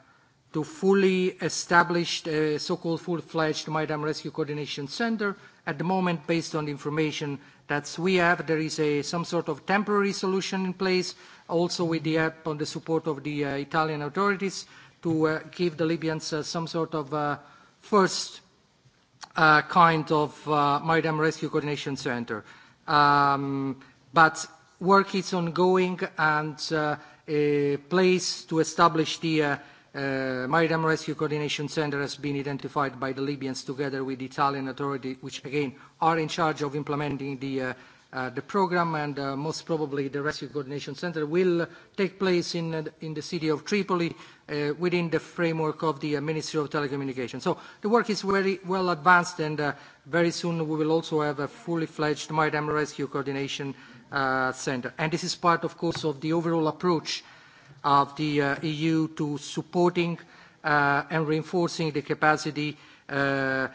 to fully establish a uh, so-called full-fledged maritime rescue coordination center. At the moment, based on the information that we have, there is a, some sort of temporary solution in place, also with the help and the support of the uh, Italian authorities, to uh, give the Libyans uh, some sort of uh, first uh, kind of uh, maritime rescue coordination center. Um, but work is ongoing and uh, a place to establish the uh, Uh, Maritime Rescue Coordination Center has been identified by the Libyans together with the Italian authority, which again are in charge of implementing the, uh, uh, the program, and uh, most probably the Rescue Coordination Center will take place in, uh, in the city of Tripoli uh, within the framework of the uh, Ministry of Telecommunications. So the work is very well advanced, and uh, very soon we will also have a fully fledged Maritime Rescue Coordination uh, Center. And this is part, of course, of the overall approach of the uh, EU to supporting uh, and reinforcing the capacity uh, uh,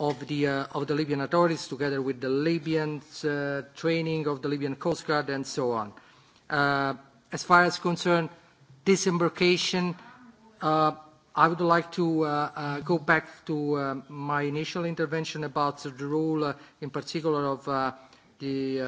of the, uh, of the Libyan authorities together with the Libyan uh, training of the Libyan Coast Guard and so on. Uh, as far as concerned disembarkation, uh, I would like to uh, uh, go back to uh, my initial intervention about the role uh, in particular of uh, the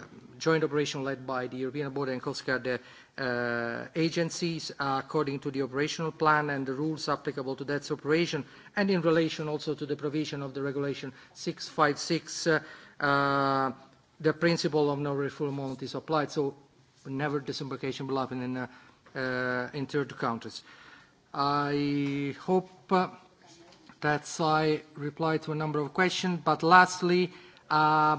uh, joint operation led by the European Border and Coast Guard uh, uh, agencies uh, according to the operational plan and the rules applicable to that operation, and in relation also to the provision of the Regulation 656, uh, uh, the principle of no refoulement is applied, so never disembarkation will happen in, uh, uh, in third countries. I hope uh, that I replied to a number of questions, but lastly, uh,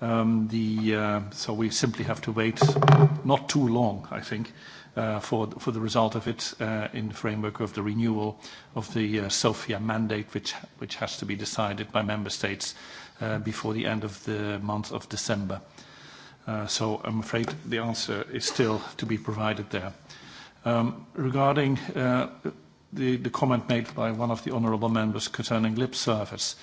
Um, the, uh, so we simply have to wait not too long, I think, uh, for, for the result of it uh, in the framework of the renewal of the uh, Sofia mandate, which, which has to be decided by member states uh, before the end of the month of December. Uh, so I'm afraid the answer is still to be provided there. Um, regarding uh, the, the comment made by one of the honourable members concerning lip service, uh,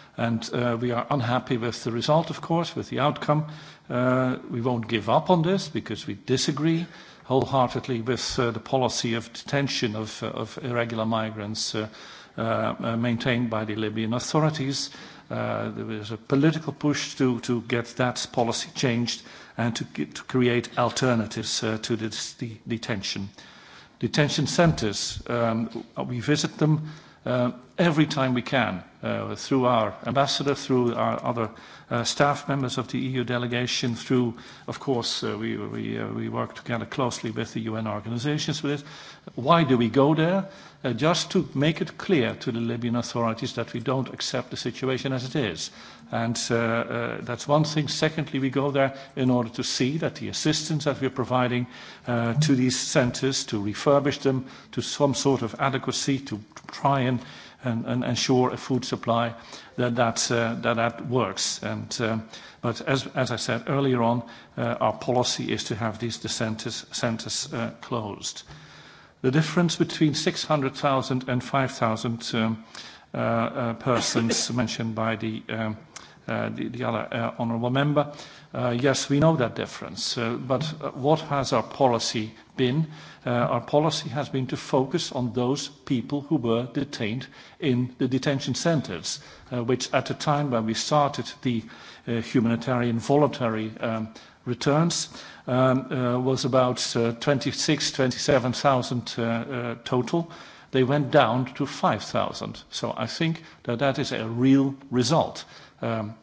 And uh, we are unhappy with the result, of course, with the outcome. Uh, we won't give up on this because we disagree wholeheartedly with uh, the policy of detention of, uh, of irregular migrants uh, uh, uh maintained by the Libyan authorities. Uh, there was a political push to, to get that policy changed and to, get, to create alternatives uh, to this de- detention. Detention centres, um, we visit them uh, every time we can uh, through our ambassador, through our other uh, staff members of the EU delegation, through, of course, uh, we, we, uh, we work together closely with the UN organizations with this. Why do we go there? Uh, just to make it clear to the Libyan authorities that we don't accept the situation as it is And uh, uh, that's one thing. Secondly, we go there in order to see that the assistance that we're providing uh, to these centres, to refurbish them to some sort of adequacy, to try and, and, and ensure a food supply, that that, uh, that, that works. And, um, but as, as I said earlier on, uh, our policy is to have these the centres, centres uh, closed. The difference between 600,000 and 5,000 um, uh, uh, persons mentioned by the um, uh, the, the other uh, honourable member. Uh, yes, we know that difference, uh, but uh, what has our policy been? Uh, our policy has been to focus on those people who were detained in the detention centres, uh, which at the time when we started the uh, humanitarian voluntary um, returns um, uh, was about uh, 26, 27,000 uh, uh, total. They went down to 5,000. So I think that that is a real result. Um,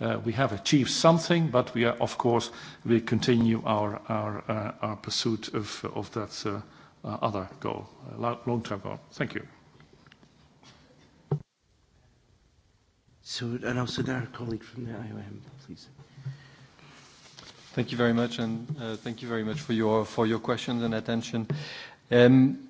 Uh, we have achieved something, but we are, of course, we continue our, our, uh, our pursuit of, of that uh, uh other goal, uh, long-term goal. Thank you. So, and also now our colleague from the IOM, please. Thank you very much, and uh, thank you very much for your, for your questions and attention. Um,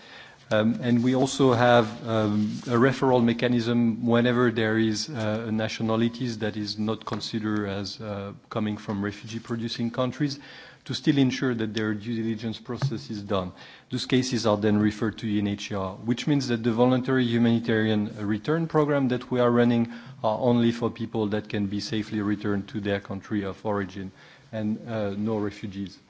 Um, and we also have um, a referral mechanism whenever there is uh, nationalities that is not considered as uh, coming from refugee-producing countries to still ensure that their due diligence process is done. Those cases are then referred to UNHCR, which means that the voluntary humanitarian return program that we are running are only for people that can be safely returned to their country of origin and uh, no refugees. Uh,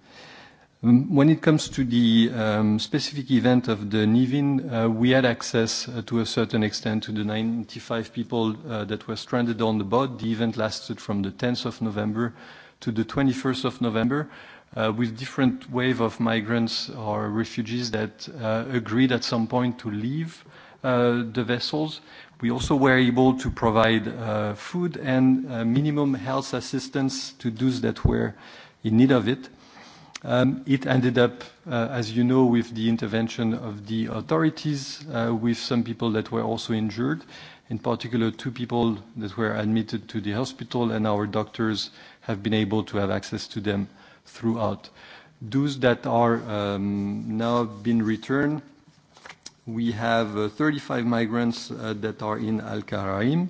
Um, when it comes to the um, specific event of the Nivin, uh, we had access uh, to a certain extent to the 95 people uh, that were stranded on the boat. The event lasted from the 10th of November to the 21st of November, uh, with different wave of migrants or refugees that uh, agreed at some point to leave uh, the vessels. We also were able to provide food and minimum health assistance to those that were in need of it. Um, it ended up, uh, as you know, with the intervention of the authorities, uh, with some people that were also injured, in particular two people that were admitted to the hospital, and our doctors have been able to have access to them throughout. Those that are um, now been returned, we have uh, 35 migrants uh, that are in Al Karaim,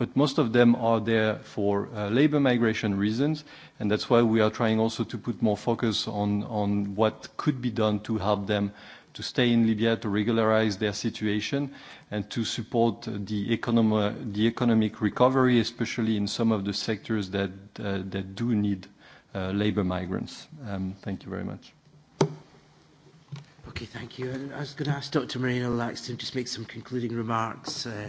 but most of them are there for uh, labor migration reasons, and that's why we are trying also to put more focus on, on what could be done to help them to stay in Libya, to regularize their situation, and to support the, econom the economic recovery, especially in some of the sectors that, uh, that do need uh, labor migrants. Um, thank you very much. Okay, thank you. And I was going to ask Dr. Marina Laxton to just make some concluding remarks uh,